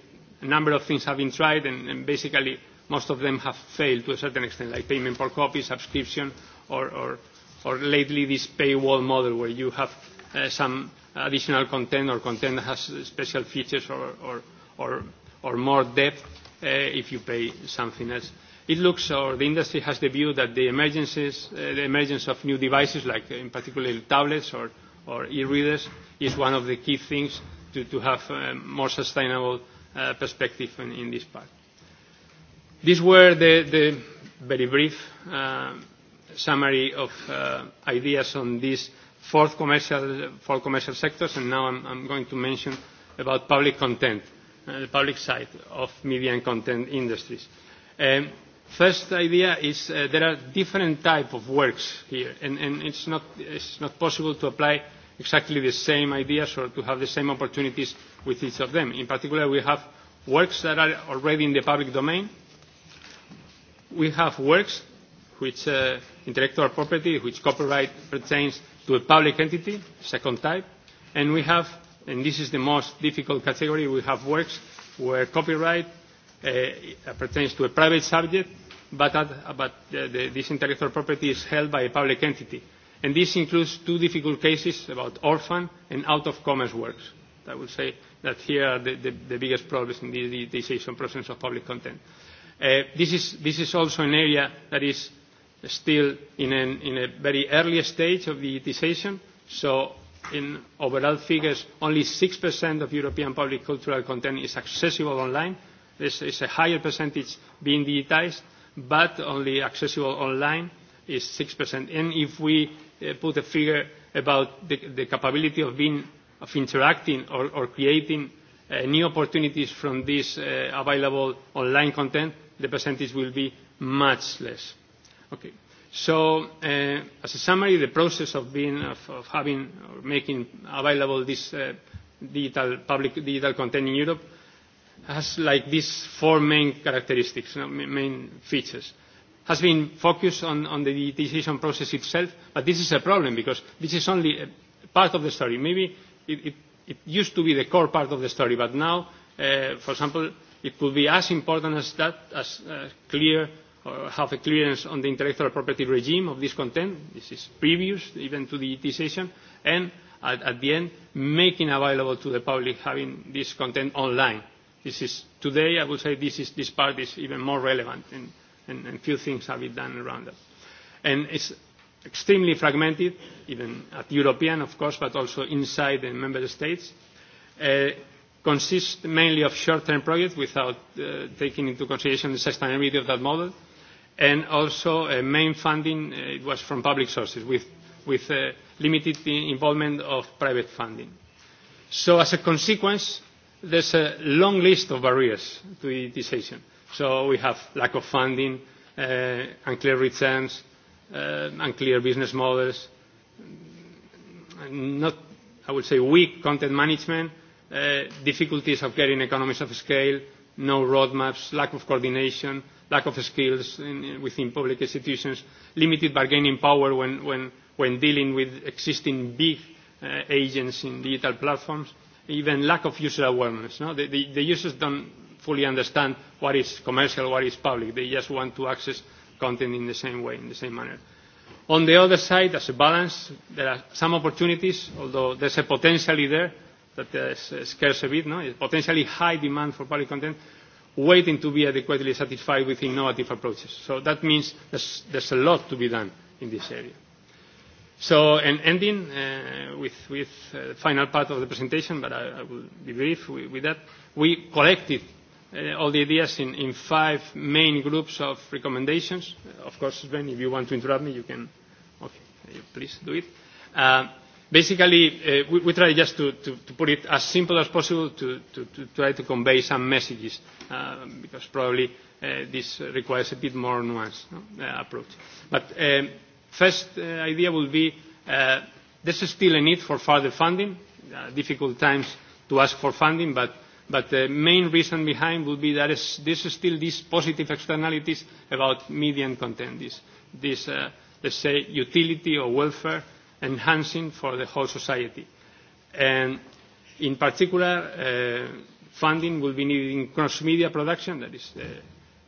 a number of things have been tried and, and basically most of them have failed to a certain extent, like payment per copy, subscription, or, or, or lately this paywall model where you have uh, some additional content or content that has special features or, or, or, or more depth uh, if you pay something else it looks or the industry has the view that the, emergencies, uh, the emergence of new devices, like uh, in particular tablets or, or e-readers, is one of the key things to, to have a uh, more sustainable uh, perspective in, in this part. These were the, the very brief uh, summary of uh, ideas on these four commercial, four commercial sectors, and now I'm, I'm going to mention about public content, uh, the public side of media and content industries. Um, First idea is uh, there are different type of works here, and, and it's, not, it's not possible to apply exactly the same ideas or to have the same opportunities with each of them. In particular, we have works that are already in the public domain. We have works which uh, intellectual property, which copyright pertains to a public entity, second type. And we have, and this is the most difficult category, we have works where copyright uh, pertains to a private subject, but, at, but uh, the, this intellectual property is held by a public entity. And this includes two difficult cases about orphan and out-of-commerce works. I would say that here are the, the, the biggest problems in the, the decision process of public content. Uh, this, is, this is also an area that is still in, an, in a very early stage of the decision, so in overall figures, only 6% of European public cultural content is accessible online, This is a higher percentage being digitized, but only accessible online is 6%. And if we uh, put a figure about the, the capability of being of interacting or, or creating uh, new opportunities from this uh, available online content, the percentage will be much less. Okay. So, uh, as a summary, the process of being of, of having or making available this uh, digital public digital content in Europe has like these four main characteristics, you know, main features. Has been focused on, on the decision process itself, but this is a problem because this is only a part of the story. Maybe it, it, it used to be the core part of the story, but now, uh, for example, it could be as important as that, as uh, clear or have a clearance on the intellectual property regime of this content. This is previous even to the decision, and at, at the end, making available to the public having this content online This is, today, I would say this, is, this part is even more relevant, and, and, and few things have been done around that. And it's extremely fragmented, even at European, of course, but also inside the member states. Uh, consists mainly of short-term projects without uh, taking into consideration the sustainability of that model, and also uh, main funding uh, it was from public sources with, with uh, limited involvement of private funding. So as a consequence, there is a long list of barriers to digitization. So we have lack of funding, uh, unclear returns, uh, unclear business models, mm, not, I would say, weak content management, uh, difficulties of getting economies of scale, no roadmaps, lack of coordination, lack of skills in, in, within public institutions, limited bargaining power when, when, when dealing with existing big uh, agents in digital platforms even lack of user awareness. No? The, the, the users don't fully understand what is commercial, what is public. They just want to access content in the same way, in the same manner. On the other side, as a balance, there are some opportunities, although there's a potentially there that is scarce a bit, no? It's potentially high demand for public content waiting to be adequately satisfied with innovative approaches. So that means there's, there's a lot to be done in this area. So, and ending uh, with, with uh, the final part of the presentation, but I, I will be brief with, with that. We collected uh, all the ideas in, in five main groups of recommendations. Of course, Sven, if you want to interrupt me, you can. Okay, please do it. Uh, basically, uh, we, we try just to, to, to put it as simple as possible to, to, to try to convey some messages, uh, because probably uh, this requires a bit more nuanced no? uh, approach. But um, First uh, idea would be uh, there's still a need for further funding. Uh, difficult times to ask for funding, but, but the main reason behind would be that is, this is still these positive externalities about median content, this, this uh, let's say, utility or welfare enhancing for the whole society. And in particular, uh, funding will be needed in cross-media production, that is uh,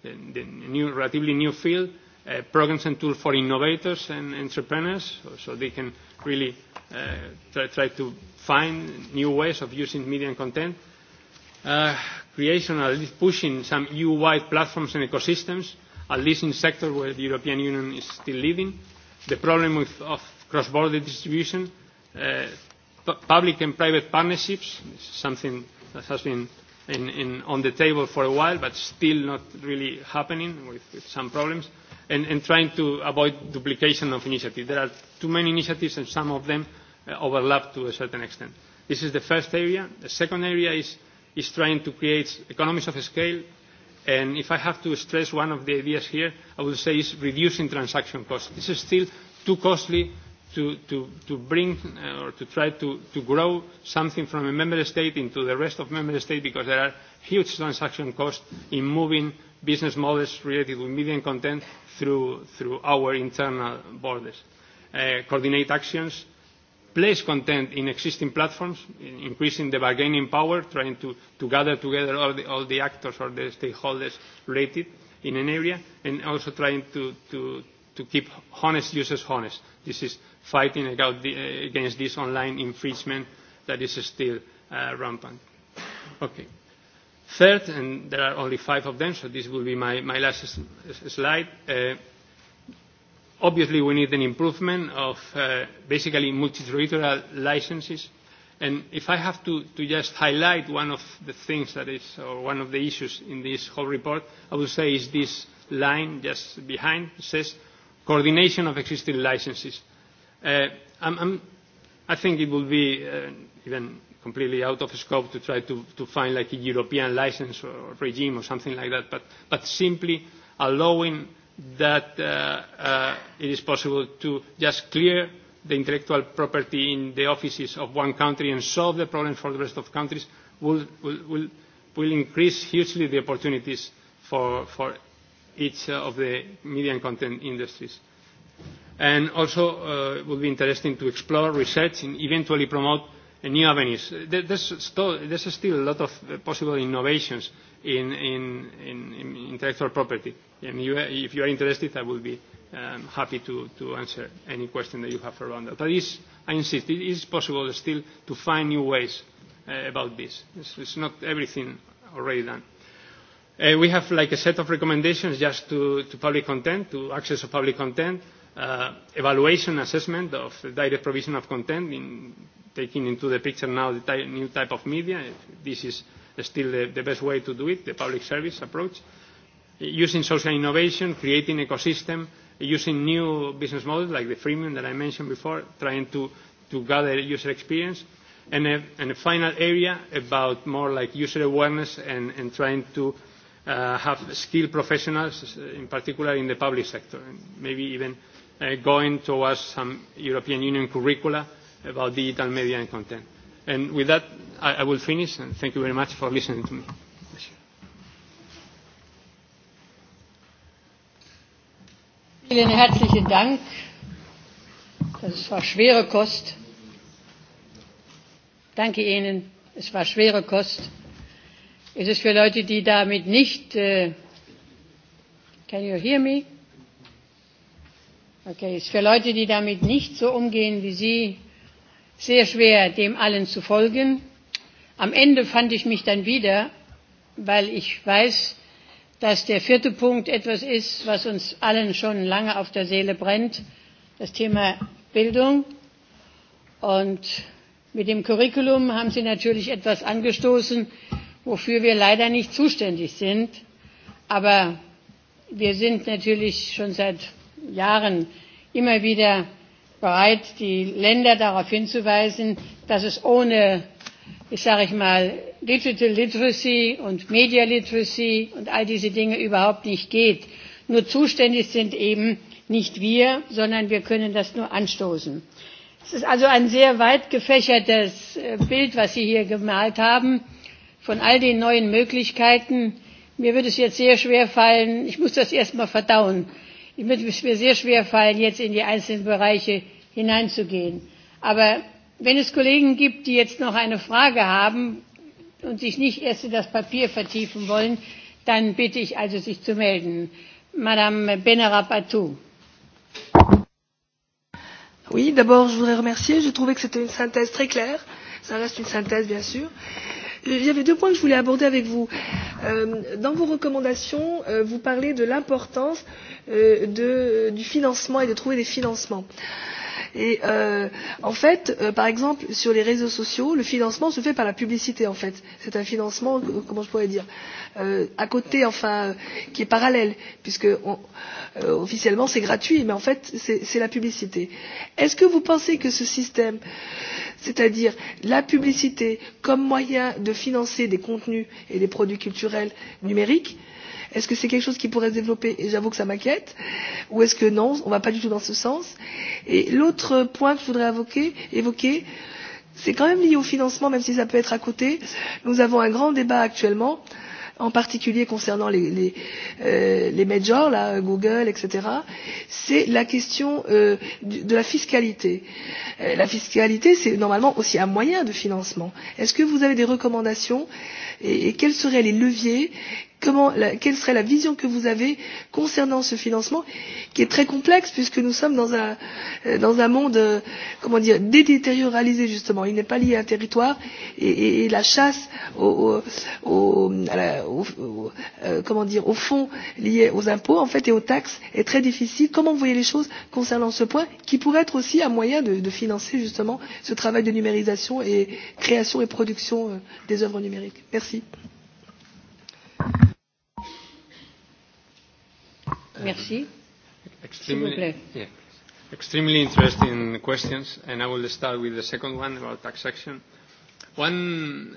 the, the new, relatively new field, Uh, programs and tools for innovators and entrepreneurs so they can really uh, try, try to find new ways of using media and content. Uh, creation, at least pushing some EU-wide platforms and ecosystems, at least in sectors where the European Union is still leading. The problem with, of cross-border distribution, uh, public and private partnerships, something that has been on the table for a while, but still not really happening with, with some problems, and, and trying to avoid duplication of initiatives. There are too many initiatives, and some of them uh, overlap to a certain extent. This is the first area. The second area is, is trying to create economies of scale. And if I have to stress one of the ideas here, I would say is reducing transaction costs. This is still too costly to, to, to bring uh, or to try to, to grow something from a member state into the rest of member state because there are huge transaction costs in moving business models related with media and content through, through our internal borders. Uh, coordinate actions, place content in existing platforms, increasing the bargaining power, trying to, to gather together all the, all the actors or the stakeholders related in an area, and also trying to, to, to keep honest users honest. This is fighting uh, against this online infringement that is still uh, rampant. Okay. Third, and there are only five of them, so this will be my, my last slide. Uh, obviously, we need an improvement of uh, basically multi-territorial licenses. And if I have to, to just highlight one of the things that is, or one of the issues in this whole report, I would say is this line just behind. It says coordination of existing licenses Uh, I'm, I'm, I think it would be uh, even completely out of scope to try to, to find like a European license or regime or something like that, but, but simply allowing that uh, uh, it is possible to just clear the intellectual property in the offices of one country and solve the problem for the rest of countries will, will, will, will increase hugely the opportunities for, for each of the media and content industries. And also, uh, it would be interesting to explore research and eventually promote new avenues. There's still, there's still a lot of uh, possible innovations in, in, in, in intellectual property. And you, if you are interested, I will be um, happy to, to answer any question that you have around that. But it's, I insist, it is possible still to find new ways uh, about this. It's, it's not everything already done. Uh, we have like a set of recommendations just to, to public content, to access of public content, uh, evaluation assessment of the direct provision of content, in taking into the picture now the ty new type of media. This is still the, the best way to do it, the public service approach. Using social innovation, creating ecosystem, using new business models like the freemium that I mentioned before, trying to, to gather user experience. And a, and a final area about more like user awareness and, and trying to uh, have skilled professionals, uh, in particular in the public sector, and maybe even Uh, going towards some European Union curricula about digital media and content. And with that, I, I will finish, and thank you very much for listening to me. Vielen herzlichen Dank. Das war schwere Kost. Danke Ihnen. Es war schwere Kost. Es ist für Leute, die damit nicht. Äh, can you hear me? Okay, ist für Leute, die damit nicht so umgehen wie Sie, sehr schwer, dem allen zu folgen. Am Ende fand ich mich dann wieder, weil ich weiß, dass der vierte Punkt etwas ist, was uns allen schon lange auf der Seele brennt, das Thema Bildung. Und mit dem Curriculum haben Sie natürlich etwas angestoßen, wofür wir leider nicht zuständig sind. Aber wir sind natürlich schon seit Jahren immer wieder bereit, die Länder darauf hinzuweisen, dass es ohne, ich sage ich mal, Digital Literacy und Media Literacy und all diese Dinge überhaupt nicht geht. Nur zuständig sind eben nicht wir, sondern wir können das nur anstoßen. Es ist also ein sehr weit gefächertes äh, Bild, was Sie hier gemalt haben, von all den neuen Möglichkeiten. Mir würde es jetzt sehr schwer fallen, ich muss das erstmal verdauen würde es mir sehr schwer fallen, jetzt in die einzelnen Bereiche hineinzugehen. Aber wenn es Kollegen gibt, die jetzt noch eine Frage haben und sich nicht erst in das Papier vertiefen wollen, dann bitte ich also, sich zu melden. Madame benarabatou. Oui, d'abord, je voudrais remercier. J'ai trouvé que c'était une synthèse très claire. Ça reste une synthèse, bien sûr. Euh, Euh, il y avait deux points que je voulais aborder avec vous. Euh, dans vos recommandations, euh, vous parlez de l'importance du financement et de trouver des financements. Euh, et euh, en fait, euh, par exemple, sur les réseaux sociaux, le financement se fait par la publicité, en fait. C'est un financement, euh, comment je pourrais dire, euh, à côté, enfin, euh, qui est parallèle, puisque on, euh, officiellement c'est gratuit, mais en fait c'est la publicité. Est-ce que vous pensez que ce système, c'est-à-dire la publicité comme moyen de financer des contenus et des produits culturels numériques, euh, Est-ce que c'est quelque chose qui pourrait se développer Et j'avoue que ça m'inquiète. Ou est-ce que non, on ne va pas du tout dans ce sens Et l'autre point que je voudrais évoquer, évoquer c'est quand même lié au financement, même si ça peut être à côté. Nous avons un grand débat actuellement en particulier concernant les, les, euh, les majors, là, Google, etc., c'est la question euh, de la fiscalité. Euh, la fiscalité, c'est normalement aussi un moyen de financement. Est-ce que vous avez des recommandations et, et quels seraient les leviers comment, la, quelle serait la vision que vous avez concernant ce financement qui est très complexe puisque nous sommes dans un, euh, dans un monde euh, comment dire déterritorialisé justement il n'est pas lié à un territoire et, et, et la chasse au, au, à la, au, au euh, comment dire au fond lié aux impôts en fait et aux taxes est très difficile comment vous voyez les choses concernant ce point qui pourrait être aussi un moyen de, de financer justement ce travail de numérisation et création et production euh, des œuvres numériques Merci. Um, Merci. Extremely, yeah, extremely interesting questions, and I will start with the second one about taxation. One um,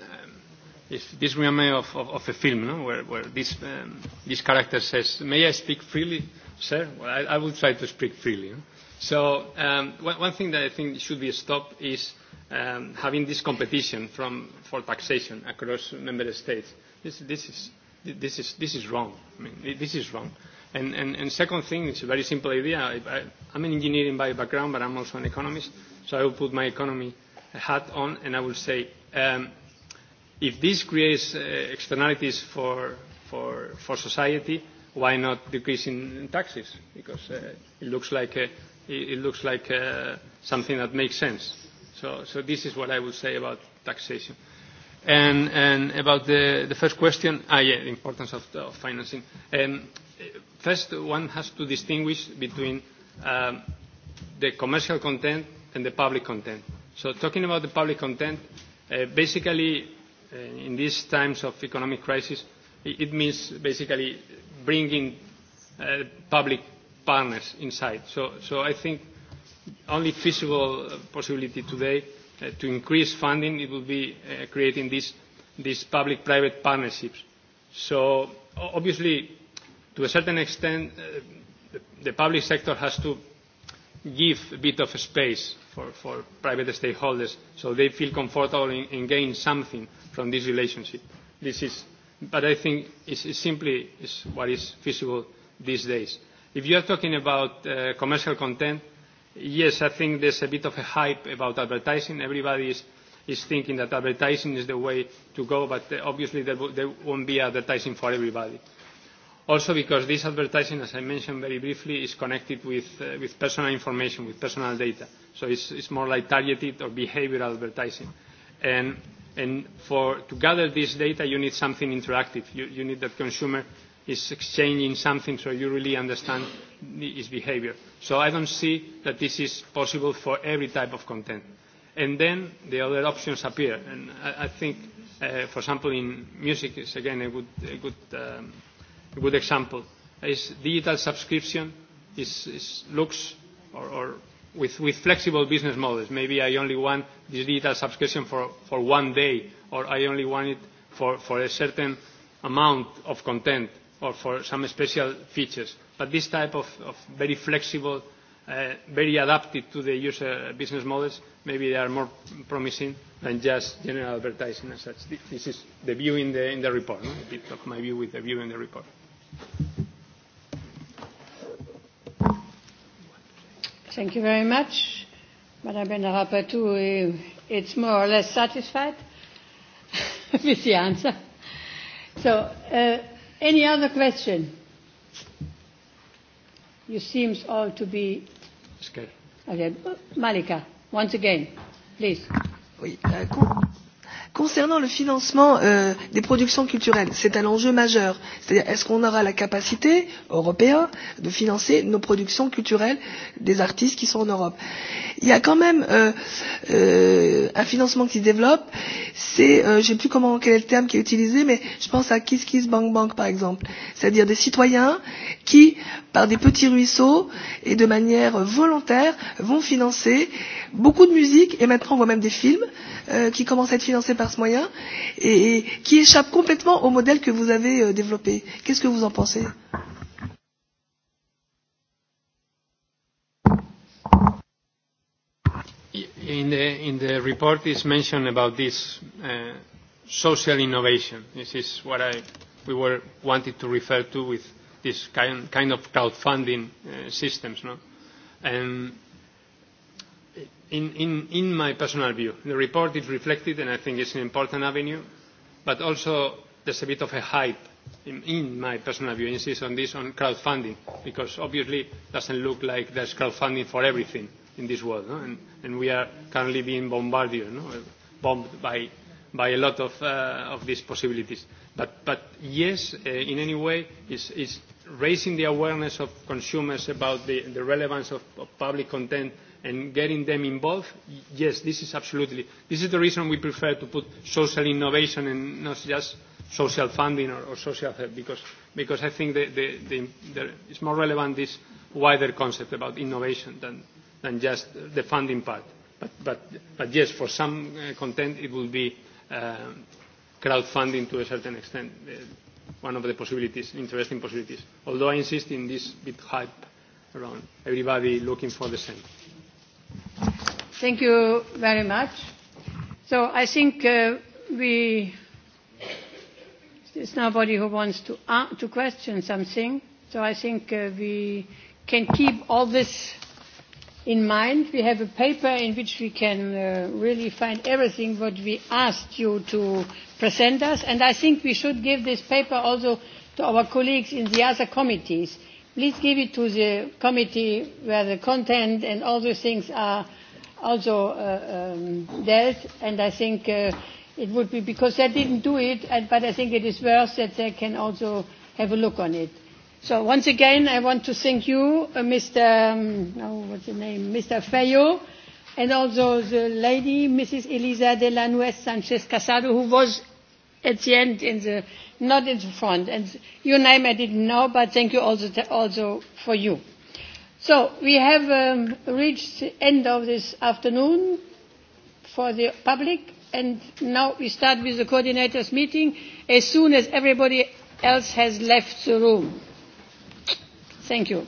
is this reminds me of, of, of a film, no? where, where this, um, this character says, "May I speak freely, sir?" Well, I, I will try to speak freely. No? So um, one, one thing that I think should be stopped is um, having this competition from, for taxation across member states. This, this, is, this, is, this is wrong. I mean, this is wrong And, and, and second thing, it's a very simple idea. I, I, I'm an engineering by background, but I'm also an economist. So I will put my economy hat on and I will say, um, if this creates uh, externalities for, for, for society, why not decreasing taxes? Because uh, it looks like, uh, it looks like uh, something that makes sense. So, so this is what I would say about taxation. And, and about the, the first question, ah, yeah, the importance of, of financing. And um, First, one has to distinguish between um, the commercial content and the public content. So talking about the public content, uh, basically uh, in these times of economic crisis, it means basically bringing uh, public partners inside. So, so I think only feasible uh, possibility today uh, to increase funding, it will be uh, creating these, these public-private partnerships. So obviously to a certain extent, uh, the, the public sector has to give a bit of space for, for private stakeholders so they feel comfortable in, in gaining something from this relationship. This is, but I think it's, it's simply is what is feasible these days. If you are talking about uh, commercial content, yes, I think there's a bit of a hype about advertising. Everybody is, is thinking that advertising is the way to go, but uh, obviously there, there won't be advertising for everybody. Also because this advertising, as I mentioned very briefly, is connected with, uh, with personal information, with personal data. So it's, it's more like targeted or behavioral advertising. And, and for, to gather this data, you need something interactive. You, you need that consumer is exchanging something so you really understand his behavior. So I don't see that this is possible for every type of content. And then the other options appear. And I, I think, uh, for example, in music is again a good, a good um, A good example is digital subscription is, is looks or, or with, with flexible business models. Maybe I only want this digital subscription for, for one day, or I only want it for, for a certain amount of content, or for some special features. But this type of, of very flexible, uh, very adapted to the user uh, business models, maybe they are more promising than just general advertising as such. This is the view in the, in the report, no? a bit of my view with the view in the report. Thank you very much, Madame Benarapatou. It's more or less satisfied with the answer. So, uh, any other question? You seems all to be. Okay. Okay, Malika, once again, please. Oui, uh, cool. Concernant le financement euh, des productions culturelles, c'est un enjeu majeur. C'est-à-dire, est-ce qu'on aura la capacité européenne de financer nos productions culturelles des artistes qui sont en Europe Il y a quand même euh, euh, un financement qui se développe. C'est, euh, je ne sais plus comment quel est le terme qui est utilisé, mais je pense à Kiss Kiss Bank Bank par exemple. C'est-à-dire des citoyens qui, par des petits ruisseaux et de manière volontaire, vont financer beaucoup de musique et maintenant on voit même des films euh, qui commencent à être financés par ce moyen et, et qui échappe complètement au modèle que vous avez euh, développé. Qu'est-ce que vous en pensez In the, in the report is mentioned about this uh, social innovation. This is what I, we were wanted to refer to with this kind, kind of crowdfunding uh, systems. No? And in, in, my personal view, the report is reflected, and I think it's an important avenue, but also there's a bit of a hype, in, in my personal view, I insist on this, on crowdfunding, because obviously it doesn't look like there's crowdfunding for everything in this world, no? and, and we are currently being bombarded, no? bombed by, by a lot of, uh, of these possibilities. But, but yes, uh, in any way, it's, it's raising the awareness of consumers about the, the relevance of, of public content and getting them involved, yes, this is absolutely. This is the reason we prefer to put social innovation and not just social funding or, or social help, because, because I think the, the, the, the, it's more relevant this wider concept about innovation than, than just the funding part. But, but, but yes, for some uh, content, it will be uh, crowdfunding to a certain extent, uh, one of the possibilities, interesting possibilities. Although I insist in this bit hype around everybody looking for the same. Thank you very much. So I think uh, we there's nobody who wants to, uh, to question something. So I think uh, we can keep all this in mind. We have a paper in which we can uh, really find everything what we asked you to present us. And I think we should give this paper also to our colleagues in the other committees please give it to the committee where the content and all those things are also uh, um, dealt. And I think uh, it would be because they didn't do it, but I think it is worth that they can also have a look on it. So once again, I want to thank you, uh, Mr. Um, oh, what's the name, Mr. Feio, and also the lady, Mrs. Elisa de la Nuez Sanchez Casado, who was at the end in the not in the front and your name i didn't know but thank you also also for you so we have um, reached the end of this afternoon for the public and now we start with the coordinators meeting as soon as everybody else has left the room thank you